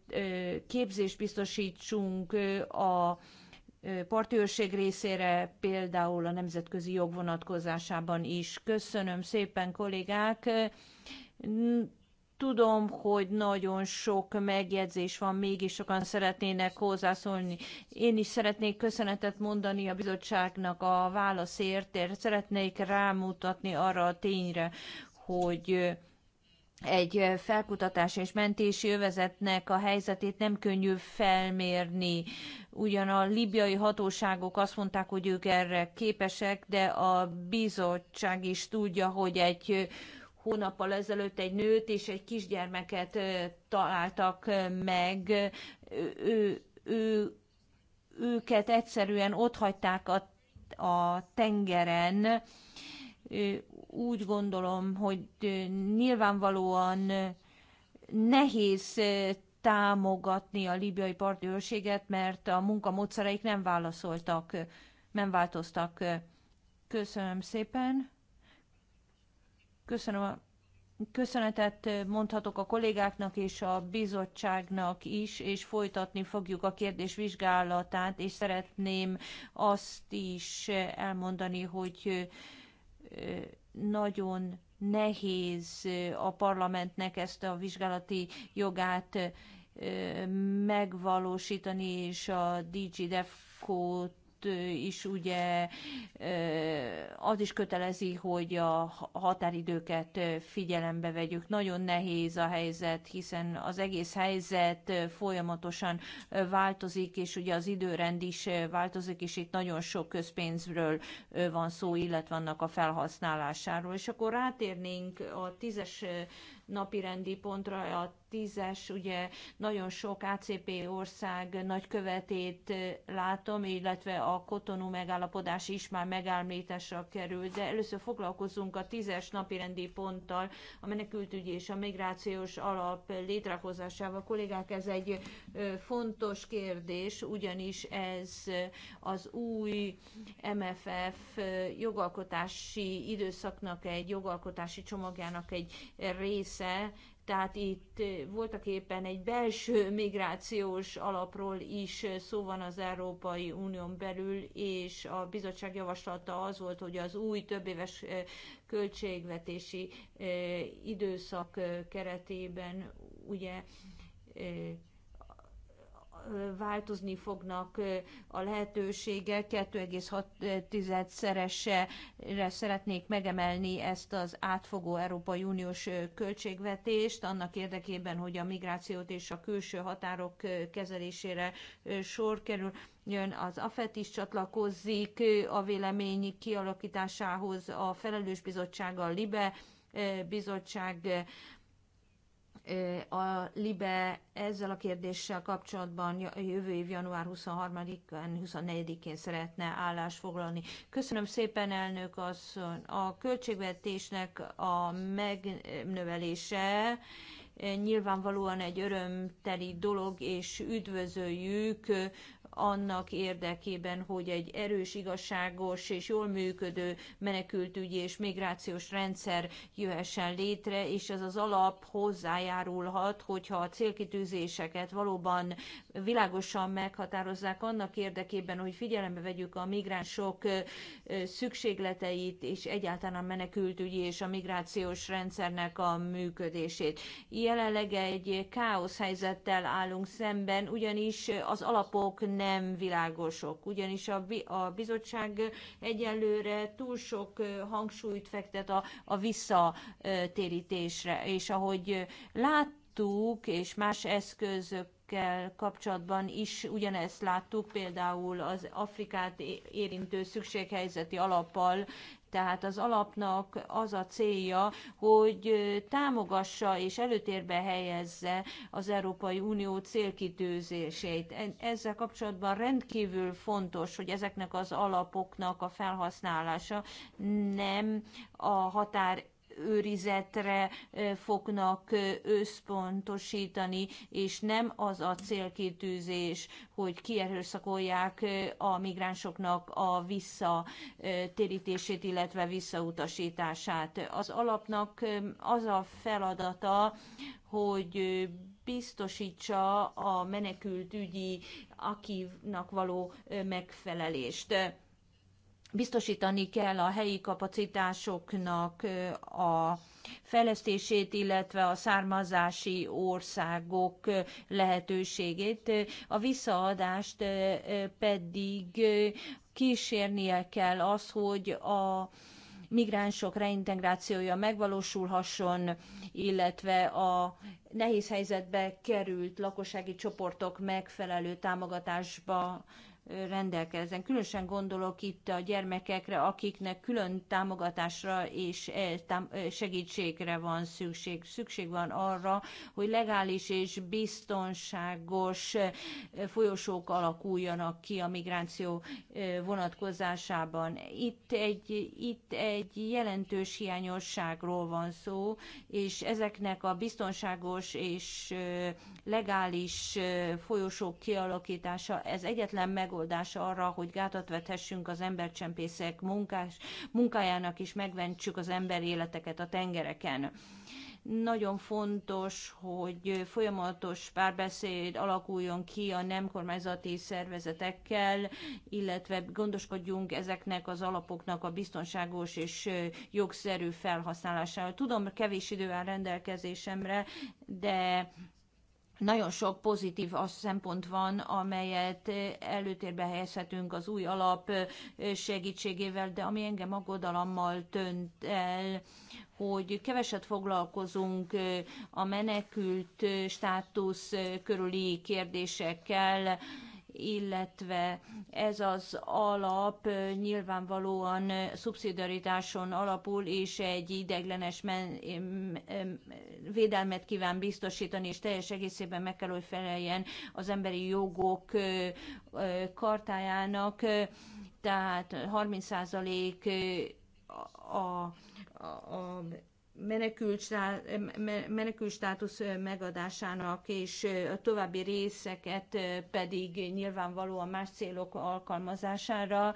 képzést biztosítsunk a partőrség részére, például a nemzetközi jog vonatkozásában is. Köszönöm szépen, kollégák! Tudom, hogy nagyon sok megjegyzés van, mégis sokan szeretnének hozzászólni. Én is szeretnék köszönetet mondani a bizottságnak a válaszért, és szeretnék rámutatni arra a tényre, hogy egy felkutatás és mentési övezetnek a helyzetét nem könnyű felmérni. Ugyan a libiai hatóságok azt mondták, hogy ők erre képesek, de a bizottság is tudja, hogy egy hónappal ezelőtt egy nőt és egy kisgyermeket találtak meg. Ő, ő, őket egyszerűen ott hagyták a, a tengeren úgy gondolom, hogy nyilvánvalóan nehéz támogatni a libiai parti őrséget, mert a munkamódszereik nem válaszoltak, nem változtak. Köszönöm szépen. Köszönöm a Köszönetet mondhatok a kollégáknak és a bizottságnak is, és folytatni fogjuk a kérdés vizsgálatát, és szeretném azt is elmondani, hogy nagyon nehéz a parlamentnek ezt a vizsgálati jogát megvalósítani, és a DG Defco is ugye az is kötelezi, hogy a határidőket figyelembe vegyük. Nagyon nehéz a helyzet, hiszen az egész helyzet folyamatosan változik, és ugye az időrend is változik, és itt nagyon sok közpénzről van szó, illetve annak a felhasználásáról. És akkor rátérnénk a tízes napi rendi pontra, a tízes, ugye nagyon sok ACP ország nagykövetét eh, látom, illetve a kotonú megállapodás is már megállításra kerül, de először foglalkozunk a tízes napirendi ponttal, a menekültügyi és a migrációs alap létrehozásával. Kollégák, ez egy eh, fontos kérdés, ugyanis ez eh, az új MFF jogalkotási időszaknak, egy jogalkotási csomagjának egy része, tehát itt voltak éppen egy belső migrációs alapról is szó van az Európai Unión belül, és a bizottság javaslata az volt, hogy az új többéves költségvetési időszak keretében ugye változni fognak a lehetőségek, 2,6-szeresre szeretnék megemelni ezt az átfogó Európai Uniós költségvetést, annak érdekében, hogy a migrációt és a külső határok kezelésére sor kerül jön az AFET is csatlakozik a vélemény kialakításához, a felelős bizottság, a LIBE bizottság a LIBE ezzel a kérdéssel kapcsolatban jövő év január 23-án, 24-én szeretne állást foglalni. Köszönöm szépen, elnök asszony. A költségvetésnek a megnövelése nyilvánvalóan egy örömteli dolog, és üdvözöljük annak érdekében, hogy egy erős, igazságos és jól működő menekültügyi és migrációs rendszer jöhessen létre, és ez az alap hozzájárulhat, hogyha a célkitűzéseket valóban világosan meghatározzák annak érdekében, hogy figyelembe vegyük a migránsok szükségleteit, és egyáltalán a menekültügyi és a migrációs rendszernek a működését. Jelenleg egy káosz helyzettel állunk szemben, ugyanis az alapok nem nem világosok, ugyanis a, a bizottság egyelőre túl sok hangsúlyt fektet a, a visszatérítésre, és ahogy láttuk, és más eszközök kapcsolatban is ugyanezt láttuk, például az Afrikát érintő szükséghelyzeti alappal tehát az alapnak az a célja, hogy támogassa és előtérbe helyezze az Európai Unió célkitűzéseit. Ezzel kapcsolatban rendkívül fontos, hogy ezeknek az alapoknak a felhasználása nem a határ őrizetre fognak összpontosítani, és nem az a célkitűzés, hogy kierőszakolják a migránsoknak a visszatérítését, illetve visszautasítását. Az alapnak az a feladata, hogy biztosítsa a menekült ügyi akinak való megfelelést biztosítani kell a helyi kapacitásoknak a fejlesztését, illetve a származási országok lehetőségét, a visszaadást pedig kísérnie kell az, hogy a migránsok reintegrációja megvalósulhasson, illetve a nehéz helyzetbe került lakossági csoportok megfelelő támogatásba rendelkezzen. Különösen gondolok itt a gyermekekre, akiknek külön támogatásra és eh, eh, segítségre van szükség. Szükség van arra, hogy legális és biztonságos eh, folyosók alakuljanak ki a migráció vonatkozásában. Itt egy, itt egy jelentős hiányosságról van szó, és ezeknek a biztonságos és legális folyosók kialakítása, ez egyetlen meg megoldása arra, hogy gátat vethessünk az embercsempészek munkás, munkájának, és megmentsük az ember életeket a tengereken nagyon fontos, hogy folyamatos párbeszéd alakuljon ki a nem kormányzati szervezetekkel, illetve gondoskodjunk ezeknek az alapoknak a biztonságos és jogszerű felhasználására. Tudom, kevés idő áll rendelkezésemre, de nagyon sok pozitív az szempont van, amelyet előtérbe helyezhetünk az új alap segítségével, de ami engem aggodalommal tönt el, hogy keveset foglalkozunk a menekült státusz körüli kérdésekkel, illetve ez az alap nyilvánvalóan szubszidaritáson alapul, és egy ideglenes men, védelmet kíván biztosítani, és teljes egészében meg kell, hogy feleljen az emberi jogok kartájának, tehát 30 a, a, a menekült státusz megadásának és a további részeket pedig nyilvánvalóan más célok alkalmazására,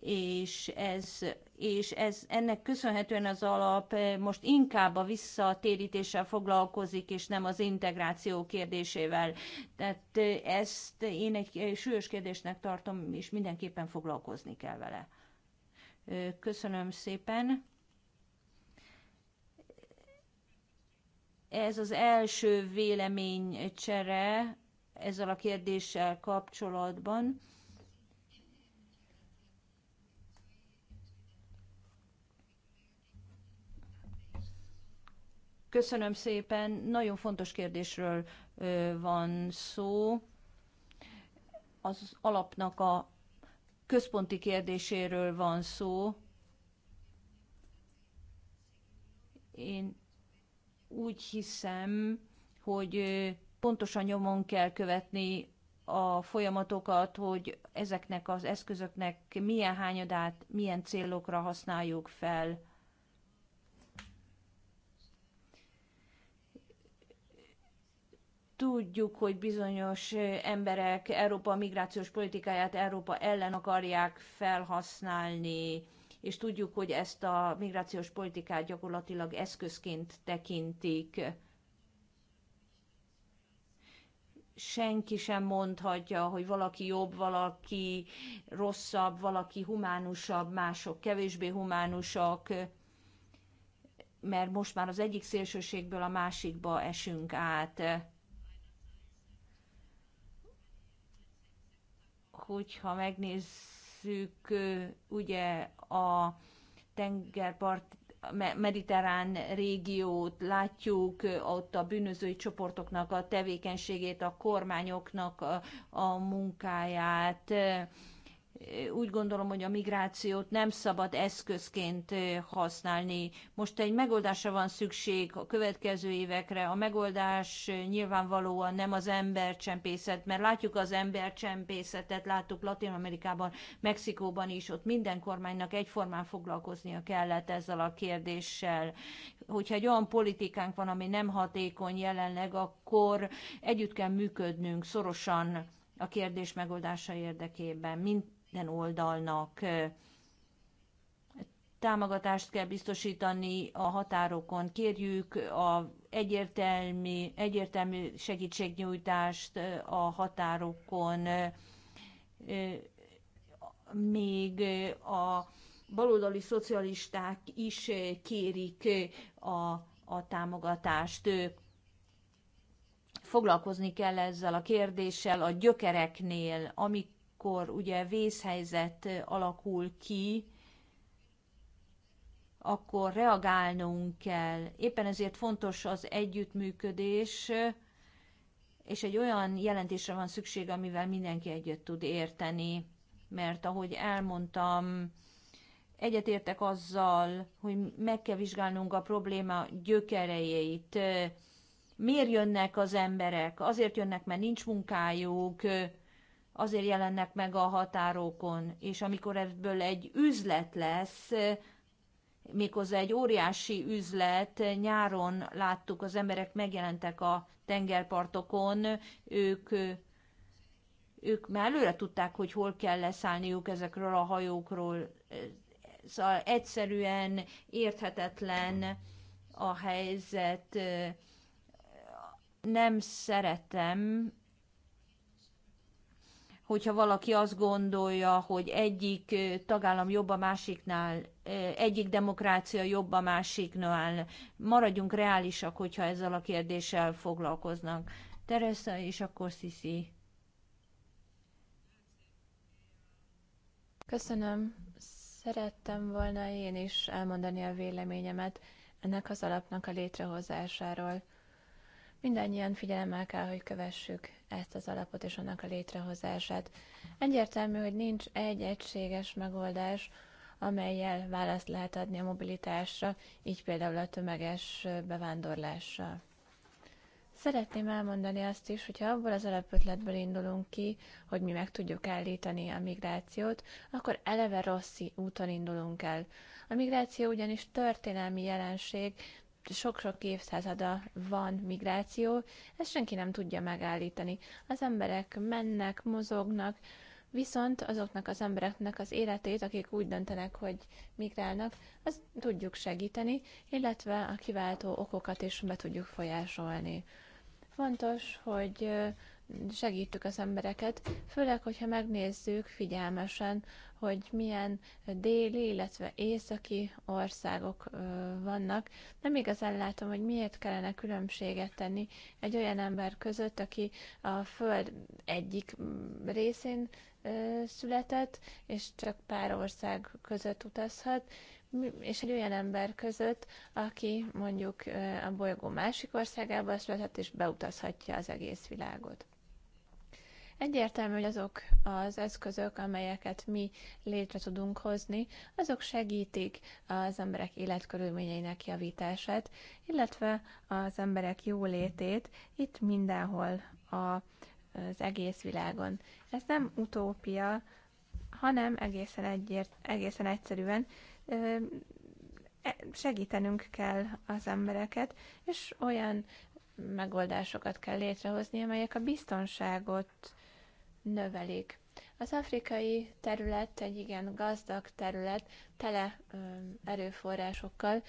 és ez és ez, ennek köszönhetően az alap most inkább a visszatérítéssel foglalkozik, és nem az integráció kérdésével. Tehát ezt én egy súlyos kérdésnek tartom, és mindenképpen foglalkozni kell vele. Köszönöm szépen. Ez az első véleménycsere ezzel a kérdéssel kapcsolatban. Köszönöm szépen, nagyon fontos kérdésről van szó. Az alapnak a központi kérdéséről van szó. Én úgy hiszem, hogy pontosan nyomon kell követni a folyamatokat, hogy ezeknek az eszközöknek milyen hányadát, milyen célokra használjuk fel. Tudjuk, hogy bizonyos emberek Európa migrációs politikáját Európa ellen akarják felhasználni és tudjuk, hogy ezt a migrációs politikát gyakorlatilag eszközként tekintik. Senki sem mondhatja, hogy valaki jobb, valaki rosszabb, valaki humánusabb, mások kevésbé humánusak, mert most már az egyik szélsőségből a másikba esünk át. Hogyha megnéz függ ugye a tengerpart mediterrán régiót, látjuk ott a bűnözői csoportoknak a tevékenységét, a kormányoknak a, a munkáját, úgy gondolom, hogy a migrációt nem szabad eszközként használni. Most egy megoldásra van szükség a következő évekre. A megoldás nyilvánvalóan nem az embercsempészet, mert látjuk az embercsempészetet, láttuk Latin Amerikában, Mexikóban is, ott minden kormánynak egyformán foglalkoznia kellett ezzel a kérdéssel. Hogyha egy olyan politikánk van, ami nem hatékony jelenleg, akkor együtt kell működnünk szorosan a kérdés megoldása érdekében, mint minden oldalnak támogatást kell biztosítani a határokon. Kérjük a egyértelmű, egyértelmű segítségnyújtást a határokon, még a baloldali szocialisták is kérik a, a támogatást. Foglalkozni kell ezzel a kérdéssel a gyökereknél, amik akkor ugye vészhelyzet alakul ki, akkor reagálnunk kell. Éppen ezért fontos az együttműködés, és egy olyan jelentésre van szükség, amivel mindenki egyet tud érteni, mert ahogy elmondtam, egyetértek azzal, hogy meg kell vizsgálnunk a probléma gyökerejeit. Miért jönnek az emberek? Azért jönnek, mert nincs munkájuk, azért jelennek meg a határokon, és amikor ebből egy üzlet lesz, méghozzá egy óriási üzlet, nyáron láttuk, az emberek megjelentek a tengerpartokon, ők ők már előre tudták, hogy hol kell leszállniuk ezekről a hajókról. Szóval egyszerűen érthetetlen a helyzet. Nem szeretem hogyha valaki azt gondolja, hogy egyik tagállam jobb a másiknál, egyik demokrácia jobb a másiknál, maradjunk reálisak, hogyha ezzel a kérdéssel foglalkoznak. Teresa és akkor Sziszi. Köszönöm. Szerettem volna én is elmondani a véleményemet ennek az alapnak a létrehozásáról. Mindannyian figyelemmel kell, hogy kövessük ezt az alapot és annak a létrehozását. Egyértelmű, hogy nincs egy egységes megoldás, amelyel választ lehet adni a mobilitásra, így például a tömeges bevándorlásra. Szeretném elmondani azt is, hogyha abból az alapötletből indulunk ki, hogy mi meg tudjuk állítani a migrációt, akkor eleve rossz úton indulunk el. A migráció ugyanis történelmi jelenség, sok-sok évszázada van migráció, ezt senki nem tudja megállítani. Az emberek mennek, mozognak, viszont azoknak az embereknek az életét, akik úgy döntenek, hogy migrálnak, azt tudjuk segíteni, illetve a kiváltó okokat is be tudjuk folyásolni. Fontos, hogy segítjük az embereket, főleg, hogyha megnézzük figyelmesen, hogy milyen déli, illetve északi országok vannak. Nem igazán látom, hogy miért kellene különbséget tenni egy olyan ember között, aki a föld egyik mm, részén született, és csak pár ország között utazhat, és egy olyan ember között, aki mondjuk a bolygó másik országába született, és beutazhatja az egész világot. Egyértelmű, hogy azok az eszközök, amelyeket mi létre tudunk hozni, azok segítik az emberek életkörülményeinek javítását, illetve az emberek jólétét itt mindenhol a, az egész világon. Ez nem utópia, hanem egészen, egyért, egészen egyszerűen e, segítenünk kell az embereket, és olyan megoldásokat kell létrehozni, amelyek a biztonságot növelik. Az afrikai terület egy igen gazdag terület, tele erőforrásokkal.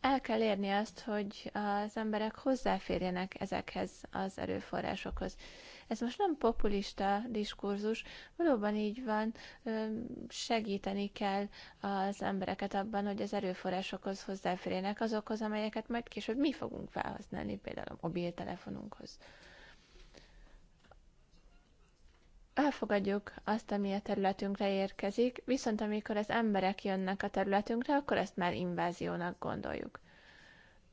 El kell érni azt, hogy az emberek hozzáférjenek ezekhez az erőforrásokhoz. Ez most nem populista diskurzus, valóban így van, segíteni kell az embereket abban, hogy az erőforrásokhoz hozzáférjenek azokhoz, amelyeket majd később mi fogunk felhasználni, például a mobiltelefonunkhoz elfogadjuk azt, ami a területünkre érkezik, viszont amikor az emberek jönnek a területünkre, akkor ezt már inváziónak gondoljuk.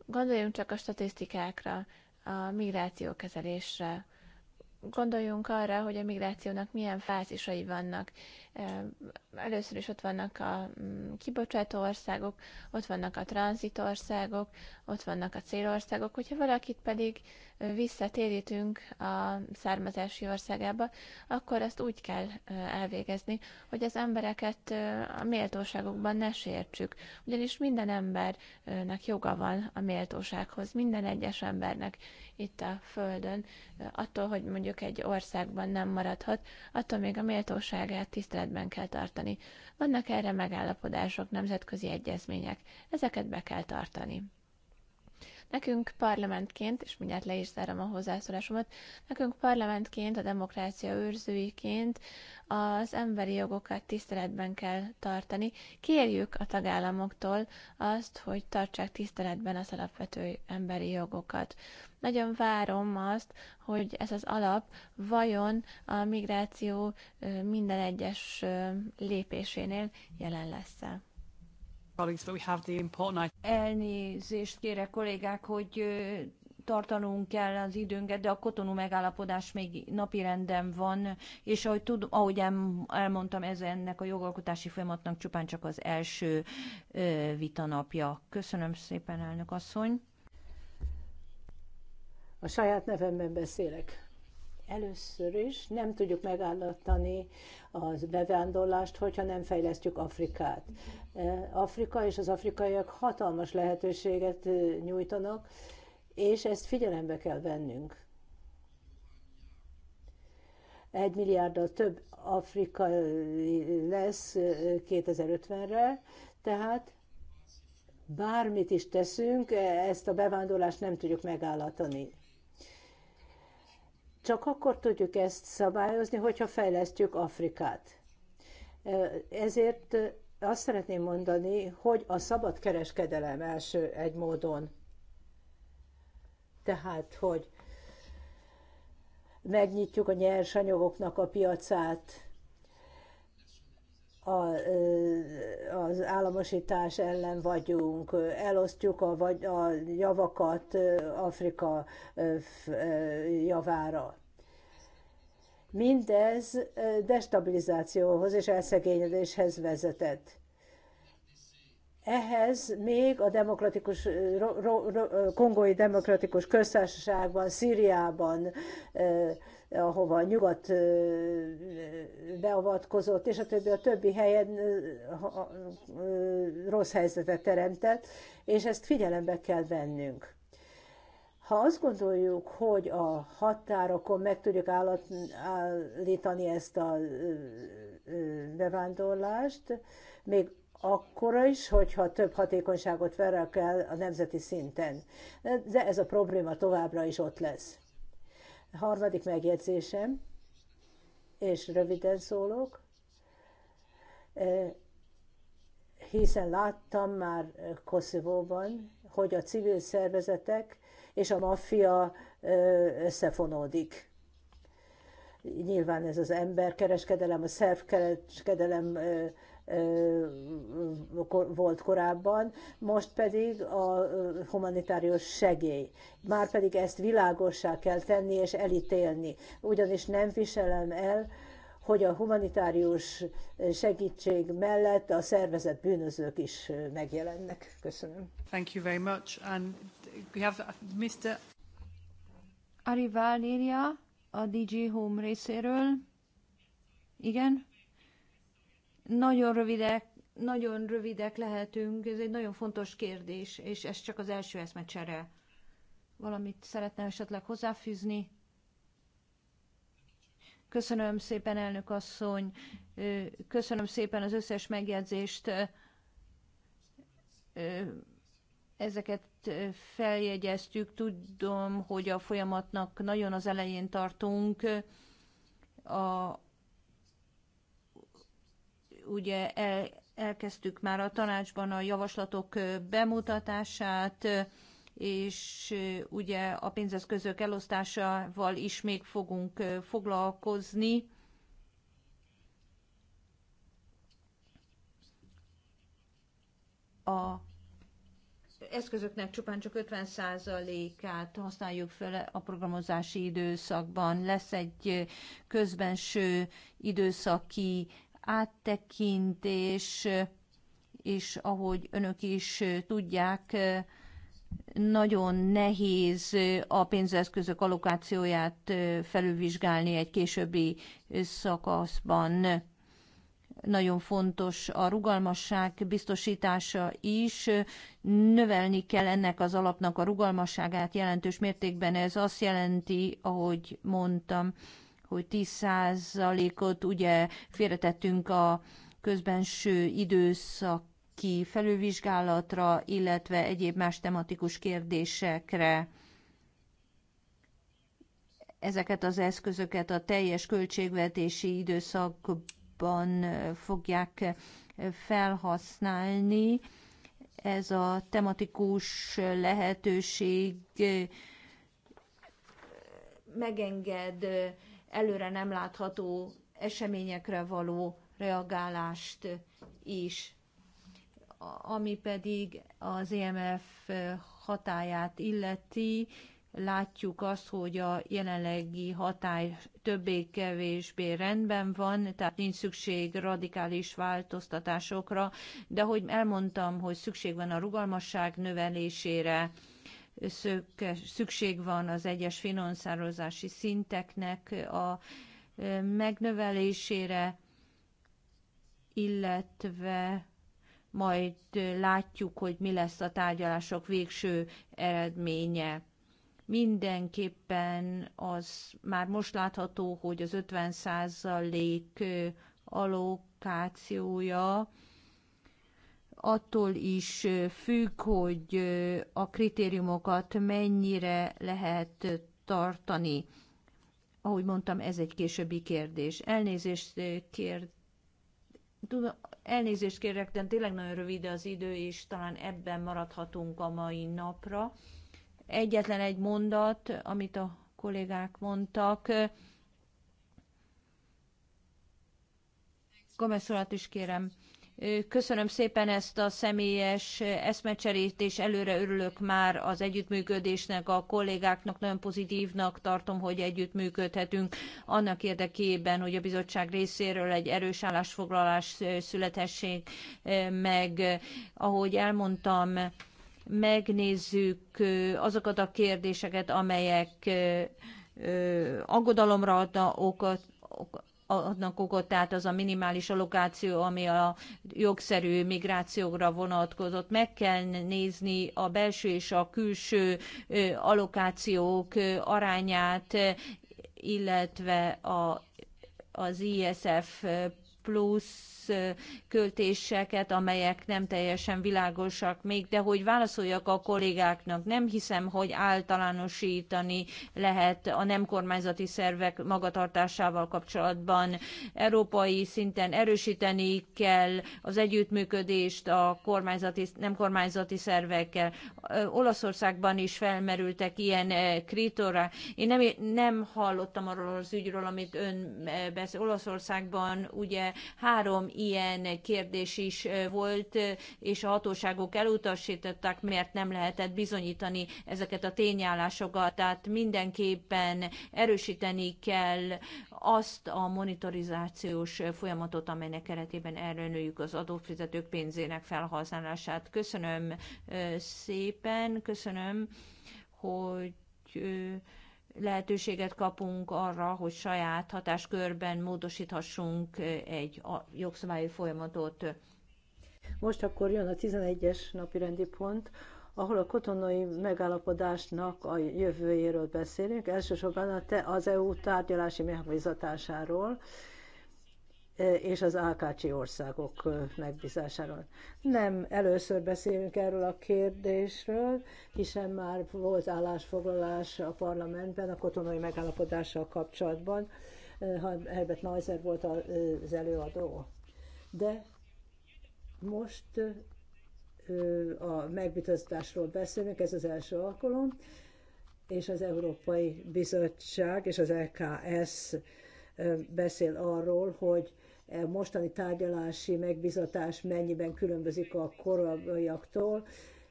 Gondoljunk csak a statisztikákra, a migráció kezelésre. Gondoljunk arra, hogy a migrációnak milyen fázisai vannak, Először is ott vannak a mm, kibocsátó országok, ott vannak a országok, ott vannak a célországok. Hogyha valakit pedig visszatérítünk a származási országába, akkor azt úgy kell elvégezni, hogy az embereket a méltóságokban ne sértsük. Ugyanis minden embernek joga van a méltósághoz, minden egyes embernek itt a Földön, attól, hogy mondjuk egy országban nem maradhat, attól még a méltóságát tisztelt tiszteletben kell tartani. Vannak erre megállapodások, nemzetközi egyezmények, ezeket be kell tartani. Nekünk parlamentként, és mindjárt le is zárom a hozzászólásomat, nekünk parlamentként, a demokrácia őrzőiként az emberi jogokat tiszteletben kell tartani. Kérjük a tagállamoktól azt, hogy tartsák tiszteletben az alapvető emberi jogokat. Nagyon várom azt, hogy ez az alap vajon a migráció minden egyes lépésénél jelen lesz-e. Elnézést kérek kollégák, hogy tartanunk kell az időnket, de a kotonú megállapodás még renden van, és ahogy, tud, ahogy elmondtam, ez ennek a jogalkotási folyamatnak csupán csak az első vitanapja. Köszönöm szépen, elnök asszony! A saját nevemben beszélek. Először is nem tudjuk megállítani az bevándorlást, hogyha nem fejlesztjük Afrikát. E, Afrika és az afrikaiak hatalmas lehetőséget e, nyújtanak, és ezt figyelembe kell vennünk egy milliárddal több Afrika lesz 2050-re, e, tehát bármit is teszünk, ezt a bevándorlást nem tudjuk megállítani. Csak akkor tudjuk ezt szabályozni, hogyha fejlesztjük Afrikát. Ezért azt szeretném mondani, hogy a szabad kereskedelem első egy módon. Tehát, hogy megnyitjuk a nyersanyagoknak a piacát, a, az államosítás ellen vagyunk, elosztjuk a, vagy, a javakat Afrika javára. Mindez destabilizációhoz és elszegényedéshez vezetett. Ehhez még a demokratikus, ro, ro, ro, kongói demokratikus köztársaságban, Szíriában, eh, ahova a nyugat eh, beavatkozott, és a többi, a többi helyen eh, rossz helyzetet teremtett, és ezt figyelembe kell vennünk. Ha azt gondoljuk, hogy a határokon meg tudjuk állat, állítani ezt a bevándorlást, még akkor is, hogyha több hatékonyságot verrek el a nemzeti szinten. De ez a probléma továbbra is ott lesz. A harmadik megjegyzésem, és röviden szólok, e, hiszen láttam már Koszovóban, hogy a civil szervezetek és a maffia e, összefonódik nyilván ez az emberkereskedelem, a szervkereskedelem e, volt korábban, most pedig a humanitárius segély. Már pedig ezt világossá kell tenni és elítélni, ugyanis nem viselem el, hogy a humanitárius segítség mellett a szervezet bűnözők is megjelennek. Köszönöm. Thank you very much. And we have uh, Mr. Ari Valéria a DG Home részéről. Igen? Nagyon rövidek, nagyon rövidek lehetünk, ez egy nagyon fontos kérdés, és ez csak az első eszmecsere. Valamit szeretne esetleg hozzáfűzni? Köszönöm szépen, elnök asszony, köszönöm szépen az összes megjegyzést. Ezeket feljegyeztük, tudom, hogy a folyamatnak nagyon az elején tartunk. A, ugye el, elkezdtük már a tanácsban a javaslatok bemutatását, és ugye a pénzeszközök elosztásával is még fogunk foglalkozni. A eszközöknek csupán csak 50%-át használjuk fel a programozási időszakban. Lesz egy közbenső időszaki áttekintés, és ahogy önök is tudják, nagyon nehéz a pénzeszközök allokációját felülvizsgálni egy későbbi szakaszban. Nagyon fontos a rugalmasság biztosítása is. Növelni kell ennek az alapnak a rugalmasságát jelentős mértékben. Ez azt jelenti, ahogy mondtam, hogy 10%-ot ugye félretettünk a közbenső időszak ki felülvizsgálatra, illetve egyéb más tematikus kérdésekre ezeket az eszközöket a teljes költségvetési időszakban fogják felhasználni. Ez a tematikus lehetőség megenged előre nem látható eseményekre való reagálást is, ami pedig az EMF hatáját illeti, látjuk azt, hogy a jelenlegi hatály többé-kevésbé rendben van, tehát nincs szükség radikális változtatásokra, de hogy elmondtam, hogy szükség van a rugalmasság növelésére, szükség van az egyes finanszározási szinteknek a megnövelésére, illetve majd látjuk, hogy mi lesz a tárgyalások végső eredménye. Mindenképpen az már most látható, hogy az 50 százalék allokációja attól is függ, hogy a kritériumokat mennyire lehet tartani. Ahogy mondtam, ez egy későbbi kérdés. Elnézést kér... Tudom, elnézést kérek, de tényleg nagyon rövid az idő, és talán ebben maradhatunk a mai napra. Egyetlen egy mondat, amit a kollégák mondtak. Gomez is kérem Köszönöm szépen ezt a személyes eszmecserét, és előre örülök már az együttműködésnek, a kollégáknak nagyon pozitívnak tartom, hogy együttműködhetünk annak érdekében, hogy a bizottság részéről egy erős állásfoglalás születessék eh, meg. Ahogy elmondtam, megnézzük eh, azokat a kérdéseket, amelyek eh, aggodalomra adna okot, adnak okot, tehát az a minimális allokáció, ami a jogszerű migrációra vonatkozott. Meg kell nézni a belső és a külső allokációk arányát, illetve a, az ISF plusz közköltéseket, amelyek nem teljesen világosak még, de hogy válaszoljak a kollégáknak, nem hiszem, hogy általánosítani lehet a nem kormányzati szervek magatartásával kapcsolatban. Európai szinten erősíteni kell az együttműködést a kormányzati, nem kormányzati szervekkel. Olaszországban is felmerültek ilyen eh, kritóra. Én nem, nem hallottam arról az ügyről, amit ön eh, beszél. Olaszországban ugye három ilyen kérdés is volt, és a hatóságok elutasították, mert nem lehetett bizonyítani ezeket a tényállásokat. Tehát mindenképpen erősíteni kell azt a monitorizációs folyamatot, amelynek keretében elrönőjük az adófizetők pénzének felhasználását. Köszönöm szépen, köszönöm, hogy lehetőséget kapunk arra, hogy saját hatáskörben módosíthassunk egy jogszabályi folyamatot. Most akkor jön a 11-es napi rendi pont, ahol a kotonai megállapodásnak a jövőjéről beszélünk, elsősorban az EU tárgyalási mechanizatásáról és az Ákácsi országok megbízásáról. Nem először beszélünk erről a kérdésről, hiszen már volt állásfoglalás a parlamentben a kotonai megállapodással kapcsolatban, ha Herbert Neuser volt az előadó. De most a megbizatásról beszélünk, ez az első alkalom, és az Európai Bizottság és az EKS beszél arról, hogy mostani tárgyalási megbizatás mennyiben különbözik a korábbiaktól,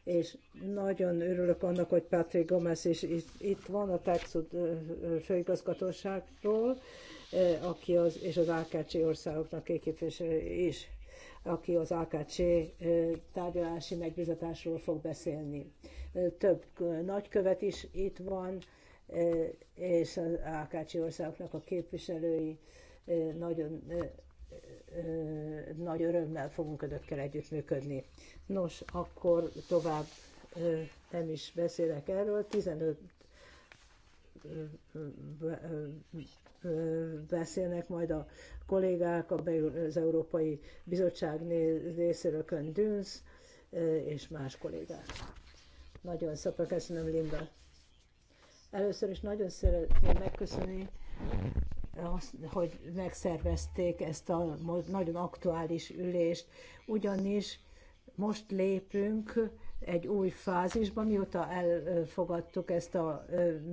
és nagyon örülök annak, hogy Patrick Gomez is itt van a Texas főigazgatóságtól, aki az, és az AKC országoknak képviselő is, aki az AKC tárgyalási megbizatásról fog beszélni. Több nagykövet is itt van, és az AKC országoknak a képviselői nagyon nagy örömmel fogunk önökkel együttműködni. Nos, akkor tovább nem is beszélek erről. 15 beszélnek majd a kollégák az Európai Bizottság részéről Köndünsz és más kollégák. Nagyon szépen köszönöm, Linda. Először is nagyon szeretném megköszönni hogy megszervezték ezt a nagyon aktuális ülést, ugyanis most lépünk egy új fázisba, mióta elfogadtuk ezt a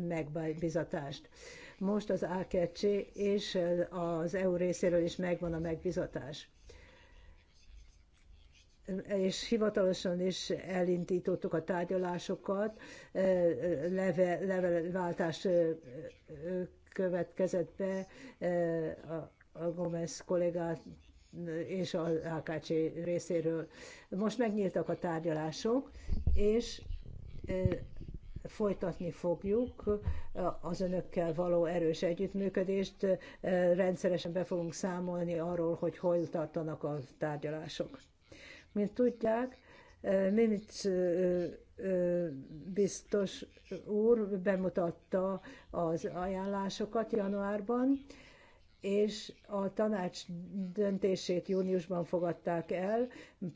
megbizatást. Most az a és az EU részéről is megvan a megbizatás. És hivatalosan is elindítottuk a tárgyalásokat, leve, levelváltás következett be e, a Gomez kollégát és a AKC részéről. Most megnyíltak a tárgyalások, és e, folytatni fogjuk az önökkel való erős együttműködést. E, rendszeresen be fogunk számolni arról, hogy hol tartanak a tárgyalások. Mint tudják, Mimic biztos úr bemutatta az ajánlásokat januárban, és a tanács döntését júniusban fogadták el,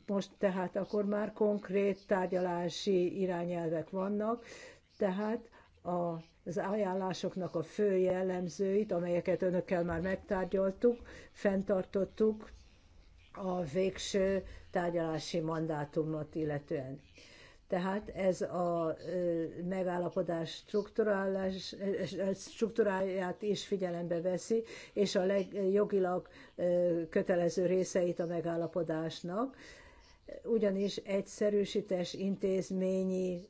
most tehát akkor már konkrét tárgyalási irányelvek vannak, tehát az ajánlásoknak a fő jellemzőit, amelyeket önökkel már megtárgyaltuk, fenntartottuk a végső tárgyalási mandátumot illetően. Tehát ez a megállapodás struktúráját is figyelembe veszi, és a leg, jogilag kötelező részeit a megállapodásnak, ugyanis egyszerűsítés intézményi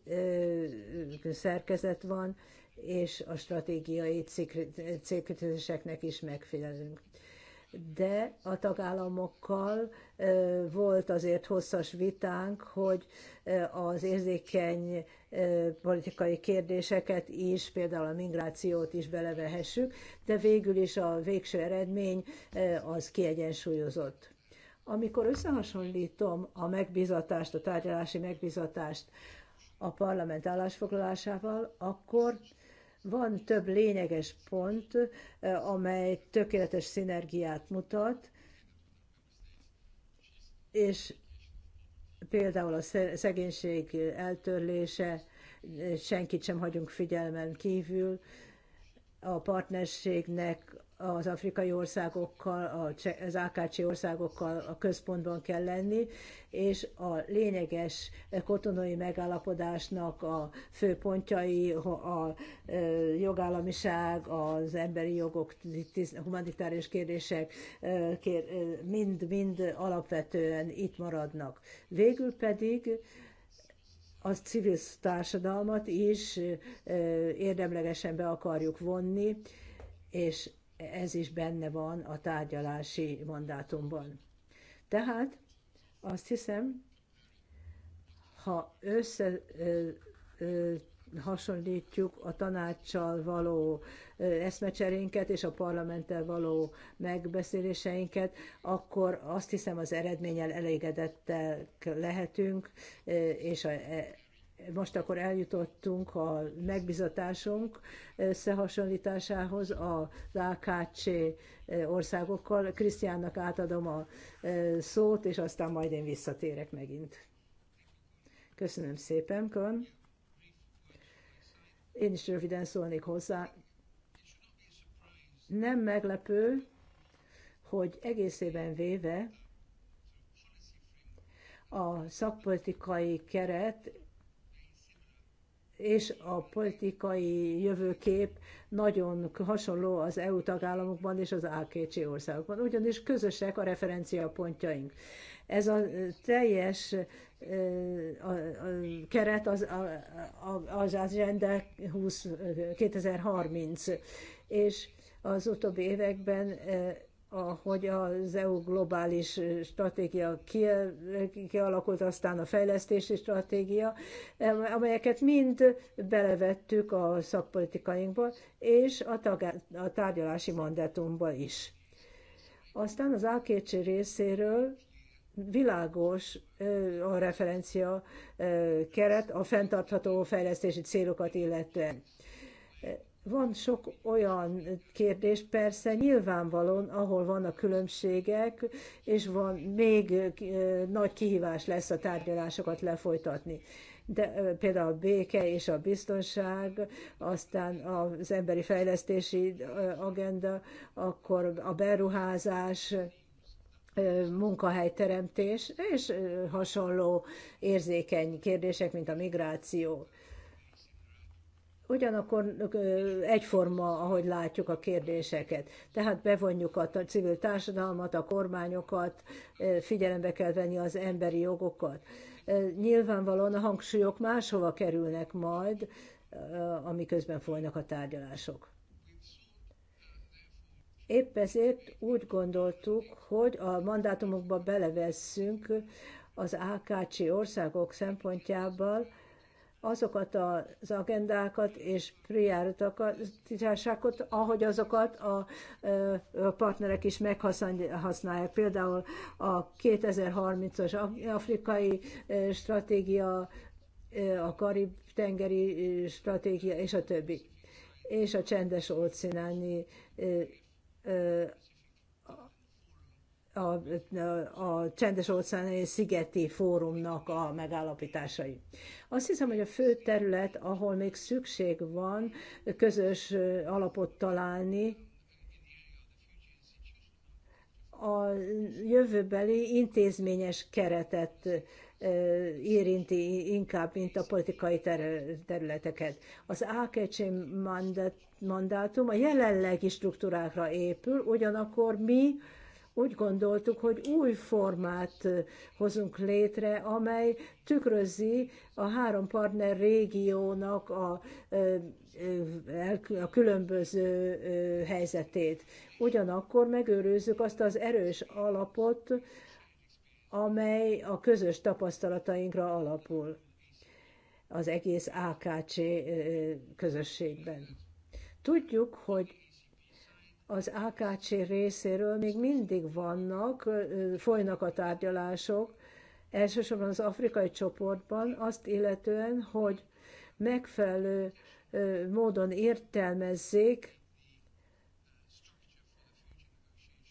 szerkezet van, és a stratégiai célkötőzéseknek is megfelelünk de a tagállamokkal volt azért hosszas vitánk, hogy az érzékeny politikai kérdéseket is, például a migrációt is belevehessük, de végül is a végső eredmény az kiegyensúlyozott. Amikor összehasonlítom a megbizatást, a tárgyalási megbizatást a parlament állásfoglalásával, akkor van több lényeges pont, eh, amely tökéletes szinergiát mutat, és például a szegénység eltörlése, eh, senkit sem hagyunk figyelmen kívül, a partnerségnek az afrikai országokkal, az AKC országokkal a központban kell lenni, és a lényeges kotonói megállapodásnak a főpontjai a jogállamiság, az emberi jogok, humanitárius kérdések mind-mind alapvetően itt maradnak. Végül pedig az civil társadalmat is érdemlegesen be akarjuk vonni, és ez is benne van a tárgyalási mandátumban. Tehát azt hiszem, ha össze hasonlítjuk a tanácssal való eszmecserénket és a parlamenttel való megbeszéléseinket, akkor azt hiszem az eredménnyel elégedettek lehetünk, és e, most akkor eljutottunk a megbizatásunk összehasonlításához az AKC országokkal. Krisztiánnak átadom a e, szót, és aztán majd én visszatérek megint. Köszönöm szépen, Kön. Én is röviden szólnék hozzá. Nem meglepő, hogy egészében véve a szakpolitikai keret és a politikai jövőkép nagyon hasonló az EU tagállamokban és az AKC országokban, ugyanis közösek a referenciapontjaink. Ez a teljes eh, a, a keret az, a, az Agenda 20, 2030, eh, és az utóbbi években eh, ahogy az EU globális stratégia kialakult, aztán a fejlesztési stratégia, amelyeket mind belevettük a szakpolitikainkból, és a, tag- a tárgyalási mandátumba is. Aztán az Ákécsi részéről világos a referencia keret a fenntartható fejlesztési célokat illetően. Van sok olyan kérdés, persze nyilvánvalóan, ahol vannak különbségek, és van még nagy kihívás lesz a tárgyalásokat lefolytatni. De például a béke és a biztonság, aztán az emberi fejlesztési agenda, akkor a beruházás, munkahelyteremtés és hasonló érzékeny kérdések, mint a migráció ugyanakkor egyforma, ahogy látjuk a kérdéseket. Tehát bevonjuk a civil társadalmat, a kormányokat, figyelembe kell venni az emberi jogokat. Nyilvánvalóan a hangsúlyok máshova kerülnek majd, amiközben folynak a tárgyalások. Épp ezért úgy gondoltuk, hogy a mandátumokba belevesszünk az AKC országok szempontjából, azokat az agendákat és prioritásokat, ahogy azokat a partnerek is meghasználják. Például a 2030-as afrikai stratégia, a karib-tengeri stratégia és a többi. És a csendes óceáni a, a csendes óceáni szigeti fórumnak a megállapításai. Azt hiszem, hogy a fő terület, ahol még szükség van közös alapot találni, a jövőbeli intézményes keretet érinti inkább, mint a politikai területeket. Az AKC mandátum a jelenlegi struktúrákra épül, ugyanakkor mi úgy gondoltuk, hogy új formát hozunk létre, amely tükrözi a három partner régiónak a, a különböző helyzetét. Ugyanakkor megőrőzzük azt az erős alapot, amely a közös tapasztalatainkra alapul az egész AKC közösségben. Tudjuk, hogy az AKC részéről még mindig vannak, folynak a tárgyalások, elsősorban az afrikai csoportban, azt illetően, hogy megfelelő módon értelmezzék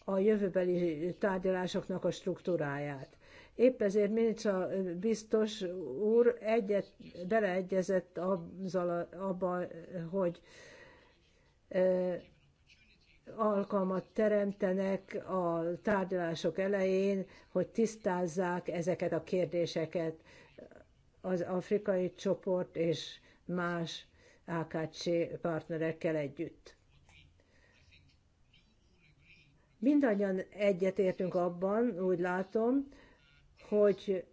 a jövőbeli tárgyalásoknak a struktúráját. Épp ezért Minica biztos úr egyet, beleegyezett azzal, abba, hogy alkalmat teremtenek a tárgyalások elején, hogy tisztázzák ezeket a kérdéseket az afrikai csoport és más AKC partnerekkel együtt. Mindannyian egyetértünk abban, úgy látom, hogy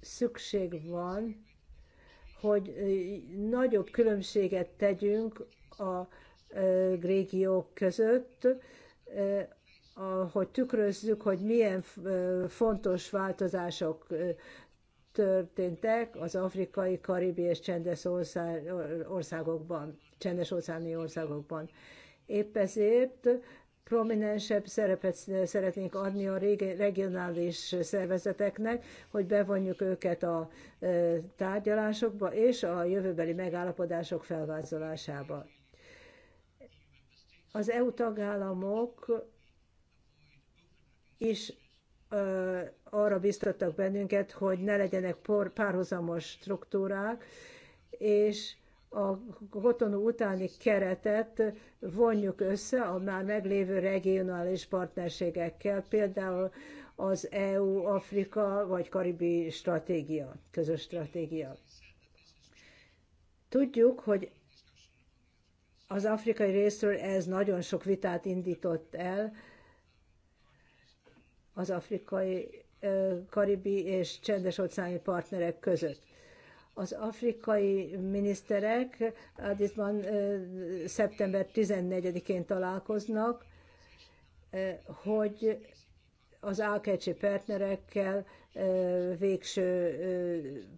szükség van, hogy nagyobb különbséget tegyünk a régiók között, hogy tükrözzük, hogy milyen fontos változások történtek az afrikai, karibi és csendes országokban, csendes óceáni országokban. Épp ezért prominensebb szerepet szeretnénk adni a regionális szervezeteknek, hogy bevonjuk őket a tárgyalásokba és a jövőbeli megállapodások felvázolásába. Az EU tagállamok is arra biztattak bennünket, hogy ne legyenek por párhuzamos struktúrák, és a kotonú utáni keretet vonjuk össze a már meglévő regionális partnerségekkel, például az EU-Afrika vagy Karibi stratégia, közös stratégia. Tudjuk, hogy az afrikai részről ez nagyon sok vitát indított el. Az afrikai, karibi és csendes óceáni partnerek között az afrikai miniszterek Addisban szeptember 14-én találkoznak, hogy az Alkecsi partnerekkel végső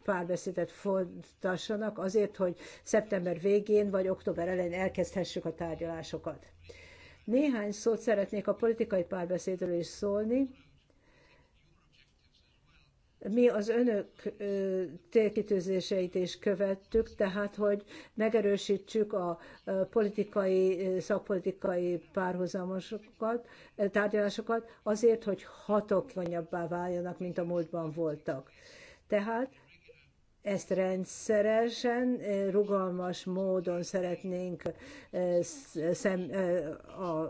párbeszédet folytassanak azért, hogy szeptember végén vagy október elején elkezdhessük a tárgyalásokat. Néhány szót szeretnék a politikai párbeszédről is szólni, mi az önök célkitűzéseit is követtük, tehát hogy megerősítsük a politikai, szakpolitikai párhuzamosokat, tárgyalásokat azért, hogy hatokonyabbá váljanak, mint a múltban voltak. Tehát ezt rendszeresen, rugalmas módon szeretnénk szem, a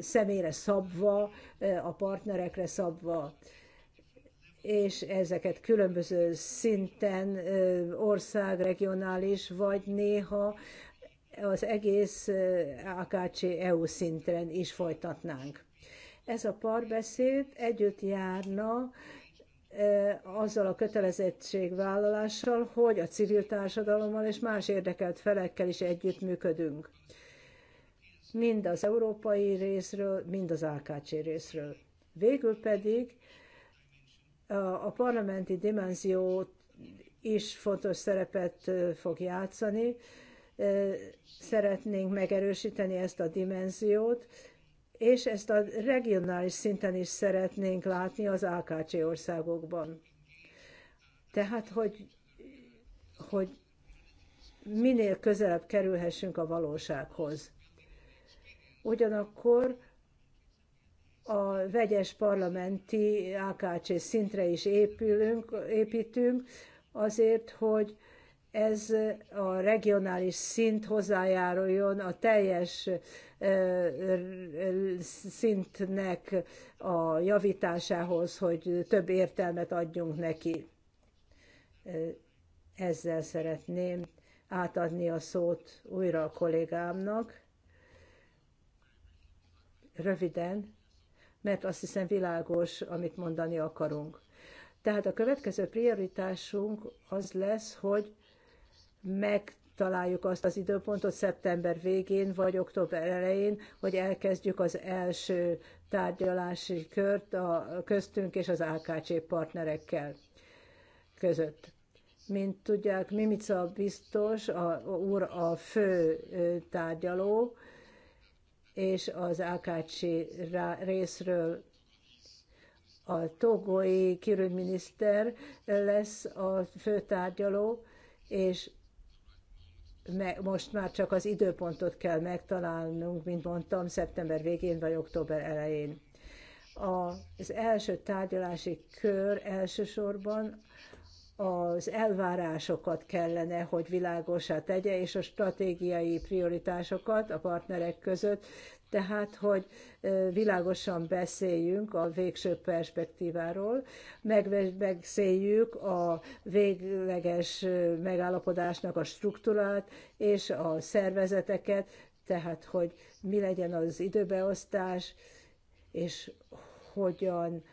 személyre szabva, a partnerekre szabva és ezeket különböző szinten, ország, regionális, vagy néha az egész AKC EU szinten is folytatnánk. Ez a párbeszéd együtt járna azzal a kötelezettségvállalással, hogy a civil társadalommal és más érdekelt felekkel is együttműködünk. Mind az európai részről, mind az AKC részről. Végül pedig a parlamenti dimenzió is fontos szerepet fog játszani. Szeretnénk megerősíteni ezt a dimenziót, és ezt a regionális szinten is szeretnénk látni az AKC országokban. Tehát, hogy, hogy minél közelebb kerülhessünk a valósághoz. Ugyanakkor a vegyes parlamenti AKC szintre is épülünk, építünk, azért, hogy ez a regionális szint hozzájáruljon a teljes szintnek a javításához, hogy több értelmet adjunk neki. Ezzel szeretném átadni a szót újra a kollégámnak. Röviden mert azt hiszem világos, amit mondani akarunk. Tehát a következő prioritásunk az lesz, hogy megtaláljuk azt az időpontot szeptember végén vagy október elején, hogy elkezdjük az első tárgyalási kört a, köztünk és az AKC partnerekkel között. Mint tudják, Mimica biztos, a, úr a fő tárgyaló, és az Ákácsi részről a togói kirügyminiszter lesz a főtárgyaló, és most már csak az időpontot kell megtalálnunk, mint mondtam, szeptember végén vagy október elején. az első tárgyalási kör elsősorban az elvárásokat kellene, hogy világosá tegye, és a stratégiai prioritásokat a partnerek között, tehát, hogy világosan beszéljünk a végső perspektíváról, megbeszéljük a végleges megállapodásnak a struktúrát és a szervezeteket, tehát, hogy mi legyen az időbeosztás, és hogyan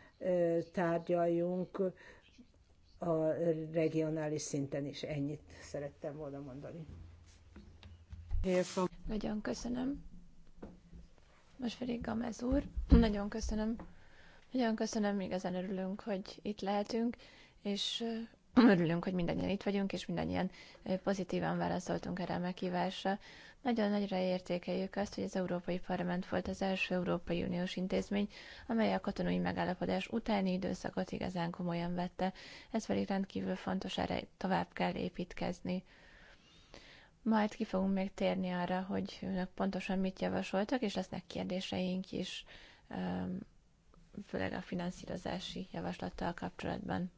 tárgyaljunk a regionális szinten is. Ennyit szerettem volna mondani. Nagyon köszönöm. Most pedig Gamez úr, nagyon köszönöm. Nagyon köszönöm, igazán örülünk, hogy itt lehetünk, és örülünk, hogy mindannyian itt vagyunk, és mindannyian pozitívan válaszoltunk erre a meghívásra. Nagyon nagyra értékeljük azt, hogy az Európai Parlament volt az első Európai Uniós intézmény, amely a katonai megállapodás utáni időszakot igazán komolyan vette. Ez pedig rendkívül fontos, erre tovább kell építkezni. Majd ki fogunk még térni arra, hogy önök pontosan mit javasoltak, és lesznek kérdéseink is, főleg a finanszírozási javaslattal kapcsolatban.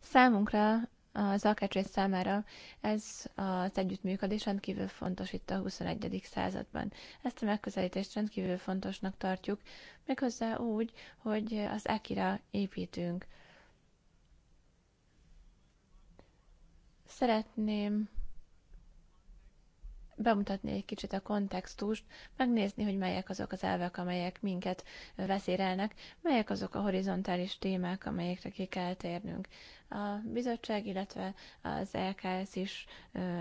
Számunkra az AKC számára ez az együttműködés rendkívül fontos itt a 21. században. Ezt a megközelítést rendkívül fontosnak tartjuk, méghozzá úgy, hogy az Akira építünk. Szeretném bemutatni egy kicsit a kontextust, megnézni, hogy melyek azok az elvek, amelyek minket vezérelnek, melyek azok a horizontális témák, amelyekre ki kell térnünk. A bizottság, illetve az LKS is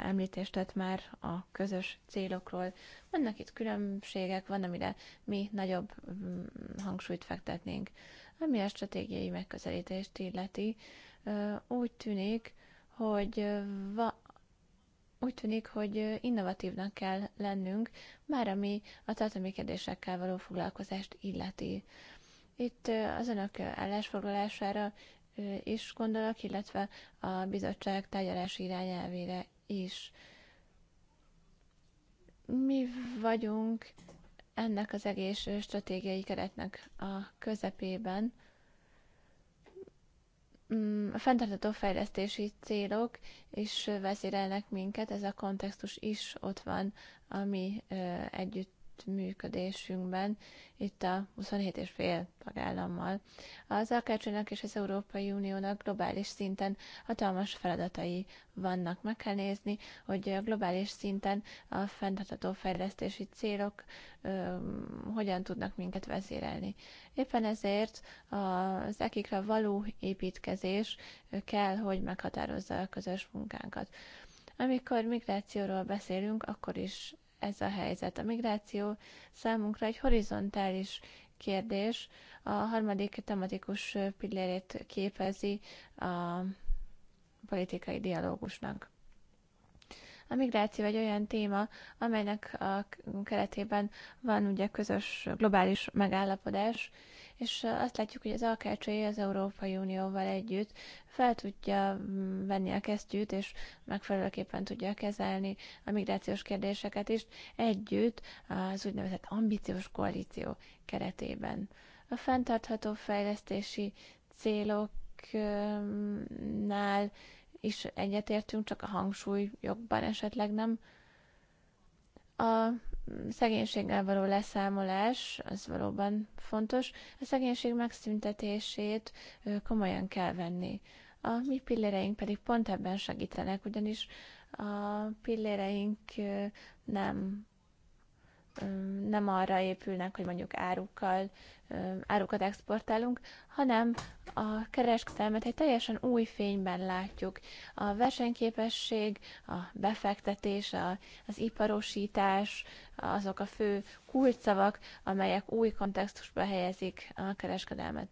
említést tett már a közös célokról. Vannak itt különbségek, van, amire mi nagyobb mm, hangsúlyt fektetnénk. Ami a stratégiai megközelítést illeti, úgy tűnik, hogy va- úgy tűnik, hogy innovatívnak kell lennünk, már ami a tartalmi kérdésekkel való foglalkozást illeti. Itt az önök állásfoglalására is gondolok, illetve a bizottság tárgyalási irányelvére is. Mi vagyunk ennek az egész stratégiai keretnek a közepében, a mm, fenntartató fejlesztési célok is vezérelnek minket, ez a kontextus is ott van a mi együtt működésünkben, itt a fél tagállammal. Az Akácsonynak és az Európai Uniónak globális szinten hatalmas feladatai vannak. Meg kell nézni, hogy globális szinten a fenntartható fejlesztési célok ö, hogyan tudnak minket vezérelni. Éppen ezért az ekikre való építkezés kell, hogy meghatározza a közös munkánkat. Amikor migrációról beszélünk, akkor is ez a helyzet. A migráció számunkra egy horizontális kérdés, a harmadik tematikus pillérét képezi a politikai dialógusnak. A migráció egy olyan téma, amelynek a keretében van ugye közös globális megállapodás, és azt látjuk, hogy az alkácsai az Európai Unióval együtt fel tudja mm, venni a kesztyűt, és megfelelőképpen tudja kezelni a migrációs kérdéseket is együtt az úgynevezett ambíciós koalíció keretében. A fenntartható fejlesztési céloknál is egyetértünk, csak a hangsúly jobban esetleg nem. A szegénységgel való leszámolás, az valóban fontos. A szegénység megszüntetését komolyan kell venni. A mi pilléreink pedig pont ebben segítenek, ugyanis a pilléreink nem nem arra épülnek, hogy mondjuk árukkal, árukat exportálunk, hanem a kereskedelmet egy teljesen új fényben látjuk. A versenyképesség, a befektetés, a, az iparosítás, azok a fő kulcsszavak, amelyek új kontextusba helyezik a kereskedelmet.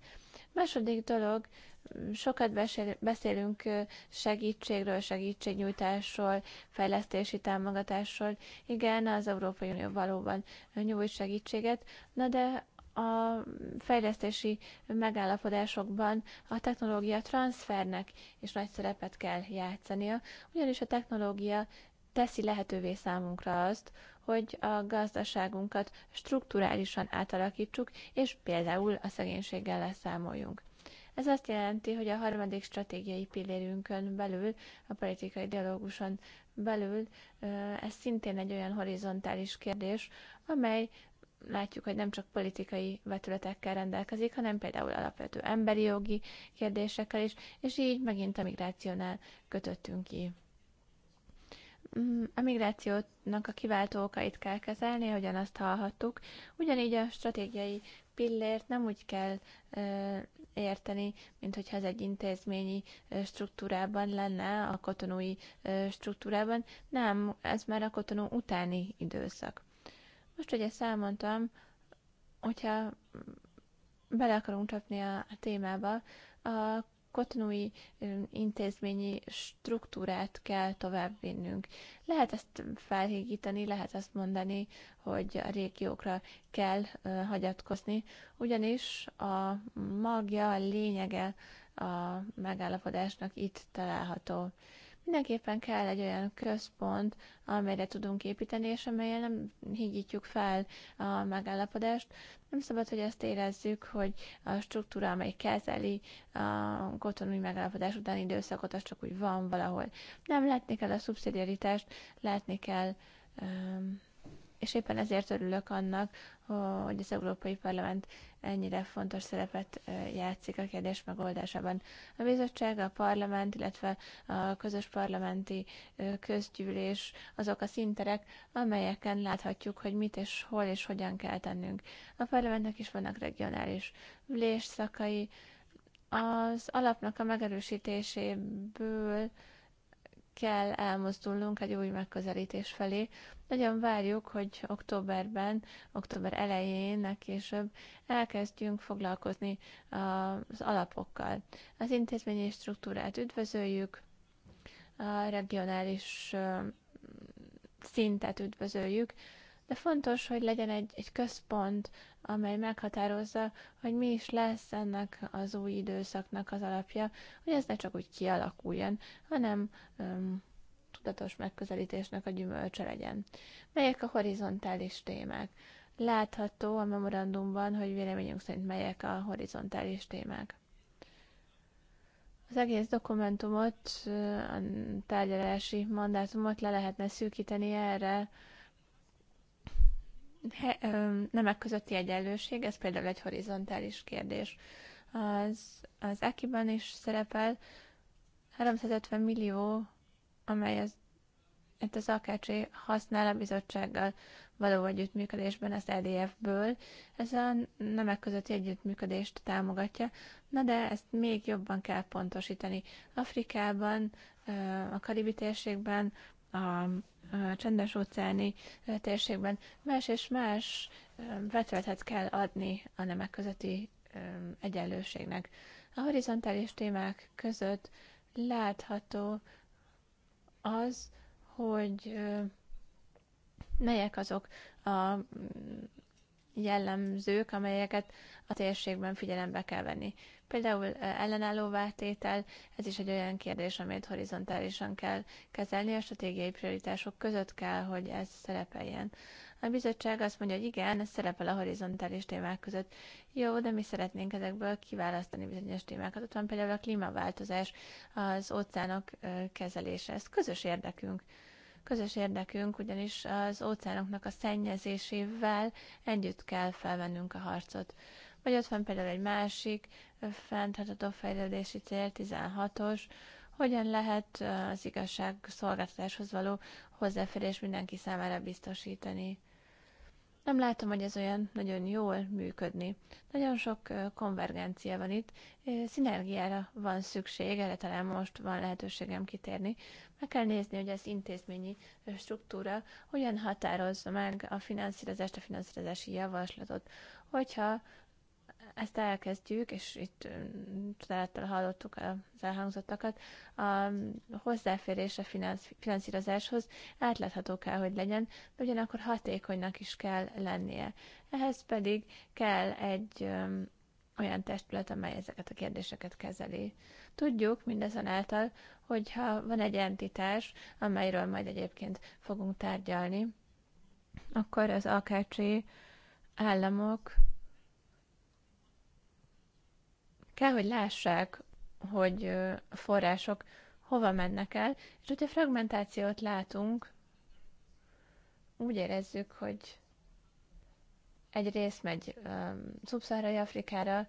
Második dolog, Sokat beszélünk segítségről, segítségnyújtásról, fejlesztési támogatásról. Igen, az Európai Unió valóban nyújt segítséget, na de a fejlesztési megállapodásokban a technológia transfernek is nagy szerepet kell játszania, ugyanis a technológia teszi lehetővé számunkra azt, hogy a gazdaságunkat strukturálisan átalakítsuk, és például a szegénységgel leszámoljunk. Ez azt jelenti, hogy a harmadik stratégiai pillérünkön belül, a politikai dialóguson belül, ez szintén egy olyan horizontális kérdés, amely látjuk, hogy nem csak politikai vetületekkel rendelkezik, hanem például alapvető emberi jogi kérdésekkel is, és így megint a migrációnál kötöttünk ki. Mm, a migrációnak a kiváltó okait kell kezelni, ahogyan azt hallhattuk, ugyanígy a stratégiai pillért nem úgy kell érteni, mint hogyha ez egy intézményi struktúrában lenne, a kotonói struktúrában. Nem, ez már a kotonó utáni időszak. Most, hogy ezt elmondtam, hogyha bele akarunk csapni a témába, a kotonói intézményi struktúrát kell továbbvinnünk. Lehet ezt felhígítani, lehet azt mondani, hogy a régiókra kell hagyatkozni, ugyanis a magja, a lényege a megállapodásnak itt található. Mindenképpen kell egy olyan központ, amelyre tudunk építeni, és amelyen nem higítjuk fel a megállapodást. Nem szabad, hogy azt érezzük, hogy a struktúra, amely kezeli a kotonúi megállapodás utáni időszakot, az csak úgy van valahol. Nem látni kell a szubszidiaritást, látni kell um, és éppen ezért örülök annak, hogy az Európai Parlament ennyire fontos szerepet játszik a kérdés megoldásában. A bizottság, a parlament, illetve a közös parlamenti közgyűlés azok a szinterek, amelyeken láthatjuk, hogy mit és hol és hogyan kell tennünk. A parlamentnek is vannak regionális ülésszakai, az alapnak a megerősítéséből kell elmozdulnunk egy új megközelítés felé. Nagyon várjuk, hogy októberben, október elején, később elkezdjünk foglalkozni az alapokkal. Az intézményi struktúrát üdvözöljük, a regionális szintet üdvözöljük, de fontos, hogy legyen egy, egy központ, amely meghatározza, hogy mi is lesz ennek az új időszaknak az alapja, hogy ez ne csak úgy kialakuljon, hanem öm, tudatos megközelítésnek a gyümölcse legyen. Melyek a horizontális témák? Látható a memorandumban, hogy véleményünk szerint melyek a horizontális témák. Az egész dokumentumot, a tárgyalási mandátumot le lehetne szűkíteni erre he, ö, nemek közötti egyenlőség, ez például egy horizontális kérdés. Az, az Akiban is szerepel 350 millió, amely az itt hát az AKC használ a bizottsággal való együttműködésben az EDF-ből. Ez a nemek közötti együttműködést támogatja, na de ezt még jobban kell pontosítani. Afrikában, a Karibi térségben, a csendes óceáni térségben más és más vetületet kell adni a nemek közötti egyenlőségnek. A horizontális témák között látható az, hogy melyek azok a jellemzők, amelyeket a térségben figyelembe kell venni. Például ellenálló váltétel, ez is egy olyan kérdés, amit horizontálisan kell kezelni, a stratégiai prioritások között kell, hogy ez szerepeljen. A bizottság azt mondja, hogy igen, ez szerepel a horizontális témák között. Jó, de mi szeretnénk ezekből kiválasztani bizonyos témákat. Ott van például a klímaváltozás, az óceánok kezelése. Ez közös érdekünk. Közös érdekünk ugyanis az óceánoknak a szennyezésével együtt kell felvennünk a harcot. Vagy ott van például egy másik fenntartható fejlődési cél, 16-os, hogyan lehet az igazság szolgáltatáshoz való hozzáférés mindenki számára biztosítani nem látom, hogy ez olyan nagyon jól működni. Nagyon sok konvergencia van itt, szinergiára van szükség, erre talán most van lehetőségem kitérni. Meg kell nézni, hogy az intézményi struktúra hogyan határozza meg a finanszírozást, a finanszírozási javaslatot. Hogyha ezt elkezdjük, és itt csodálattal hallottuk az elhangzottakat, a hozzáférés a finanszírozáshoz átlátható kell, hogy legyen, de ugyanakkor hatékonynak is kell lennie. Ehhez pedig kell egy olyan testület, amely ezeket a kérdéseket kezeli. Tudjuk mindezonáltal, hogyha van egy entitás, amelyről majd egyébként fogunk tárgyalni, akkor az AKC államok Kell, hogy lássák, hogy a források hova mennek el, és hogyha fragmentációt látunk, úgy érezzük, hogy egy rész megy um, szubszaharai Afrikára,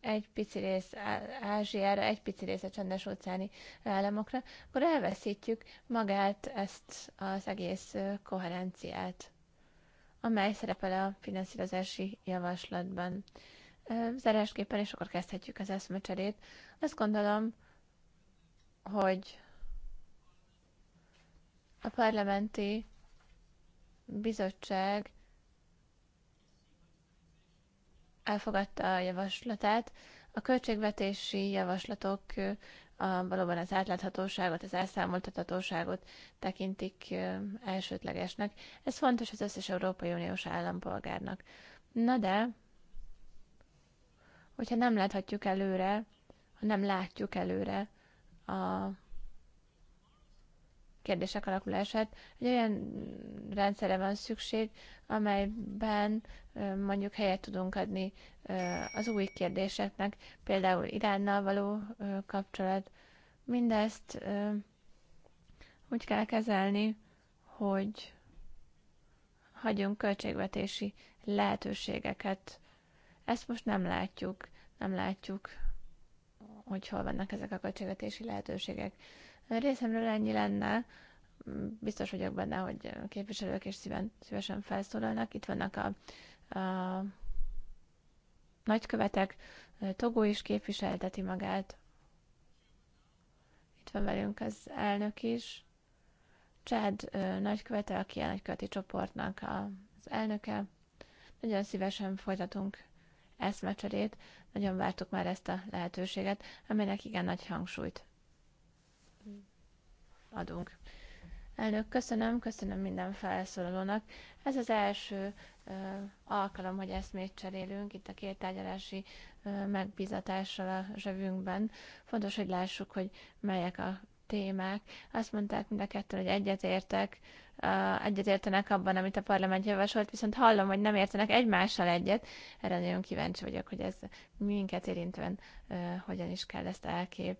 egy pici rész Ázsiára, egy pici rész a csendes óceáni államokra, akkor elveszítjük magát ezt az egész koherenciát, amely szerepel a finanszírozási javaslatban zárásképpen, és akkor kezdhetjük az eszmecserét. Azt gondolom, hogy a parlamenti bizottság elfogadta a javaslatát. A költségvetési javaslatok a, valóban az átláthatóságot, az elszámoltathatóságot tekintik elsődlegesnek. Ez fontos az összes Európai Uniós állampolgárnak. Na de hogyha nem láthatjuk előre, ha nem látjuk előre a kérdések alakulását, egy olyan rendszerre van szükség, amelyben mondjuk helyet tudunk adni az új kérdéseknek, például Iránnal való kapcsolat. Mindezt úgy kell kezelni, hogy hagyjunk költségvetési lehetőségeket ezt most nem látjuk, nem látjuk, hogy hol vannak ezek a költségvetési lehetőségek. Részemről ennyi lenne, biztos vagyok benne, hogy képviselők is szíven, szívesen felszólalnak. Itt vannak a, a nagykövetek, Togó is képviselteti magát. Itt van velünk az elnök is. Csád nagykövete, aki a nagyköveti csoportnak az elnöke. Nagyon szívesen folytatunk eszmecserét. Nagyon vártuk már ezt a lehetőséget, aminek igen nagy hangsúlyt adunk. Elnök, köszönöm, köszönöm minden felszólalónak. Ez az első ö, alkalom, hogy eszmét cserélünk itt a két tárgyalási ö, megbizatással a zsebünkben. Fontos, hogy lássuk, hogy melyek a témák. Azt mondták mind a ketten, hogy egyetértek, egyetértenek abban, amit a parlament javasolt, viszont hallom, hogy nem értenek egymással egyet. Erre nagyon kíváncsi vagyok, hogy ez minket érintően hogyan is kell ezt elképzelni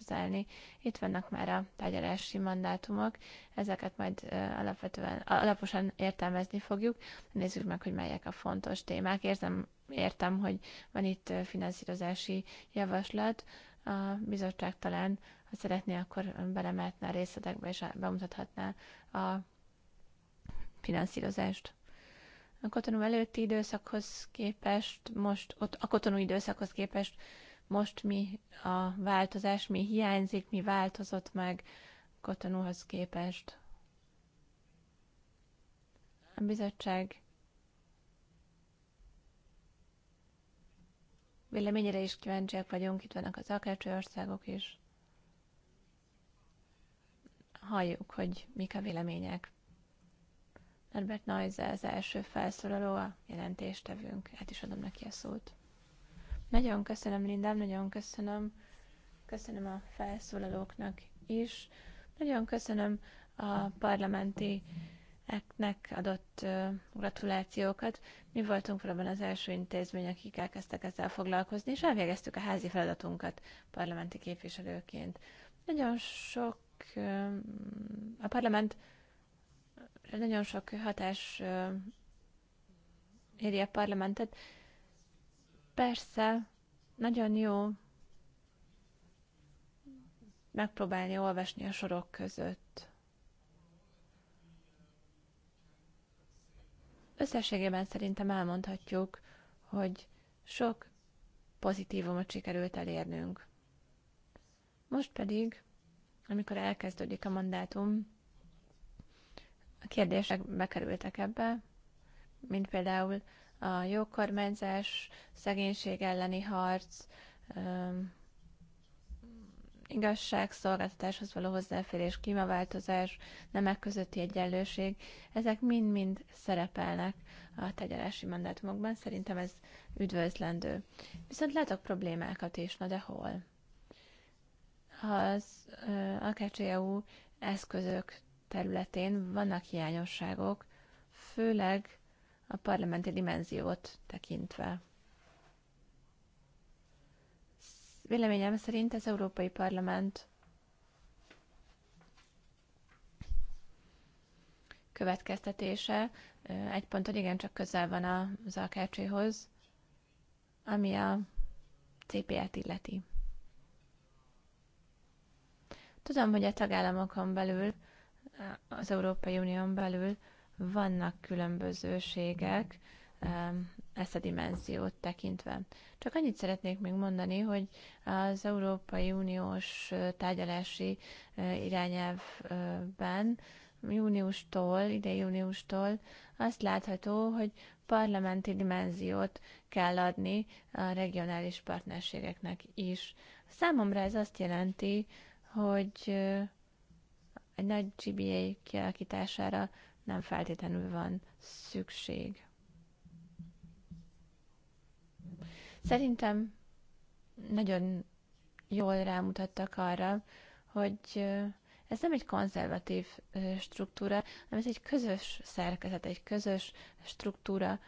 elképzelni. Itt vannak már a tárgyalási mandátumok, ezeket majd alapvetően, alaposan értelmezni fogjuk. Nézzük meg, hogy melyek a fontos témák. Érzem, értem, hogy van itt finanszírozási javaslat, a bizottság talán, ha szeretné, akkor belemehetne a részletekbe, és bemutathatná a finanszírozást. A kotonú előtti időszakhoz képest, most, ott a kotonú időszakhoz képest most mi a változás, mi hiányzik, mi változott meg kotonúhoz képest. A bizottság véleményére is kíváncsiak vagyunk, itt vannak az akácső országok is. Halljuk, hogy mik a vélemények. Norbert Neuze az első felszólaló, a jelentéstevünk. Hát is adom neki a szót. Nagyon köszönöm, Lindám, nagyon köszönöm. Köszönöm a felszólalóknak is. Nagyon köszönöm a parlamenti eknek adott gratulációkat. Mi voltunk valóban az első intézmény, akik elkezdtek ezzel foglalkozni, és elvégeztük a házi feladatunkat parlamenti képviselőként. Nagyon sok, a parlament nagyon sok hatás éri a parlamentet. Persze, nagyon jó megpróbálni olvasni a sorok között Összességében szerintem elmondhatjuk, hogy sok pozitívumot sikerült elérnünk. Most pedig, amikor elkezdődik a mandátum, a kérdések bekerültek ebbe, mint például a jókormányzás, szegénység elleni harc, igazságszolgáltatáshoz való hozzáférés, klímaváltozás, nemek közötti egyenlőség, ezek mind-mind szerepelnek a tegyelási mandátumokban, szerintem ez üdvözlendő. Viszont látok problémákat is, na de hol? Ha az AKCEU eszközök területén vannak hiányosságok, főleg a parlamenti dimenziót tekintve. Véleményem szerint az Európai Parlament következtetése egy ponton igencsak közel van az alkácséhoz, ami a CPR-t illeti. Tudom, hogy a tagállamokon belül, az Európai Unión belül vannak különbözőségek ezt a dimenziót tekintve. Csak annyit szeretnék még mondani, hogy az Európai Uniós tárgyalási irányelvben júniustól, ide júniustól azt látható, hogy parlamenti dimenziót kell adni a regionális partnerségeknek is. Számomra ez azt jelenti, hogy egy nagy GBA kialakítására nem feltétlenül van szükség. Szerintem nagyon jól rámutattak arra, hogy ez nem egy konzervatív struktúra, hanem ez egy közös szerkezet, egy közös struktúra,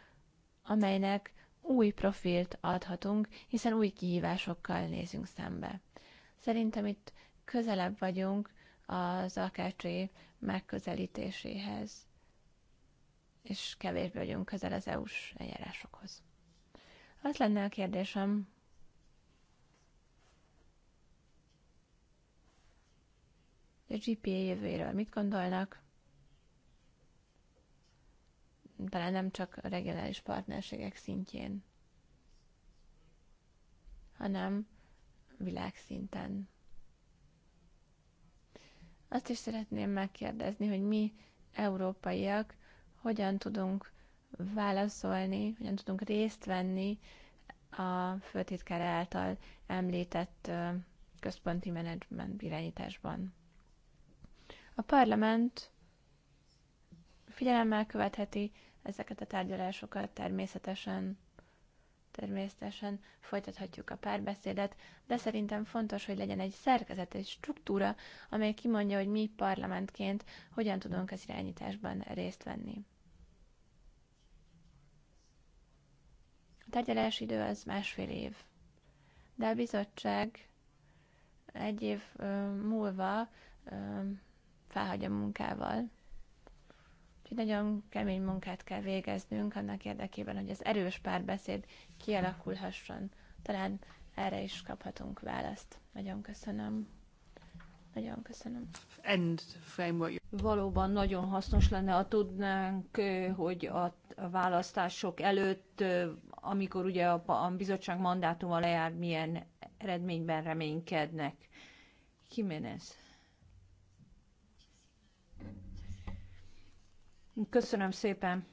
amelynek új profilt adhatunk, hiszen új kihívásokkal nézünk szembe. Szerintem itt közelebb vagyunk az AKC megközelítéséhez, és kevésbé vagyunk közel az EU-s eljárásokhoz. Az lenne a kérdésem. A GPA jövőjéről mit gondolnak? Talán nem csak a regionális partnerségek szintjén, hanem világszinten. Azt is szeretném megkérdezni, hogy mi, európaiak, hogyan tudunk válaszolni, hogyan tudunk részt venni a főtitkár által említett központi menedzsment irányításban. A parlament figyelemmel követheti ezeket a tárgyalásokat természetesen természetesen folytathatjuk a párbeszédet, de szerintem fontos, hogy legyen egy szerkezet, egy struktúra, amely kimondja, hogy mi parlamentként hogyan tudunk az irányításban részt venni. tárgyalás idő az másfél év. De a bizottság egy év múlva felhagy a munkával. Úgyhogy nagyon kemény munkát kell végeznünk annak érdekében, hogy az erős párbeszéd kialakulhasson. Talán erre is kaphatunk választ. Nagyon köszönöm. Nagyon köszönöm. And framework. Valóban nagyon hasznos lenne, ha tudnánk, hogy a választások előtt amikor ugye a, a bizottság mandátuma lejár, milyen eredményben reménykednek. Jiménez. Köszönöm szépen.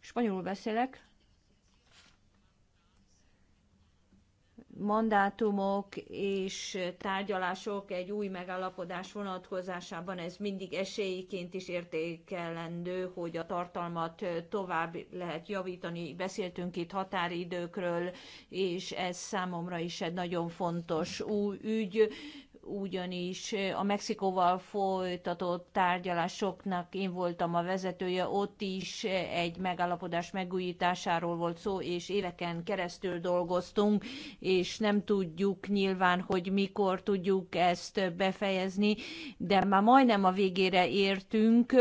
Spanyolul beszélek. mandátumok és tárgyalások egy új megállapodás vonatkozásában ez mindig esélyként is értékelendő, hogy a tartalmat tovább lehet javítani. Beszéltünk itt határidőkről, és ez számomra is egy nagyon fontos új ügy ugyanis a Mexikóval folytatott tárgyalásoknak én voltam a vezetője, ott is egy megállapodás megújításáról volt szó, és éveken keresztül dolgoztunk, és nem tudjuk nyilván, hogy mikor tudjuk ezt befejezni, de már majdnem a végére értünk,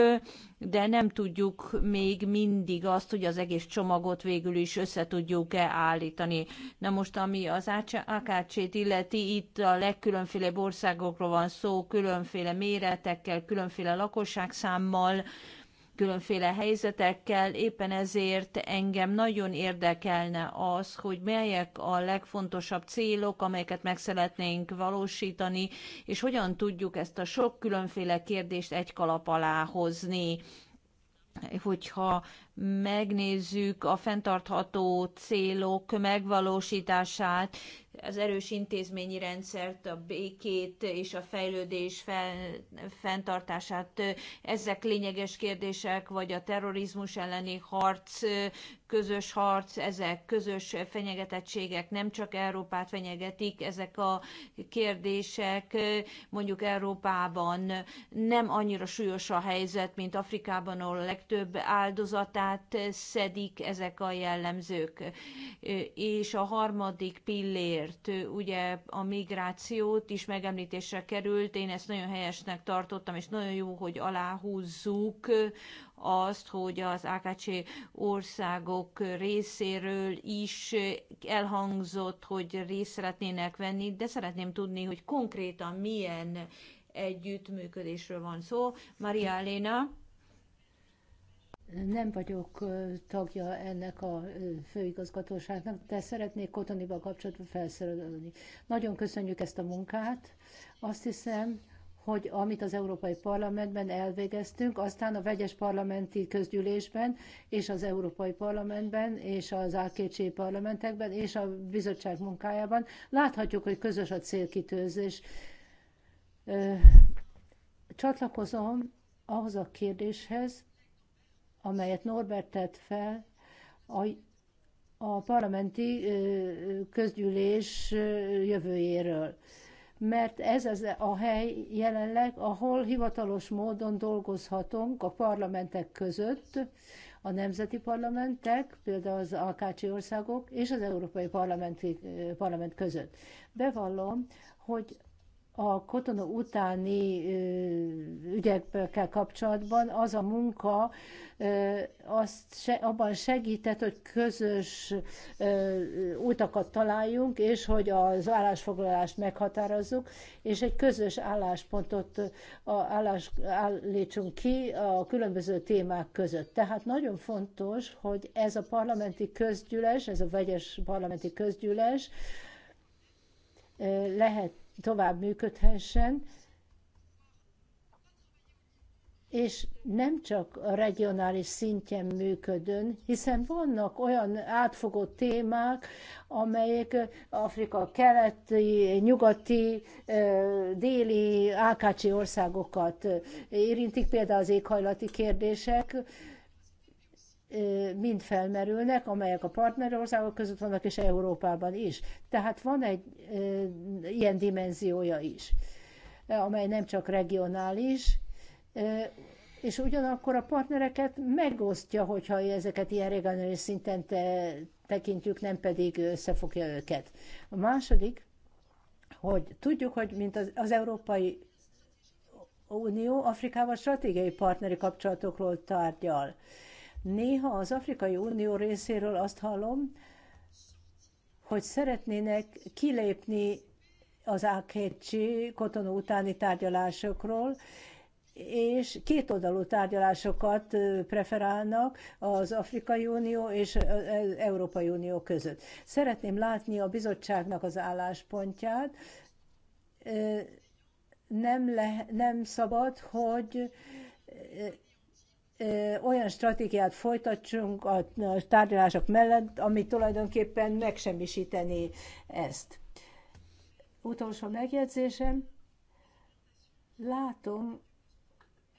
de nem tudjuk még mindig azt, hogy az egész csomagot végül is össze tudjuk-e állítani. Na most, ami az AKC-t illeti, itt a legkülönfélebb országokról van szó, különféle méretekkel, különféle lakosságszámmal, különféle helyzetekkel, éppen ezért engem nagyon érdekelne az, hogy melyek a legfontosabb célok, amelyeket meg szeretnénk valósítani, és hogyan tudjuk ezt a sok különféle kérdést egy kalap alá hozni hogyha megnézzük a fenntartható célok megvalósítását, az erős intézményi rendszert, a békét és a fejlődés fel, fenntartását. Ezek lényeges kérdések, vagy a terrorizmus elleni harc közös harc, ezek közös fenyegetettségek nem csak Európát fenyegetik, ezek a kérdések mondjuk Európában nem annyira súlyos a helyzet, mint Afrikában, ahol a legtöbb áldozatát szedik ezek a jellemzők. És a harmadik pillért, ugye a migrációt is megemlítésre került, én ezt nagyon helyesnek tartottam, és nagyon jó, hogy aláhúzzuk, azt, hogy az AKC országok részéről is elhangzott, hogy részt szeretnének venni, de szeretném tudni, hogy konkrétan milyen együttműködésről van szó. Maria Elena. Nem vagyok tagja ennek a főigazgatóságnak, de szeretnék Kotoniba kapcsolatban felszerelődni. Nagyon köszönjük ezt a munkát. Azt hiszem, hogy amit az Európai Parlamentben elvégeztünk, aztán a vegyes parlamenti közgyűlésben, és az Európai Parlamentben, és az AKC parlamentekben, és a bizottság munkájában láthatjuk, hogy közös a célkitőzés. Csatlakozom ahhoz a kérdéshez, amelyet Norbert tett fel, a, a parlamenti közgyűlés jövőjéről mert ez az a hely jelenleg, ahol hivatalos módon dolgozhatunk a parlamentek között, a nemzeti parlamentek, például az Alkácsi országok és az Európai Parlament, eh, Parlament között. Bevallom, hogy a kotonó utáni ügyekkel kapcsolatban az a munka azt se, abban segített, hogy közös utakat találjunk, és hogy az állásfoglalást meghatározzuk, és egy közös álláspontot állás, állítsunk ki a különböző témák között. Tehát nagyon fontos, hogy ez a parlamenti közgyűlés, ez a vegyes parlamenti közgyűlés lehet tovább működhessen, és nem csak a regionális szintjen működön, hiszen vannak olyan átfogó témák, amelyek Afrika keleti, nyugati, déli, ákácsi országokat érintik, például az éghajlati kérdések, mind felmerülnek, amelyek a partnerországok között vannak, és Európában is. Tehát van egy ilyen dimenziója is, amely nem csak regionális, és ugyanakkor a partnereket megosztja, hogyha ezeket ilyen regionális szinten te, tekintjük, nem pedig összefogja őket. A második, hogy tudjuk, hogy mint az, az Európai Unió Afrikával stratégiai partneri kapcsolatokról tárgyal. Néha az Afrikai Unió részéről azt hallom, hogy szeretnének kilépni az ákécsi kotonó utáni tárgyalásokról, és kétoldalú tárgyalásokat preferálnak az Afrikai Unió és az Európai Unió között. Szeretném látni a bizottságnak az álláspontját. Nem, le, nem szabad, hogy olyan stratégiát folytatsunk a tárgyalások mellett, ami tulajdonképpen megsemmisíteni ezt. Utolsó megjegyzésem, látom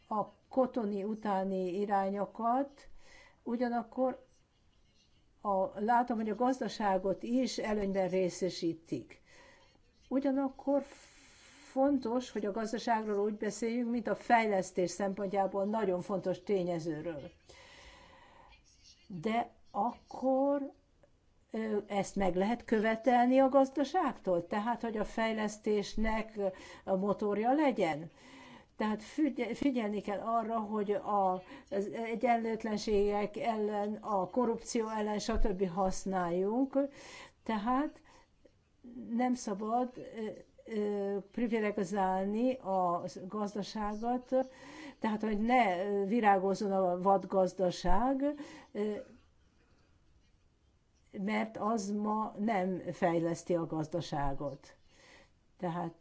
a kotoni utáni irányokat, ugyanakkor a, látom, hogy a gazdaságot is előnyben részesítik. Ugyanakkor fontos, hogy a gazdaságról úgy beszéljünk, mint a fejlesztés szempontjából nagyon fontos tényezőről. De akkor ezt meg lehet követelni a gazdaságtól, tehát hogy a fejlesztésnek a motorja legyen. Tehát figyelni kell arra, hogy a, az egyenlőtlenségek ellen, a korrupció ellen, stb. használjunk. Tehát nem szabad privilegizálni a gazdaságot, tehát hogy ne virágozzon a vadgazdaság, mert az ma nem fejleszti a gazdaságot. Tehát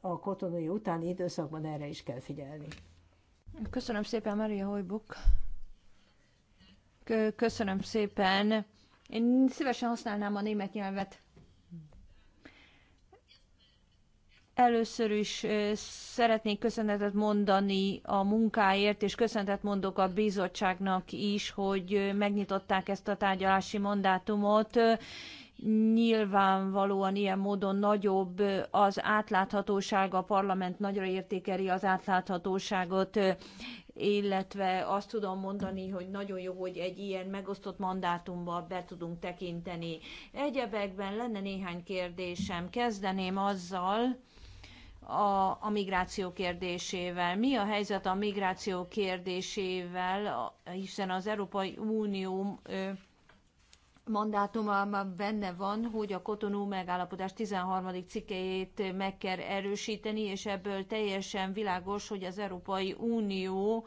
a kotonai utáni időszakban erre is kell figyelni. Köszönöm szépen, Maria Hojbuk. Köszönöm szépen. Én szívesen használnám a német nyelvet Először is szeretnék köszönetet mondani a munkáért, és köszönetet mondok a bizottságnak is, hogy megnyitották ezt a tárgyalási mandátumot. Nyilvánvalóan ilyen módon nagyobb az átláthatóság, a parlament nagyra értékeli az átláthatóságot, illetve azt tudom mondani, hogy nagyon jó, hogy egy ilyen megosztott mandátumba be tudunk tekinteni. Egyebekben lenne néhány kérdésem. Kezdeném azzal, a, a migráció kérdésével? Mi a helyzet a migráció kérdésével, hiszen az Európai Unió ö, mandátumában benne van, hogy a Kotonú megállapodás 13. cikkejét meg kell erősíteni, és ebből teljesen világos, hogy az Európai Unió ö,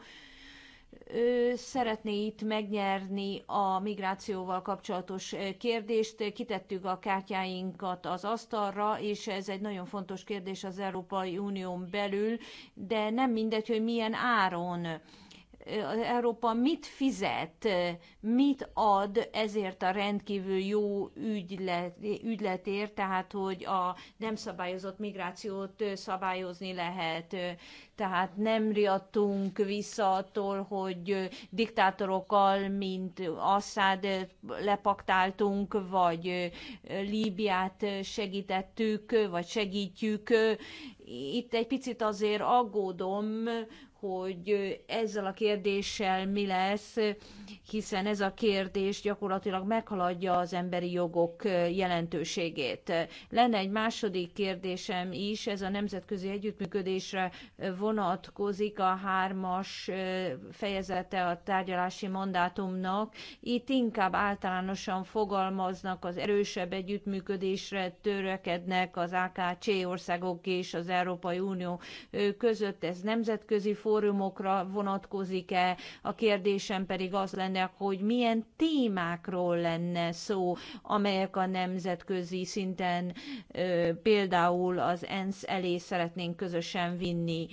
ő szeretné itt megnyerni a migrációval kapcsolatos kérdést. Kitettük a kártyáinkat az asztalra, és ez egy nagyon fontos kérdés az Európai Unión belül, de nem mindegy, hogy milyen áron Európa mit fizet, mit ad ezért a rendkívül jó ügylet, ügyletért, tehát hogy a nem szabályozott migrációt szabályozni lehet, tehát nem riadtunk vissza attól, hogy diktátorokkal, mint Assad lepaktáltunk, vagy Líbiát segítettük, vagy segítjük. Itt egy picit azért aggódom, hogy ezzel a kérdéssel mi lesz, hiszen ez a kérdés gyakorlatilag meghaladja az emberi jogok jelentőségét. Lenne egy második kérdésem is, ez a nemzetközi együttműködésre vonatkozik a hármas fejezete a tárgyalási mandátumnak. Itt inkább általánosan fogalmaznak, az erősebb együttműködésre törekednek az AKC országok és az Európai Unió között. Ez nemzetközi fórum, fórumokra vonatkozik-e, a kérdésem pedig az lenne, hogy milyen témákról lenne szó, amelyek a nemzetközi szinten például az ENSZ elé szeretnénk közösen vinni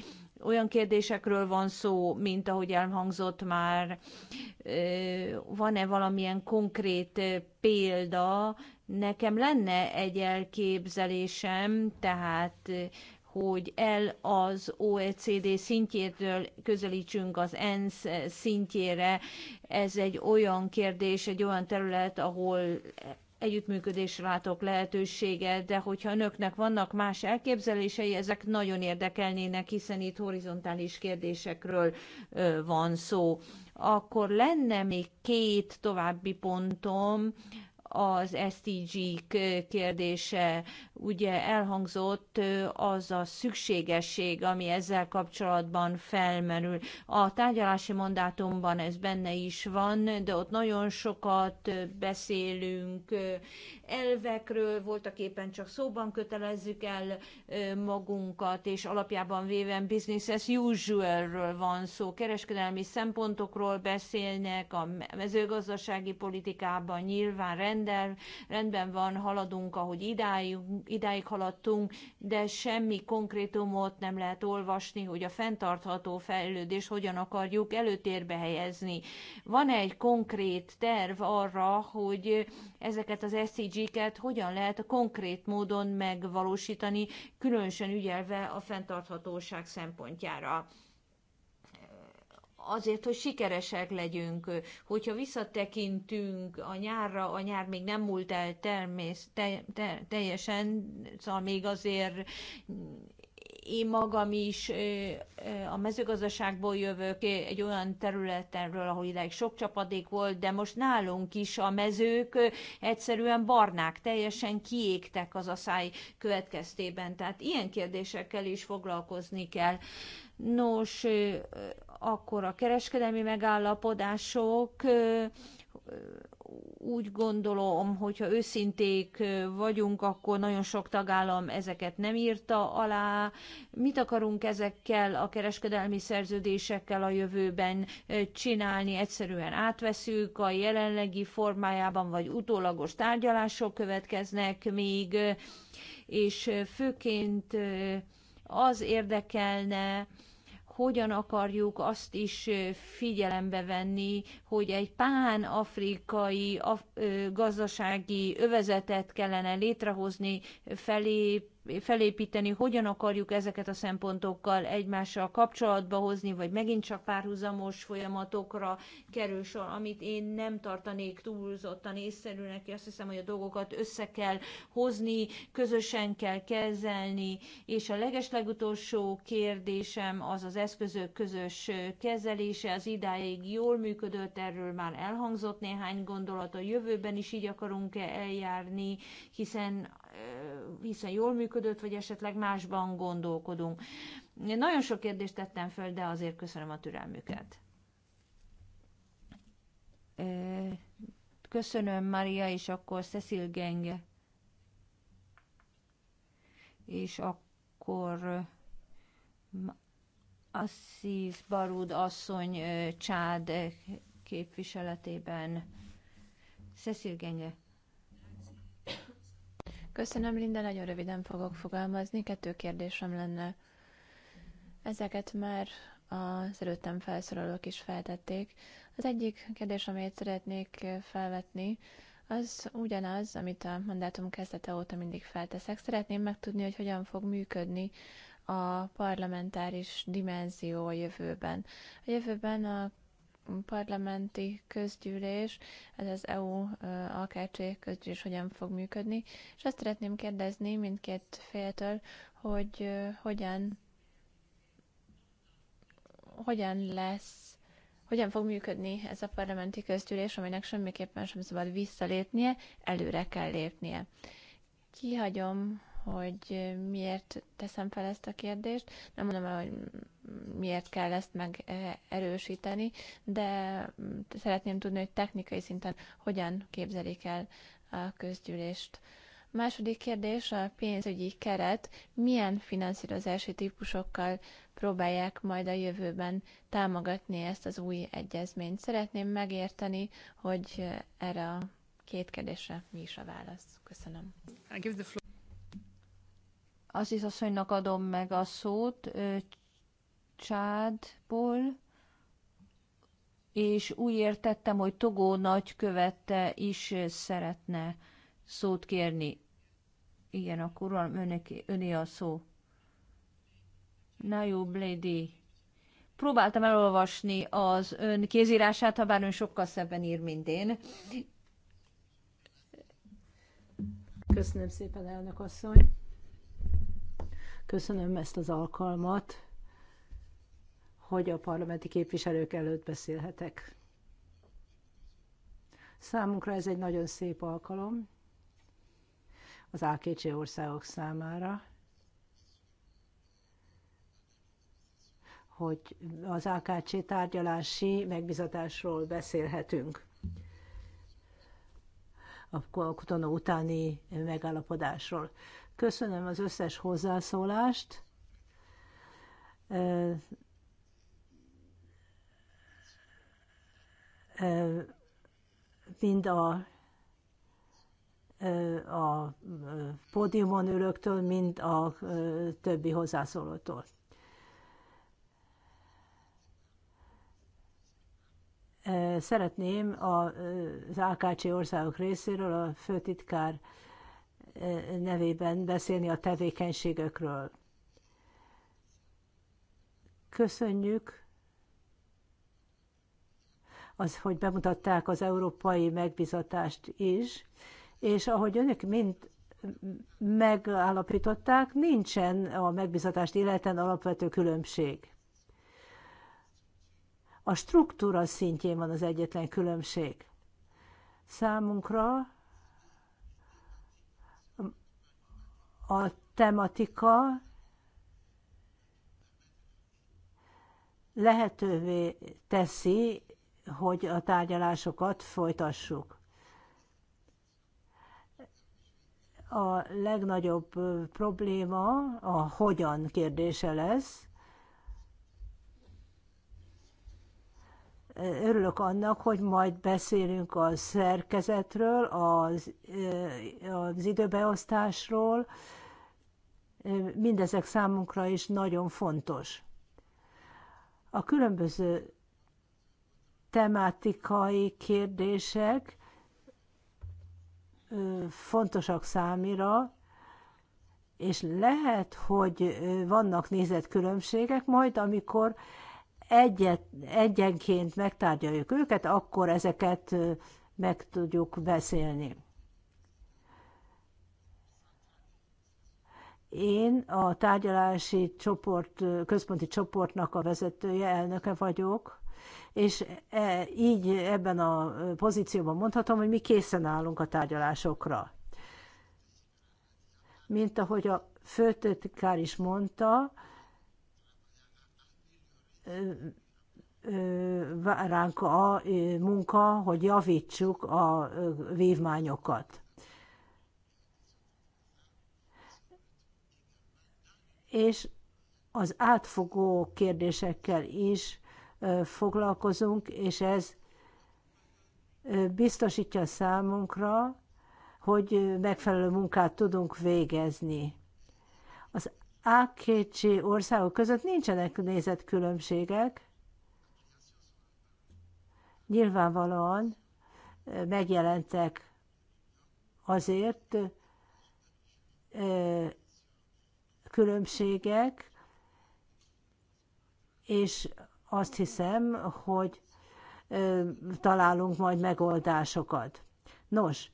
olyan kérdésekről van szó, mint ahogy elhangzott már, van-e valamilyen konkrét példa? Nekem lenne egy elképzelésem, tehát hogy el az OECD szintjétől közelítsünk az ENSZ szintjére. Ez egy olyan kérdés, egy olyan terület, ahol együttműködésre látok lehetőséget, de hogyha önöknek vannak más elképzelései, ezek nagyon érdekelnének, hiszen itt horizontális kérdésekről van szó. Akkor lenne még két további pontom, az SDG kérdése ugye elhangzott, az a szükségesség, ami ezzel kapcsolatban felmerül. A tárgyalási mandátumban ez benne is van, de ott nagyon sokat beszélünk elvekről, voltak éppen csak szóban kötelezzük el magunkat, és alapjában véven business as usualről van szó. Kereskedelmi szempontokról beszélnek, a mezőgazdasági politikában nyilván rendel, rendben van, haladunk, ahogy idáig, idáig haladtunk, de semmi konkrétumot nem lehet olvasni, hogy a fenntartható fejlődés hogyan akarjuk előtérbe helyezni. Van -e egy konkrét terv arra, hogy ezeket az SCG SDG-ket hogyan lehet a konkrét módon megvalósítani, különösen ügyelve a fenntarthatóság szempontjára azért, hogy sikeresek legyünk. Hogyha visszatekintünk a nyárra, a nyár még nem múlt el termész, te, te, teljesen, szóval még azért én magam is a mezőgazdaságból jövök, egy olyan területenről, ahol ideig sok csapadék volt, de most nálunk is a mezők egyszerűen barnák, teljesen kiégtek az asszály következtében. Tehát ilyen kérdésekkel is foglalkozni kell. Nos, akkor a kereskedelmi megállapodások úgy gondolom, hogyha őszinték vagyunk, akkor nagyon sok tagállam ezeket nem írta alá. Mit akarunk ezekkel a kereskedelmi szerződésekkel a jövőben csinálni? Egyszerűen átveszünk a jelenlegi formájában, vagy utólagos tárgyalások következnek még, és főként az érdekelne, hogyan akarjuk azt is figyelembe venni, hogy egy pán-afrikai af- gazdasági övezetet kellene létrehozni, felé felépíteni, hogyan akarjuk ezeket a szempontokkal egymással kapcsolatba hozni, vagy megint csak párhuzamos folyamatokra kerül sor, amit én nem tartanék túlzottan észszerűnek, azt hiszem, hogy a dolgokat össze kell hozni, közösen kell kezelni, és a legeslegutolsó kérdésem az az eszközök közös kezelése, az idáig jól működött, erről már elhangzott néhány gondolat, a jövőben is így akarunk-e eljárni, hiszen hiszen jól működött, vagy esetleg másban gondolkodunk. Én nagyon sok kérdést tettem föl, de azért köszönöm a türelmüket. Köszönöm, Maria, és akkor Cecil Genge. És akkor Assis Barud asszony Csád képviseletében. Cecil Genge. Köszönöm, Linda, nagyon röviden fogok fogalmazni. Kettő kérdésem lenne. Ezeket már az előttem felszorolók is feltették. Az egyik kérdés, amelyet szeretnék felvetni, az ugyanaz, amit a mandátum kezdete óta mindig felteszek. Szeretném megtudni, hogy hogyan fog működni a parlamentáris dimenzió a jövőben. A jövőben a parlamenti közgyűlés, ez az EU AKC közgyűlés hogyan fog működni, és azt szeretném kérdezni mindkét féltől, hogy hogyan hogyan lesz, hogyan fog működni ez a parlamenti közgyűlés, aminek semmiképpen sem szabad visszalépnie, előre kell lépnie. Kihagyom hogy miért teszem fel ezt a kérdést. Nem mondom el, hogy miért kell ezt meg eh, erősíteni, de mm, szeretném tudni, hogy technikai szinten hogyan képzelik el a közgyűlést. A második kérdés, a pénzügyi keret milyen finanszírozási típusokkal próbálják majd a jövőben támogatni ezt az új egyezményt. Szeretném megérteni, hogy eh, erre a két kérdésre mi is a válasz. Köszönöm az is asszonynak adom meg a szót Csádból, és úgy értettem, hogy Togó nagykövette is szeretne szót kérni. Igen, akkor uram, önök, öné a szó. Na jó, Blady. Próbáltam elolvasni az ön kézírását, ha bár ön sokkal szebben ír, mint én. Köszönöm szépen, elnök asszony. Köszönöm ezt az alkalmat, hogy a parlamenti képviselők előtt beszélhetek. Számunkra ez egy nagyon szép alkalom az AKC országok számára, hogy az AKC tárgyalási megbizatásról beszélhetünk a kutató utáni megállapodásról. Köszönöm az összes hozzászólást. Mind a a pódiumon ülőktől, mind a többi hozzászólótól. Szeretném az AKC országok részéről a főtitkár nevében beszélni a tevékenységekről. Köszönjük, az, hogy bemutatták az európai megbizatást is, és ahogy önök mind megállapították, nincsen a megbizatást illetően alapvető különbség. A struktúra szintjén van az egyetlen különbség. Számunkra a tematika lehetővé teszi, hogy a tárgyalásokat folytassuk. A legnagyobb probléma a hogyan kérdése lesz. Örülök annak, hogy majd beszélünk a szerkezetről, az, az időbeosztásról, mindezek számunkra is nagyon fontos. A különböző tematikai kérdések fontosak számira, és lehet, hogy vannak nézetkülönbségek, majd amikor egyet, egyenként megtárgyaljuk őket, akkor ezeket meg tudjuk beszélni. Én a tárgyalási csoport, központi csoportnak a vezetője, elnöke vagyok, és e, így ebben a pozícióban mondhatom, hogy mi készen állunk a tárgyalásokra. Mint ahogy a főtitkár is mondta, ránk a munka, hogy javítsuk a vívmányokat. és az átfogó kérdésekkel is foglalkozunk, és ez biztosítja számunkra, hogy megfelelő munkát tudunk végezni. Az AKC országok között nincsenek nézetkülönbségek. Nyilvánvalóan megjelentek azért, különbségek, és azt hiszem, hogy találunk majd megoldásokat. Nos,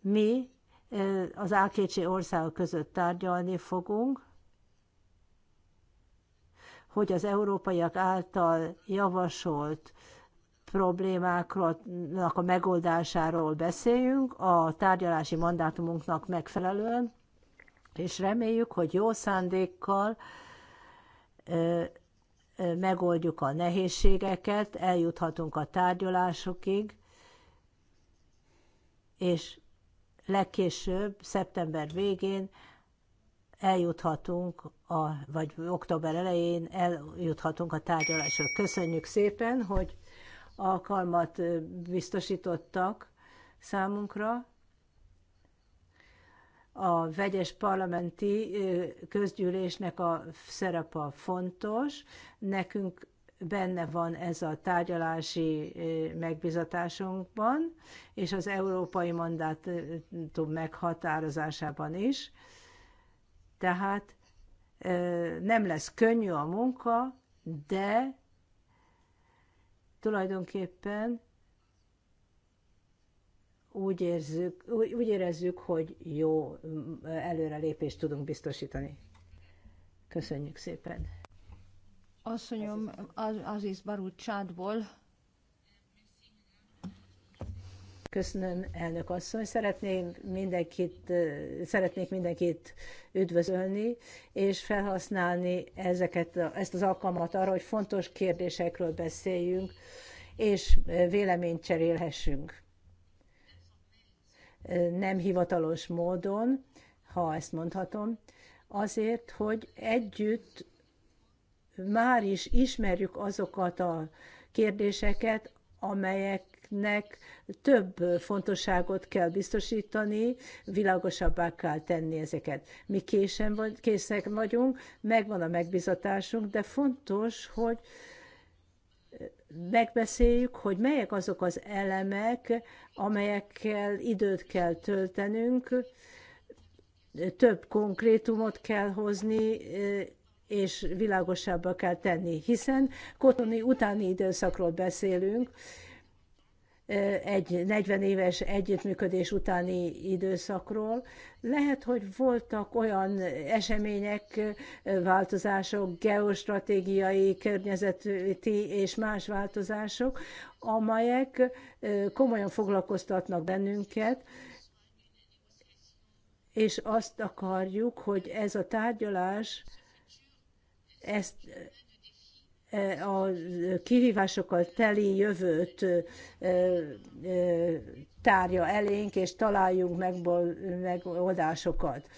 mi az Ákécsi országok között tárgyalni fogunk, hogy az európaiak által javasolt problémáknak a megoldásáról beszéljünk a tárgyalási mandátumunknak megfelelően, és reméljük, hogy jó szándékkal megoldjuk a nehézségeket, eljuthatunk a tárgyalásokig, és legkésőbb, szeptember végén eljuthatunk, a, vagy október elején eljuthatunk a tárgyalásra. Köszönjük szépen, hogy alkalmat biztosítottak számunkra, a vegyes parlamenti közgyűlésnek a szerepe fontos. Nekünk benne van ez a tárgyalási megbizatásunkban, és az európai mandátum meghatározásában is. Tehát nem lesz könnyű a munka, de tulajdonképpen úgy, érzük, úgy, úgy érezzük, hogy jó mm, előrelépést tudunk biztosítani. Köszönjük szépen! Asszonyom az, Aziz Barú Csádból. Köszönöm, elnök asszony. Szeretném mindenkit, szeretnék mindenkit üdvözölni, és felhasználni ezeket, ezt az alkalmat arra, hogy fontos kérdésekről beszéljünk, és véleményt cserélhessünk nem hivatalos módon, ha ezt mondhatom, azért, hogy együtt már is ismerjük azokat a kérdéseket, amelyeknek több fontosságot kell biztosítani, világosabbá kell tenni ezeket. Mi késen vagy, készek vagyunk, megvan a megbizatásunk, de fontos, hogy megbeszéljük, hogy melyek azok az elemek, amelyekkel időt kell töltenünk, több konkrétumot kell hozni, és világosabbá kell tenni, hiszen kotoni utáni időszakról beszélünk, egy 40 éves együttműködés utáni időszakról. Lehet, hogy voltak olyan események, változások, geostratégiai, környezeti és más változások, amelyek komolyan foglalkoztatnak bennünket, és azt akarjuk, hogy ez a tárgyalás ezt a kihívásokkal teli jövőt tárja elénk, és találjunk meg megoldásokat.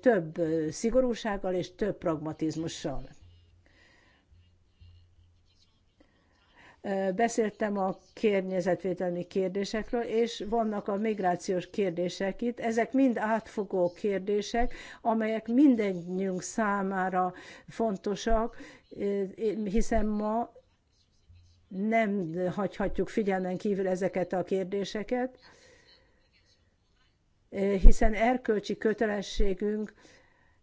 Több szigorúsággal és több pragmatizmussal. Beszéltem a környezetvédelmi kérdésekről, és vannak a migrációs kérdések itt. Ezek mind átfogó kérdések, amelyek mindennyiunk számára fontosak, hiszen ma nem hagyhatjuk figyelmen kívül ezeket a kérdéseket, hiszen erkölcsi kötelességünk,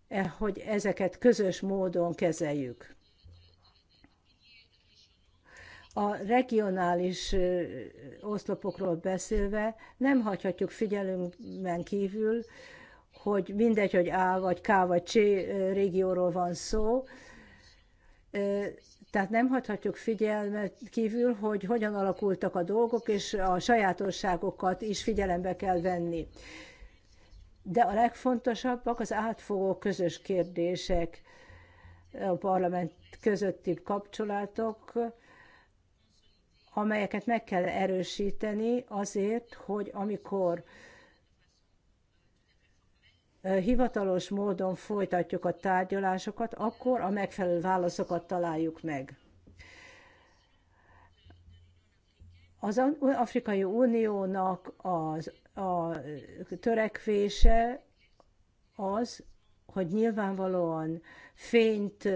eh, hogy ezeket közös módon kezeljük. A regionális oszlopokról beszélve nem hagyhatjuk figyelünkben kívül, hogy mindegy, hogy A vagy K vagy C régióról van szó, tehát nem hagyhatjuk figyelmet kívül, hogy hogyan alakultak a dolgok, és a sajátosságokat is figyelembe kell venni. De a legfontosabbak az átfogó közös kérdések, a parlament közötti kapcsolatok, amelyeket meg kell erősíteni azért, hogy amikor hivatalos módon folytatjuk a tárgyalásokat, akkor a megfelelő válaszokat találjuk meg. Az Afrikai Uniónak az, a törekvése az, hogy nyilvánvalóan fényt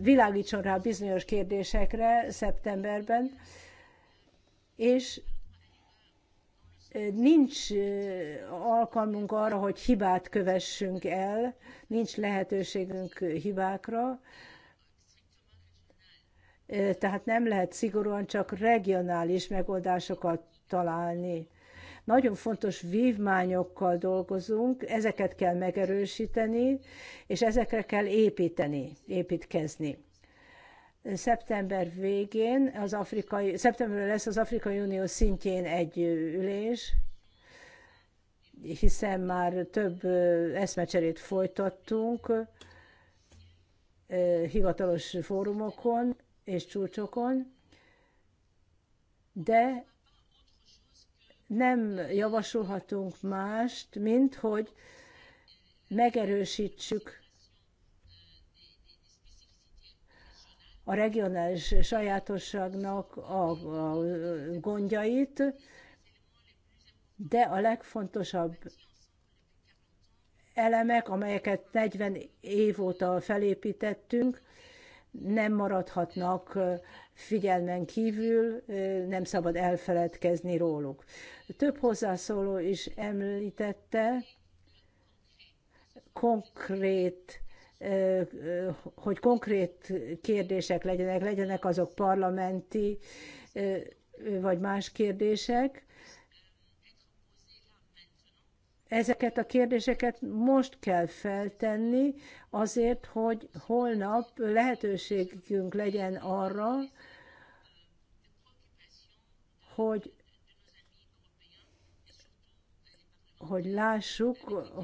világítson rá bizonyos kérdésekre szeptemberben, és nincs alkalmunk arra, hogy hibát kövessünk el, nincs lehetőségünk hibákra, tehát nem lehet szigorúan csak regionális megoldásokat találni. Nagyon fontos vívmányokkal dolgozunk, ezeket kell megerősíteni, és ezekre kell építeni, építkezni szeptember végén, az afrikai, szeptemberben lesz az Afrikai Unió szintjén egy ülés, hiszen már több eszmecserét folytattunk hivatalos fórumokon és csúcsokon, de nem javasolhatunk mást, mint hogy megerősítsük a regionális sajátosságnak a, a gondjait, de a legfontosabb elemek, amelyeket 40 év óta felépítettünk, nem maradhatnak figyelmen kívül, nem szabad elfeledkezni róluk. Több hozzászóló is említette konkrét hogy konkrét kérdések legyenek, legyenek azok parlamenti vagy más kérdések, Ezeket a kérdéseket most kell feltenni azért, hogy holnap lehetőségünk legyen arra, hogy hogy lássuk,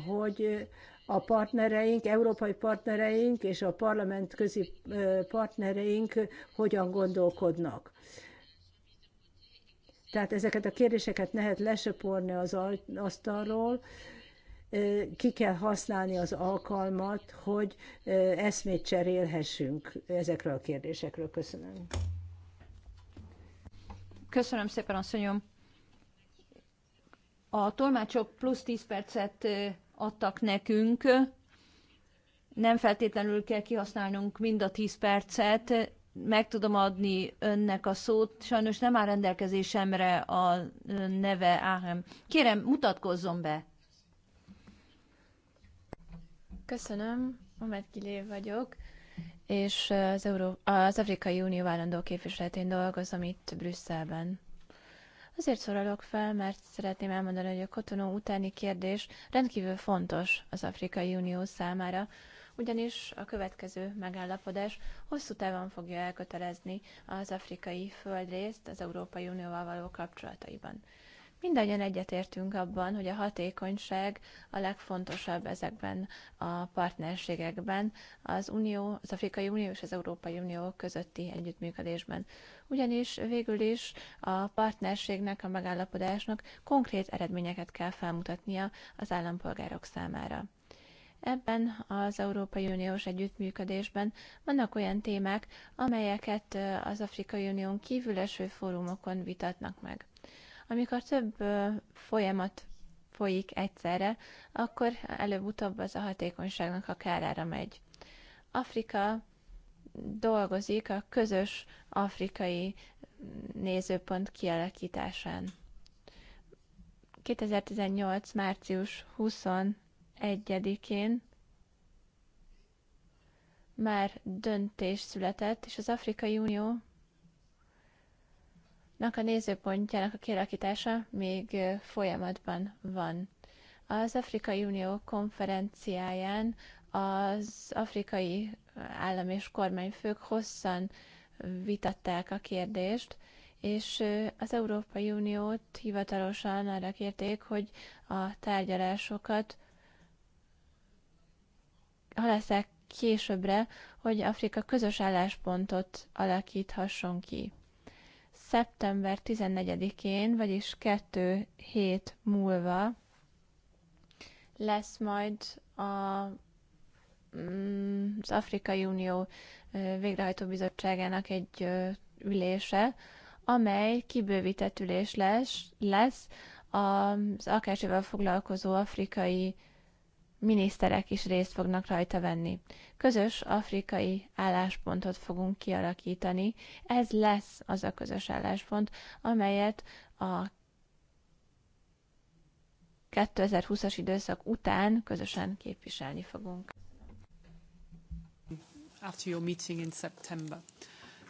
hogy a partnereink, európai partnereink és a parlament közi partnereink hogyan gondolkodnak. Tehát ezeket a kérdéseket lehet lesöporni az asztalról, ki kell használni az alkalmat, hogy eszmét cserélhessünk ezekről a kérdésekről. Köszönöm. Köszönöm szépen, asszonyom. A tolmácsok plusz 10 percet adtak nekünk. Nem feltétlenül kell kihasználnunk mind a 10 percet, meg tudom adni önnek a szót, sajnos nem áll rendelkezésemre a neve Áhem. Kérem, mutatkozzon be! Köszönöm, Omed Gilé vagyok, és az, Euró- az Afrikai Unió állandó képviseletén dolgozom itt Brüsszelben. Azért szólalok fel, mert szeretném elmondani, hogy a kotonó utáni kérdés rendkívül fontos az Afrikai Unió számára, ugyanis a következő megállapodás hosszú távon fogja elkötelezni az afrikai földrészt az Európai Unióval való kapcsolataiban. Mindannyian egyetértünk abban, hogy a hatékonyság a legfontosabb ezekben a partnerségekben, az Unió, az Afrikai Unió és az Európai Unió közötti együttműködésben. Ugyanis végül is a partnerségnek, a megállapodásnak konkrét eredményeket kell felmutatnia az állampolgárok számára. Ebben az Európai Uniós együttműködésben vannak olyan témák, amelyeket az Afrikai Unión kívül eső fórumokon vitatnak meg. Amikor több folyamat folyik egyszerre, akkor előbb-utóbb az a hatékonyságnak a kárára megy. Afrika dolgozik a közös afrikai nézőpont kialakításán. 2018. március 20 1-én már döntés született, és az Afrikai Unió a nézőpontjának a kialakítása még folyamatban van. Az Afrikai Unió konferenciáján az afrikai állam és kormányfők hosszan vitatták a kérdést, és az Európai Uniót hivatalosan arra kérték, hogy a tárgyalásokat halásszák későbbre, hogy Afrika közös álláspontot alakíthasson ki. Szeptember 14-én, vagyis kettő hét múlva lesz majd a, mm, az Afrikai Unió végrehajtó bizottságának egy ülése, amely kibővített ülés lesz, lesz az akácsival foglalkozó afrikai miniszterek is részt fognak rajta venni. Közös afrikai álláspontot fogunk kialakítani. Ez lesz az a közös álláspont, amelyet a 2020-as időszak után közösen képviselni fogunk. After your meeting in September.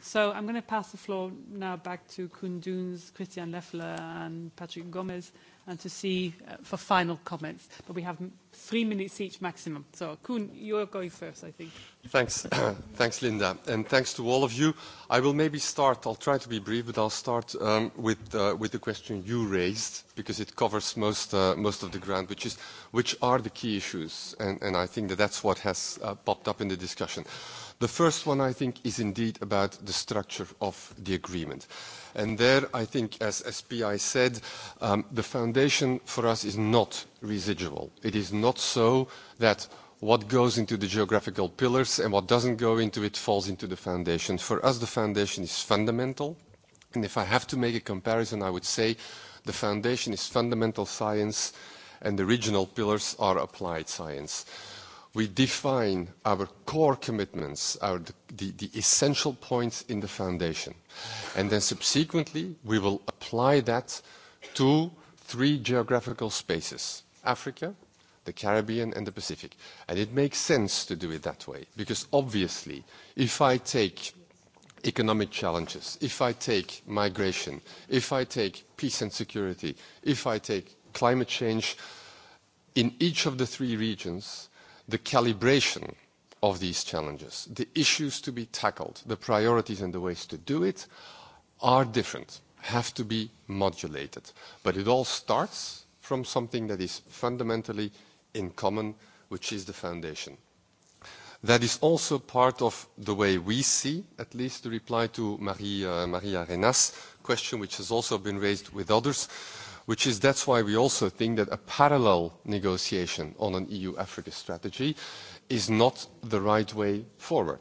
So I'm going to pass the floor now back to Kunduz, Christian Leffler and Patrick Gomez and to see uh, for final comments. But we have three minutes each maximum. So, Kuhn, you're going first, I think. Thanks. thanks, Linda. And thanks to all of you. I will maybe start, I'll try to be brief, but I'll start um, with, uh, with the question you raised, because it covers most, uh, most of the ground, which is which are the key issues? And, and I think that that's what has uh, popped up in the discussion. The first one, I think, is indeed about the structure of the agreement. there, I think, as PI said, um, the foundation for us is not residual. It is not so that what goes into the geographical pillars and what doesn't go into it falls into the foundation. For us, the foundation is fundamental. And if I have to make a comparison, I would say the foundation is fundamental science and the regional pillars are applied science we define our core commitments, our, the, the essential points in the foundation. And then subsequently, we will apply that to three geographical spaces, Africa, the Caribbean and the Pacific. And it makes sense to do it that way, because obviously, if I take economic challenges, if I take migration, if I take peace and security, if I take climate change, in each of the three regions, the calibration of these challenges, the issues to be tackled, the priorities and the ways to do it are different, have to be modulated. But it all starts from something that is fundamentally in common, which is the foundation. That is also part of the way we see, at least the reply to Marie, uh, Maria Rena's question, which has also been raised with others, which is that's why we also think that a parallel negotiation on an EU-Africa strategy is not the right way forward.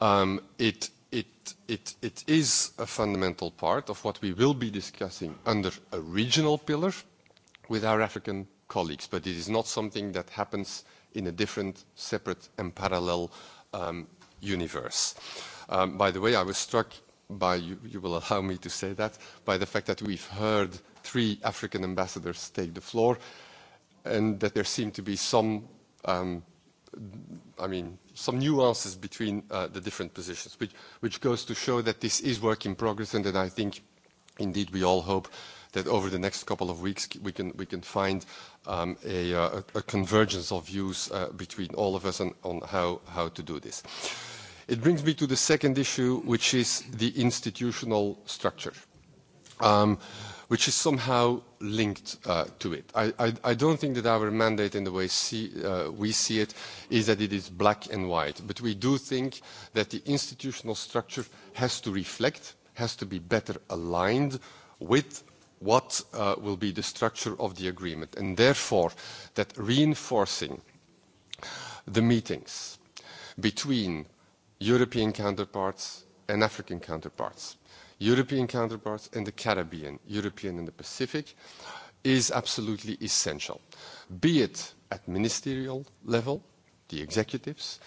Um, it, it, it, it is a fundamental part of what we will be discussing under a regional pillar with our African colleagues, but it is not something that happens in a different, separate and parallel um, universe. Um, by the way, I was struck by, you, you will allow me to say that, by the fact that we've heard three African ambassadors take the floor, and that there seem to be some, um, I mean, some nuances between uh, the different positions, which, which goes to show that this is work in progress and that I think, indeed, we all hope that over the next couple of weeks we can we can find um, a, uh, a convergence of views uh, between all of us on, on how how to do this. It brings me to the second issue, which is the institutional structure. Um, uh, which is somehow linked uh, to it. I, I, I don't think that our mandate in the way see, uh, we see it is that it is black and white, but we do think that the institutional structure has to reflect, has to be better aligned with what uh, will be the structure of the agreement, and therefore that reinforcing the meetings between European counterparts and African counterparts European counterparts, and the Caribbean, European and the Pacific, is absolutely essential, be it at ministerial level, the executives,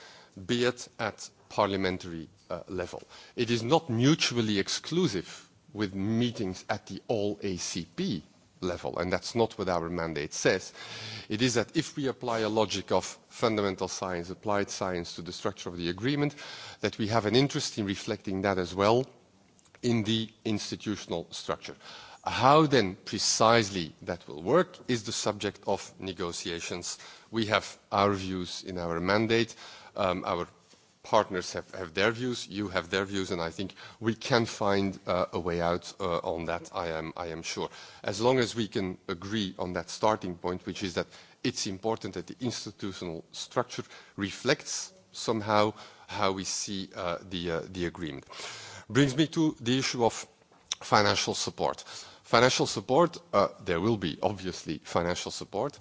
be it at parliamentary uh, level. It is not mutually exclusive with meetings at the all ACP level, and that's not what our mandate says. It is that if we apply a logic of fundamental science, applied science to the structure of the agreement, that we have an interest in reflecting that as well in the institutional structure. How then precisely that will work is the subject of negotiations. We have our views in our mandate. Um, our partners have, have their views, you have their views, and I think we can find uh, a way out uh, on that, I am, I am sure. As long as we can agree on that starting point, which is that it's important that the institutional structure reflects somehow how we see uh, the, uh, the agreement. Uh, Brings me to the issue of financial support. Financial support, uh, there will be obviously financial support.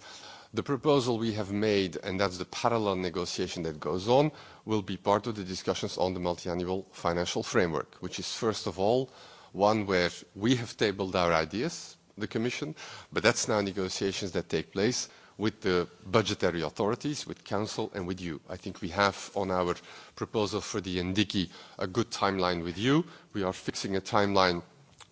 The proposal we have made, and that's the parallel negotiation that goes on, will be part of the discussions on the multi-annual financial framework, which is first of all one where we have tabled our ideas, the Commission, but that's now negotiations that take place with the budgetary authorities, with Council and with you. I think we have on our proposal for the NDICI a good timeline with you. We are fixing a timeline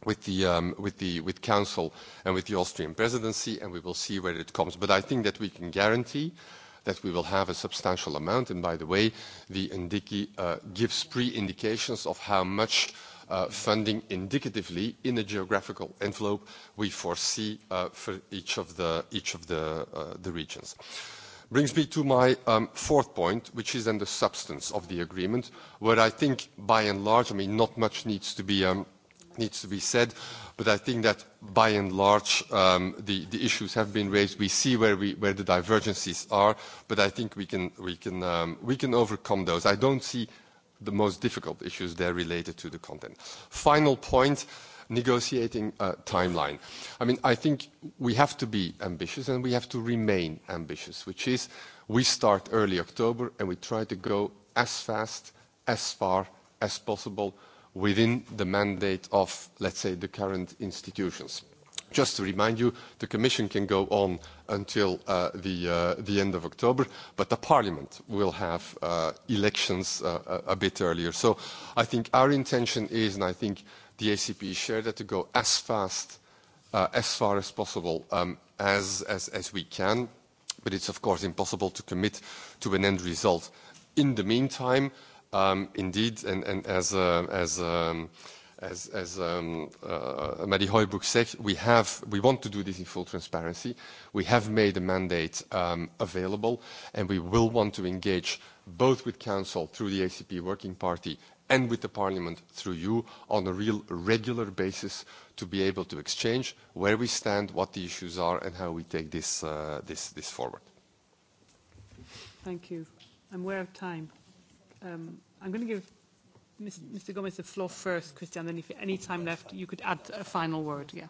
with the, um, with the with Council and with the Austrian Presidency, and we will see where it comes. But I think that we can guarantee that we will have a substantial amount. And by the way, the NDICI uh, gives pre-indications of how much Uh, funding indicatively in a geographical envelope we foresee uh, for each of uh, the, regions. Brings me to my um, fourth point, which is then the substance of the agreement, where I think by and large, I mean, not much needs to be um, said, but I think that by and large um, the, issues have been raised. We see where, the divergences are, but I think we can overcome those. I don't see the most difficult issues there related to the content. Final point, negotiating uh, timeline. I mean, I think we have to be ambitious and we have to remain ambitious, which is we start early October and we try to go as fast, as far as possible within the mandate of, let's say, the current institutions. Just to remind you, the Commission can go on until uh, uh, the, end of October, but the Parliament will have uh, elections a, bit earlier. So I think our intention is, and I think the ACP share shared, that to go as fast, as far as possible um, as, we can, but it's of course impossible to commit to an end result. In the meantime, um, indeed, and, as, um, as, as um, uh, Madi Heubuch said, we, have, we want to do this in full transparency. We have made the mandate um, available, and we will want to engage both with Council through the ACP Working Party and with the Parliament through you on a real regular basis to be able to exchange where we stand, what the issues are, and how we take this, uh, this, this forward. Thank you. I'm aware of time. Um, I'm going to give Mr. Gomez the floor first, Christian, then if any time left, you could add a final word. Yeah.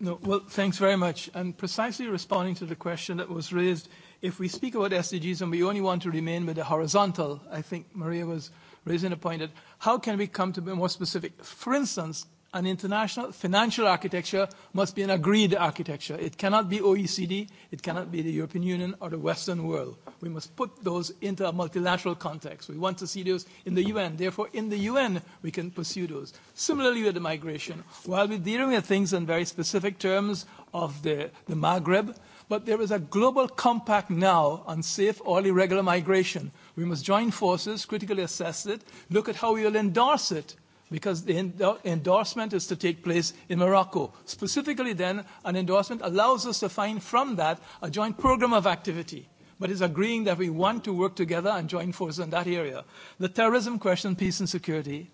No, well, thanks very much. And precisely responding to the question that was raised, if we speak about SDGs and we only want to remain with the horizontal, I think Maria was raising a point that how can we come to be more specific? For instance, an international financial architecture must be an agreed architecture. It cannot be OECD, it cannot be the European Union or the Western world. We must put those into a multilateral context. We want to see those in the UN. Therefore, in the UN, we can pursue those. Similarly, with the migration, while we're dealing with things in very specific terms of the, the Maghreb, but there is a global compact now on safe or irregular migration. We must join forces, critically assess it, look at how we will endorse it because the endorsement is to take place in Morocco. Specifically, then, an endorsement allows us to find from that a joint program of activity, but is agreeing that we want to work together and join forces in that area. The terrorism question, peace and security,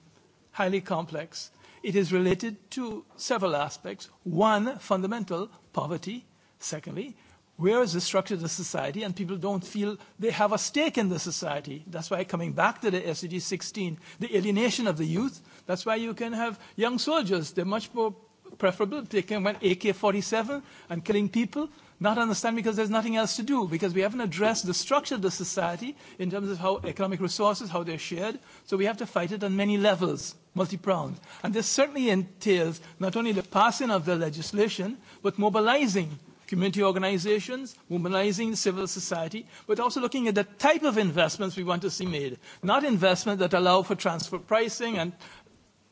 highly complex. It is related to several aspects. One, fundamental poverty. Secondly, where is the structure of the society and people don't feel they have a stake in the society. That's why coming back to the SDG 16, the alienation of the youth, That's why you can have young soldiers. They're much more preferable taking an AK-47 and killing people, not understand because there's nothing else to do, because we haven't addressed the structure of the society in terms of how economic resources, how they're shared. So we have to fight it on many levels, multi-pronged. And this certainly entails not only the passing of the legislation, but mobilizing community organizations, mobilizing civil society, but also looking at the type of investments we want to see made, not investments that allow for transfer pricing and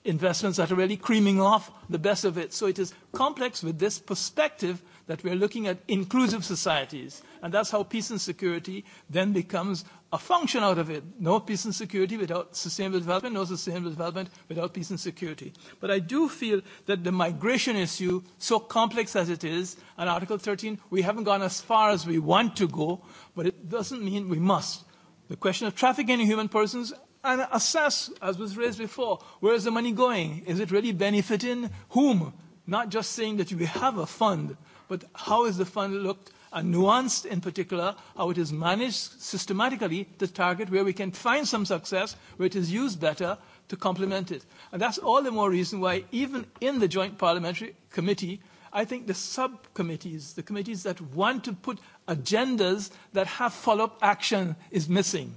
investments that are really creaming off the best of it. So it is complex with this perspective that we are looking at inclusive societies. And that's how peace and security then becomes a function out of it. No peace and security without sustainable development, no sustainable development without peace and security. But I do feel that the migration issue, so complex as it is, and Article 13, we haven't gone as far as we want to go, but it doesn't mean we must. The question of trafficking in human persons and assess, as was raised before, where is the money going? Is it really benefiting whom? Not just saying that you have a fund, but how is the fund looked and nuanced in particular, how it is managed systematically to target where we can find some success, where it is used better to complement it. And that's all the more reason why even in the Joint Parliamentary Committee, I think the subcommittees, the committees that want to put agendas that have follow-up action is missing.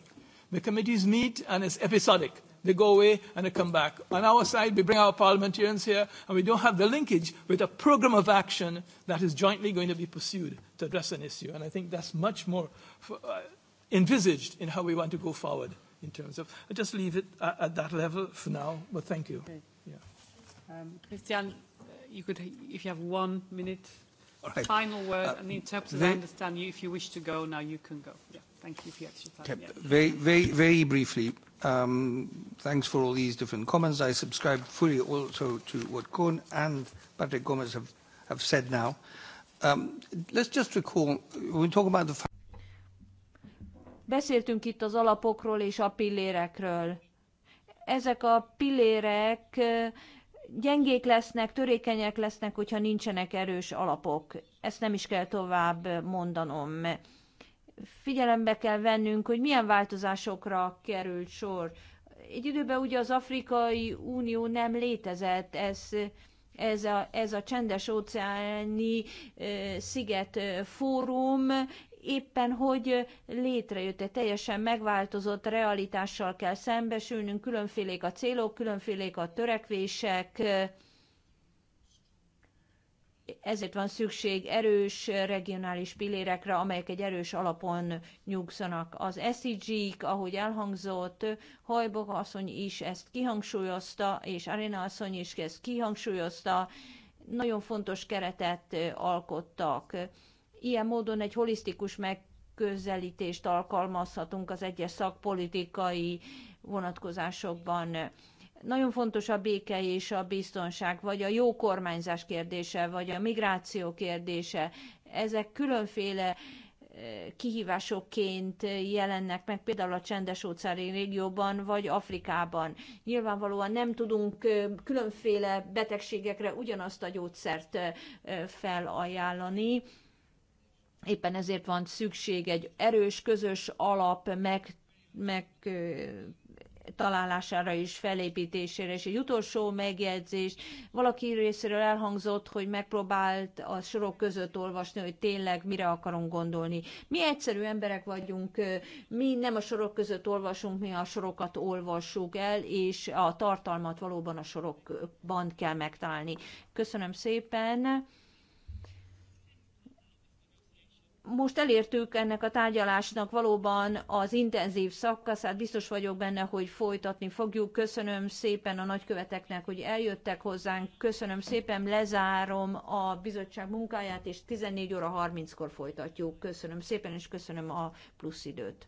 The committees meet and it's episodic. They go away and they come back. On our side, we bring our parliamentarians here and we don't have the linkage with a program of action that is jointly going to be pursued to address an issue. And I think that's much more for, uh, envisaged in how we want to go forward in terms of. I'll just leave it at, at that level for now, but thank you. Okay. Yeah. Um, Christian, you could, if you have one minute, right. final word, uh, and the interpreter, they, I understand you. If you wish to go now, you can go. Yeah. Thank you for your time. Yeah. Very, very, very briefly, um, thanks for all these different comments. I subscribe fully also to what Koen and Patrick Gomes have, said now. Um, let's just recall, we talk about the... Beszéltünk itt az alapokról és a pillérekről. Ezek a pillérek gyengék lesznek, törékenyek lesznek, hogyha nincsenek erős alapok. Ezt nem is kell tovább mondanom figyelembe kell vennünk, hogy milyen változásokra került sor. Egy időben ugye az Afrikai Unió nem létezett, ez, ez, a, ez a csendes óceáni sziget fórum éppen hogy létrejött egy teljesen megváltozott realitással kell szembesülnünk, különfélék a célok, különfélék a törekvések, ezért van szükség erős regionális pillérekre, amelyek egy erős alapon nyugszanak. Az SEG-k, ahogy elhangzott, Hajbok asszony is ezt kihangsúlyozta, és Arena asszony is ezt kihangsúlyozta, nagyon fontos keretet alkottak. Ilyen módon egy holisztikus megközelítést alkalmazhatunk az egyes szakpolitikai vonatkozásokban. Nagyon fontos a béke és a biztonság, vagy a jó kormányzás kérdése, vagy a migráció kérdése. Ezek különféle eh, kihívásokként jelennek meg például a csendes óceáni régióban vagy Afrikában. Nyilvánvalóan nem tudunk eh, különféle betegségekre ugyanazt a gyógyszert eh, felajánlani. Éppen ezért van szükség egy erős, közös alap meg, meg találására és felépítésére. És egy utolsó megjegyzés, valaki részéről elhangzott, hogy megpróbált a sorok között olvasni, hogy tényleg mire akarunk gondolni. Mi egyszerű emberek vagyunk, mi nem a sorok között olvasunk, mi a sorokat olvassuk el, és a tartalmat valóban a sorokban kell megtalálni. Köszönöm szépen! most elértük ennek a tárgyalásnak valóban az intenzív szakaszát, biztos vagyok benne, hogy folytatni fogjuk. Köszönöm szépen a nagyköveteknek, hogy eljöttek hozzánk, köszönöm szépen, lezárom a bizottság munkáját, és 14 óra 30-kor folytatjuk. Köszönöm szépen, és köszönöm a plusz időt.